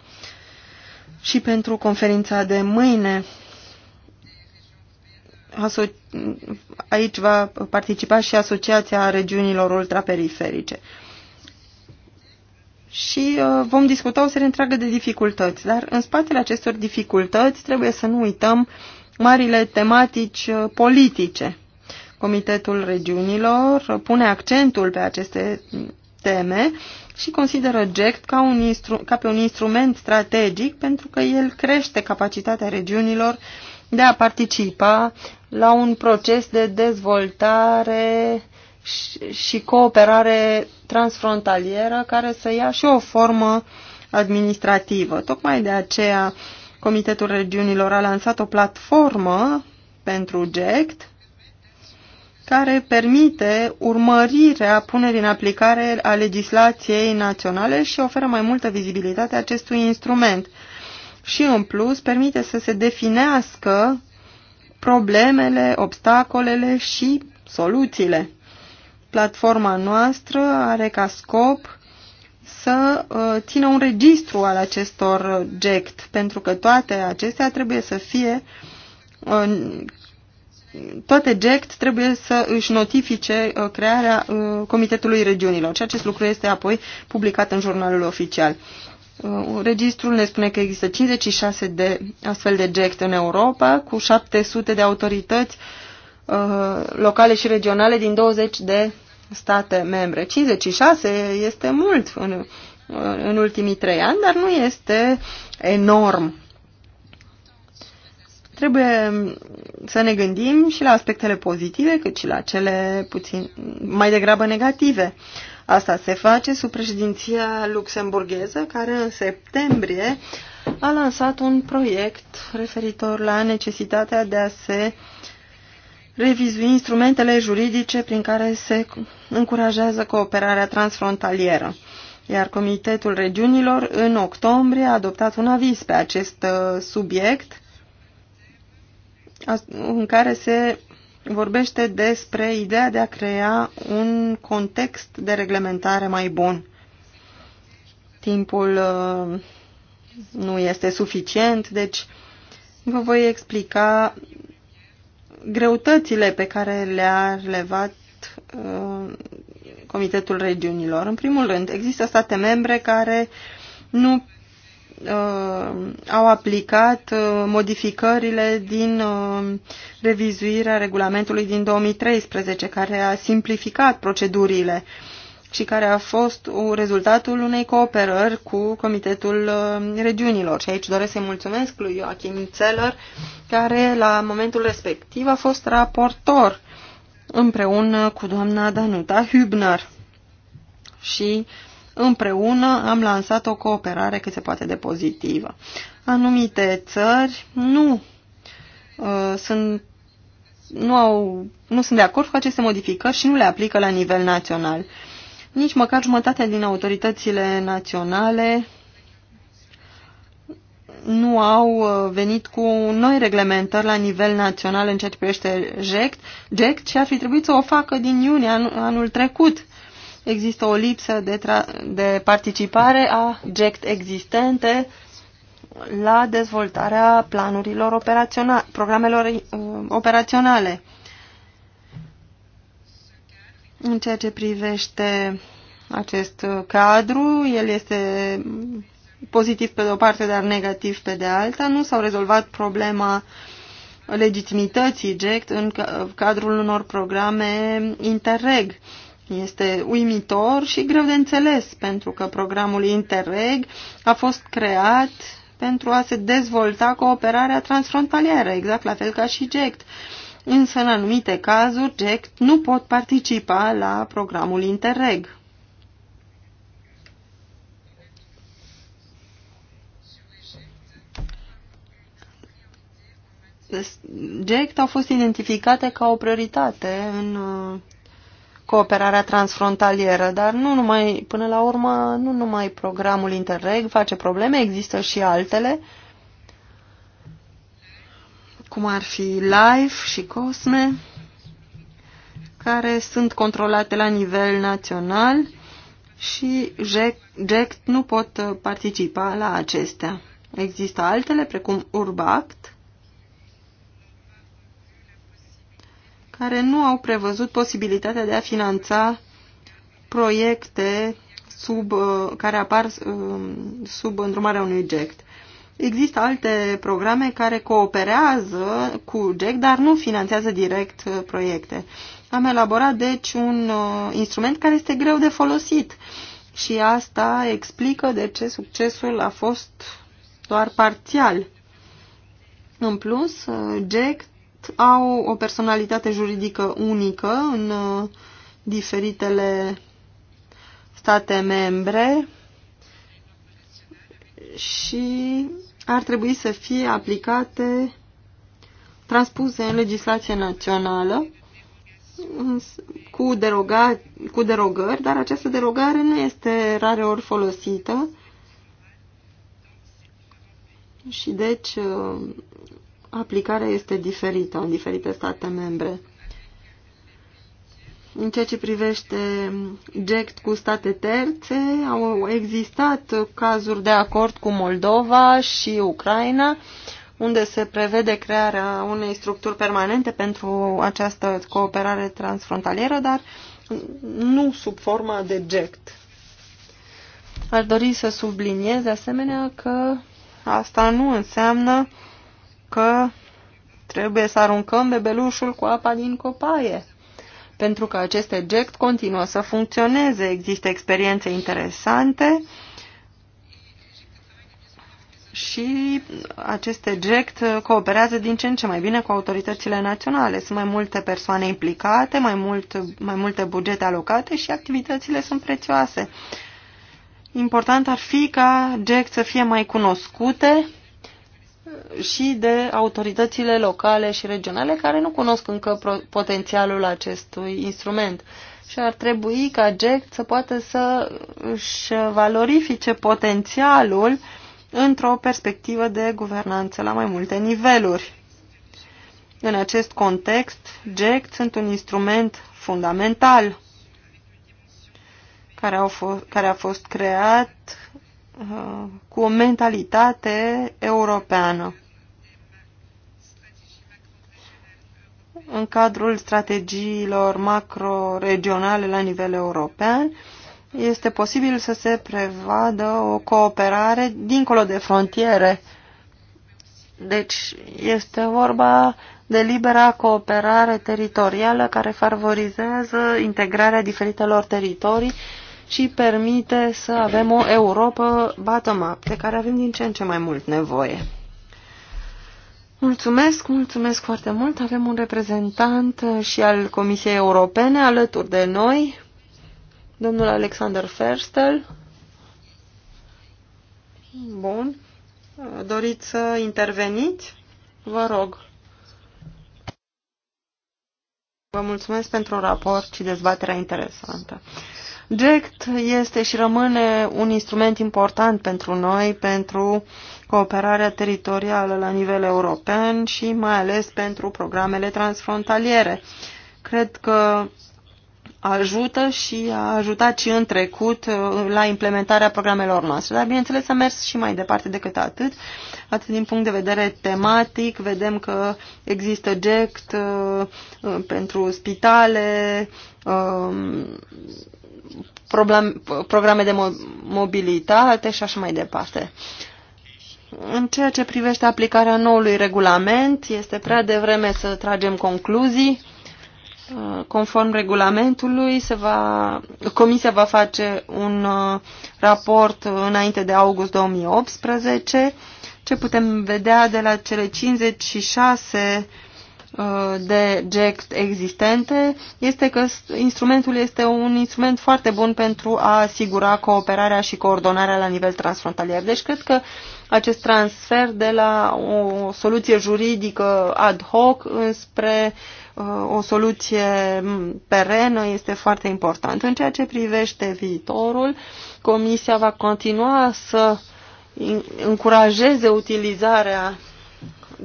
Speaker 3: Și pentru conferința de mâine aici va participa și Asociația Regiunilor Ultraperiferice. Și uh, vom discuta o serie întreagă de dificultăți, dar în spatele acestor dificultăți trebuie să nu uităm marile tematici uh, politice. Comitetul Regiunilor uh, pune accentul pe aceste mm, teme și consideră GECT ca, un instru- ca pe un instrument strategic pentru că el crește capacitatea regiunilor uh, de a participa la un proces de dezvoltare și cooperare transfrontalieră care să ia și o formă administrativă. Tocmai de aceea Comitetul Regiunilor a lansat o platformă pentru GECT care permite urmărirea punerii în aplicare a legislației naționale și oferă mai multă vizibilitate acestui instrument și, în plus, permite să se definească problemele, obstacolele și soluțiile. Platforma noastră are ca scop să uh, țină un registru al acestor GECT, pentru că toate acestea trebuie să fie uh, toate GECT trebuie să își notifice uh, crearea Comitetului Regiunilor și acest lucru este apoi publicat în jurnalul oficial. Uh, registrul ne spune că există 56 de astfel de GECT în Europa, cu 700 de autorități uh, locale și regionale din 20 de state membre. 56 este mult în, uh, în ultimii trei ani, dar nu este enorm. Trebuie să ne gândim și la aspectele pozitive, cât și la cele puțin mai degrabă negative. Uh, Asta se face sub președinția luxemburgheză, care în septembrie a lansat un proiect referitor la necesitatea de a se revizui instrumentele juridice prin care se încurajează cooperarea transfrontalieră. Iar Comitetul Regiunilor în octombrie a adoptat un aviz pe acest uh, subiect în care se vorbește despre ideea de a crea un context de reglementare mai bun. Timpul uh, nu este suficient, deci vă voi explica greutățile pe care le-a relevat uh, Comitetul Regiunilor. În primul rând, există state membre care nu uh, au aplicat uh, modificările din uh, revizuirea regulamentului din 2013, care a simplificat procedurile și care a fost rezultatul unei cooperări cu Comitetul uh, Regiunilor. Și aici doresc să-i mulțumesc lui Joachim Zeller, care la momentul respectiv a fost raportor împreună cu doamna Danuta Hübner. Și uh, împreună am lansat o cooperare cât se poate de pozitivă. Anumite țări nu uh, sunt nu, au, nu sunt de acord cu aceste modificări și nu le aplică la nivel național. Nici măcar jumătate din autoritățile naționale nu au uh, venit cu noi reglementări la nivel național în ceea ce privește GECT, GECT și ar fi trebuit să o facă din iunie anul, anul trecut există o lipsă de, de participare a GECT existente la dezvoltarea planurilor operaționale, programelor uh, operaționale. În ceea ce privește acest cadru, el este pozitiv pe de o parte, dar negativ pe de alta. Nu s-au rezolvat problema legitimității GECT în cadrul unor programe interreg. Uh, este uimitor și greu de înțeles, pentru că programul Interreg a fost creat pentru a se dezvolta cooperarea transfrontalieră, exact la fel ca și GECT. Însă, în anumite cazuri, GECT nu pot participa la programul Interreg. GECT au fost identificate ca o prioritate în uh, cooperarea transfrontalieră, dar nu numai, până la urmă, nu numai programul Interreg face probleme, există și altele, cum ar fi LIFE și COSME, care sunt controlate la nivel național și GECT nu pot participa la acestea. Există altele, precum URBACT, care nu au prevăzut posibilitatea de a finanța proiecte sub, uh, care apar um, sub îndrumarea unui GECT. Există alte programe care cooperează cu GECT, dar nu finanțează direct uh, proiecte. Am elaborat, deci, un uh, instrument care este greu de folosit și asta explică de ce succesul a fost doar parțial. În plus, GECT au o personalitate juridică unică în uh, diferitele state membre și ar trebui să fie aplicate, transpuse în legislație națională cu, deroga, cu derogări, dar această derogare nu este rareori folosită și deci uh, aplicarea este diferită în diferite state membre. În ceea ce privește GECT cu state terțe, au existat cazuri de acord cu Moldova și Ucraina, unde se prevede crearea unei structuri permanente pentru această cooperare transfrontalieră, dar nu sub forma de GECT. Aș dori să subliniez de asemenea că asta nu înseamnă că trebuie să aruncăm bebelușul cu apa din copaie. Pentru că acest eject continuă să funcționeze, există experiențe interesante și acest eject cooperează din ce în ce mai bine cu autoritățile naționale. Sunt mai multe persoane implicate, mai, mult, mai multe bugete alocate și activitățile sunt prețioase. Important ar fi ca GEC să fie mai cunoscute și de autoritățile locale și regionale care nu cunosc încă potențialul acestui instrument și ar trebui ca GECT să poată să își valorifice potențialul într-o perspectivă de guvernanță la mai multe niveluri. În acest context, GECT sunt un instrument fundamental care, au fost, care a fost creat Uh, cu o mentalitate europeană. În cadrul strategiilor macro-regionale la nivel european, este posibil să se prevadă o cooperare dincolo de frontiere. Deci este vorba de libera cooperare teritorială care favorizează integrarea diferitelor teritorii și permite să avem o Europa bottom-up, de care avem din ce în ce mai mult nevoie. Mulțumesc, mulțumesc foarte mult. Avem un reprezentant uh, și al Comisiei Europene alături de noi, domnul Alexander Ferstel. Bun. Uh, doriți să interveniți? Vă rog. Vă mulțumesc pentru un raport și dezbaterea interesantă. Direct este și rămâne un instrument important pentru noi, pentru cooperarea teritorială la nivel european și mai ales pentru programele transfrontaliere. Cred că ajută și a ajutat și în trecut uh, la implementarea programelor noastre. Dar, bineînțeles, a mers și mai departe decât atât. Atât din punct de vedere tematic, vedem că există GECT uh, uh, pentru spitale, um, programe de mobilitate și așa mai departe. În ceea ce privește aplicarea noului regulament, este prea devreme să tragem concluzii. Uh, conform regulamentului, se va, Comisia va face un uh, raport uh, înainte de august 2018. Ce putem vedea de la cele 56 Uh, de GECT existente este că instrumentul este un instrument foarte bun pentru a asigura cooperarea și coordonarea la nivel transfrontalier. Deci cred că acest transfer de la o soluție juridică ad hoc înspre uh, o soluție perenă este foarte important. În ceea ce privește viitorul, Comisia va continua să încurajeze utilizarea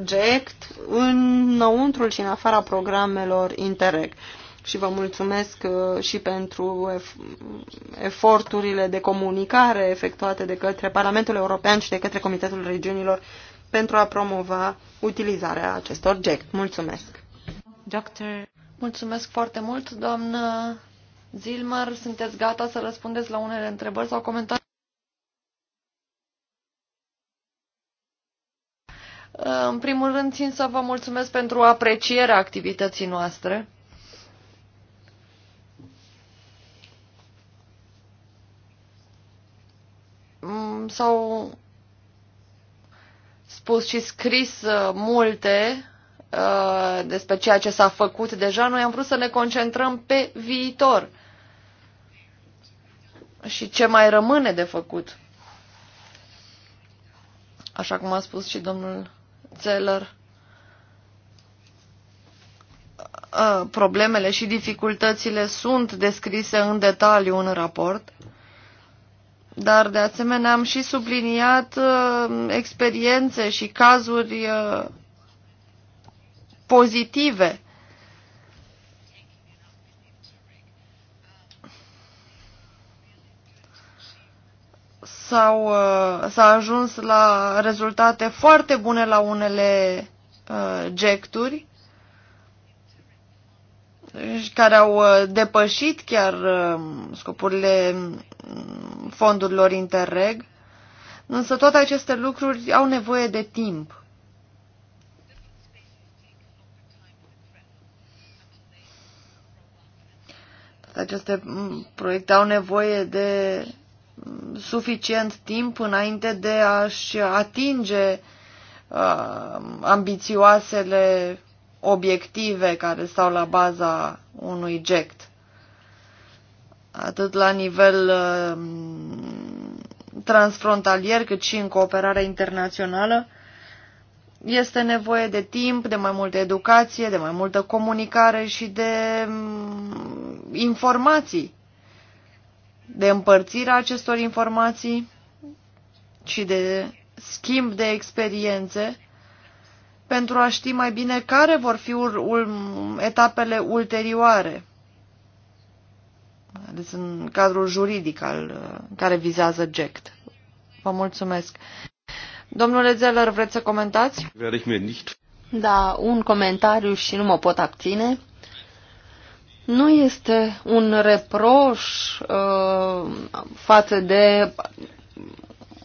Speaker 3: GECT înăuntrul și în afara programelor Interreg. Și vă mulțumesc uh, și pentru eforturile de comunicare efectuate de către Parlamentul European și de către Comitetul Regiunilor pentru a promova utilizarea acestor GECT. Mulțumesc!
Speaker 1: Doctor. Mulțumesc foarte mult, doamnă Zilmer. Sunteți gata să răspundeți la unele întrebări sau comentarii? În primul rând, țin să vă mulțumesc pentru aprecierea activității noastre. Mm, s-au spus și scris uh, multe uh, despre ceea ce s-a făcut deja. Noi am vrut să ne concentrăm pe viitor și ce mai rămâne de făcut. Așa cum a spus și domnul rețelelor problemele și dificultățile sunt descrise în detaliu în raport, dar de asemenea am și subliniat experiențe și cazuri pozitive s-au, uh, a ajuns la rezultate foarte bune la unele uh, gecturi care au uh, depășit chiar uh, scopurile mm, fondurilor interreg, însă toate aceste lucruri au nevoie de timp. Aceste mm, proiecte au nevoie de suficient timp înainte de a-și atinge uh, ambițioasele obiective care stau la baza unui GECT. Atât la nivel uh, transfrontalier cât și în cooperarea internațională, este nevoie de timp, de mai multă educație, de mai multă comunicare și de mm, informații de împărțirea acestor informații și de schimb de experiențe pentru a ști mai bine care vor fi etapele ulterioare, deci în cadrul juridic al, care vizează GECT. Vă mulțumesc. Domnule Zeller, vreți să comentați? Da, un comentariu și nu mă pot abține nu
Speaker 3: este un reproș uh, față de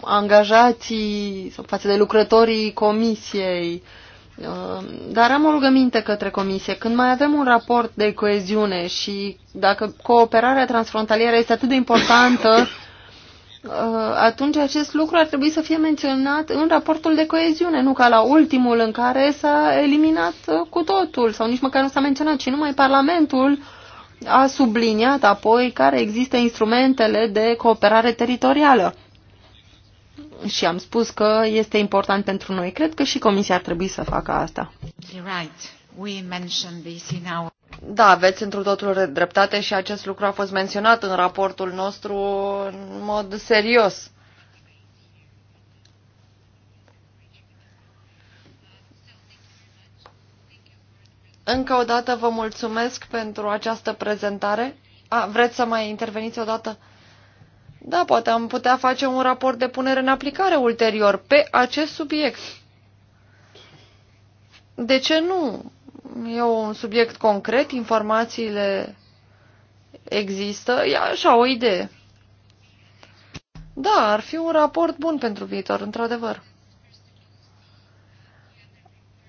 Speaker 3: angajații sau față de lucrătorii comisiei, uh, dar am o rugăminte către comisie. Când mai avem un raport de coeziune și dacă cooperarea transfrontalieră este atât de importantă Uh, atunci acest lucru ar trebui să fie menționat în raportul de coeziune, nu ca la ultimul în care s-a eliminat uh, cu totul sau nici măcar nu s-a menționat, ci numai Parlamentul a subliniat apoi care există instrumentele de cooperare teritorială. Și am spus că este important pentru noi. Cred că și Comisia ar trebui să facă asta.
Speaker 1: Right. We da, aveți într totul dreptate și acest lucru a fost menționat în raportul nostru în mod serios. Încă o dată vă mulțumesc pentru această prezentare. A, vreți să mai interveniți o dată? Da, poate am putea face un raport de punere în aplicare ulterior pe acest subiect. De ce nu? E un subiect concret, informațiile există, e așa o idee. Da, ar fi un raport bun pentru viitor, într-adevăr.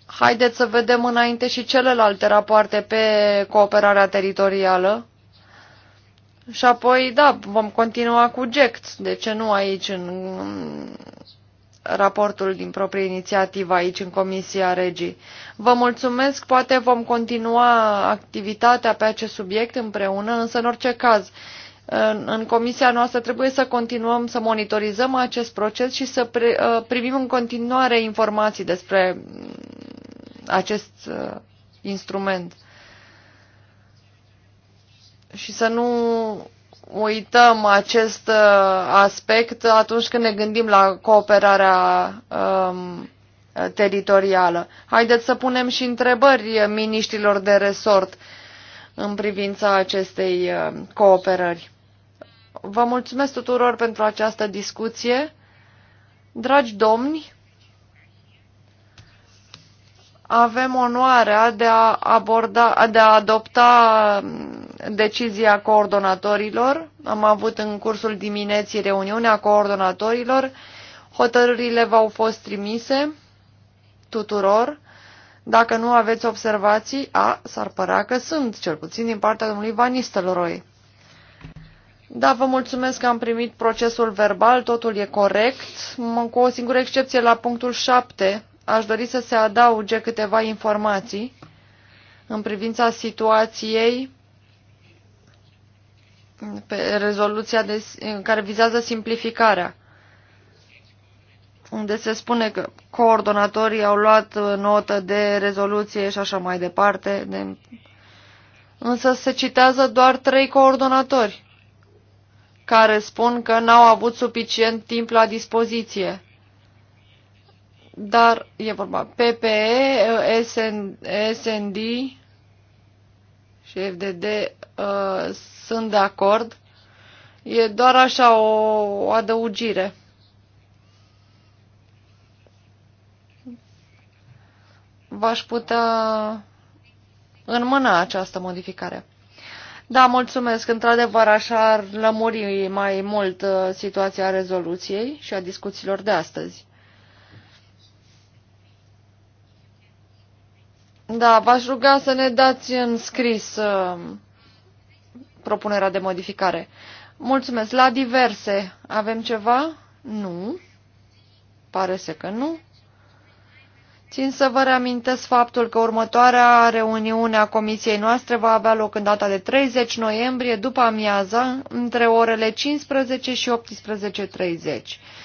Speaker 1: Haideți să vedem înainte și celelalte rapoarte pe cooperarea teritorială. Și apoi, da, vom continua cu GECT, de ce nu aici, în raportul din proprie inițiativă aici în Comisia Regii. Vă mulțumesc, poate vom continua activitatea pe acest subiect împreună, însă în orice caz, în, Comisia noastră trebuie să continuăm să monitorizăm acest proces și să uh, primim în continuare informații despre mm, acest uh, instrument și să nu uităm acest uh, aspect atunci când ne gândim la cooperarea um, teritorială. Haideți să punem și întrebări miniștilor de resort în privința acestei uh, cooperări. Vă mulțumesc tuturor pentru această discuție. Dragi domni, avem onoarea de a, aborda, de a adopta um, decizia coordonatorilor. Am avut în cursul dimineții reuniunea coordonatorilor. Hotărârile v-au fost trimise tuturor. Dacă nu aveți observații, a, s-ar părea că sunt, cel puțin din partea domnului Van Da, vă mulțumesc că am primit procesul verbal, totul e corect. Cu o singură excepție la punctul 7, aș dori să se adauge câteva informații în privința situației pe rezoluția de, care vizează simplificarea, unde se spune că coordonatorii au luat uh, notă de rezoluție și așa mai departe, de, însă se citează doar trei coordonatori care spun că n-au avut suficient timp la dispoziție. Dar e vorba PPE, uh, SN, SND și FDD uh, sunt de acord. E doar așa o, o adăugire. V-aș putea înmâna această modificare. Da, mulțumesc. Într-adevăr, așa ar lămuri mai mult uh, situația rezoluției și a discuțiilor de astăzi. Da, v-aș ruga să ne dați în scris uh, propunerea de modificare. Mulțumesc. La diverse avem ceva? Nu. Pare să că nu. Țin să vă reamintesc faptul că următoarea reuniune a comisiei noastre va avea loc în data de 30 noiembrie, după amiaza, între orele 15 și 18.30.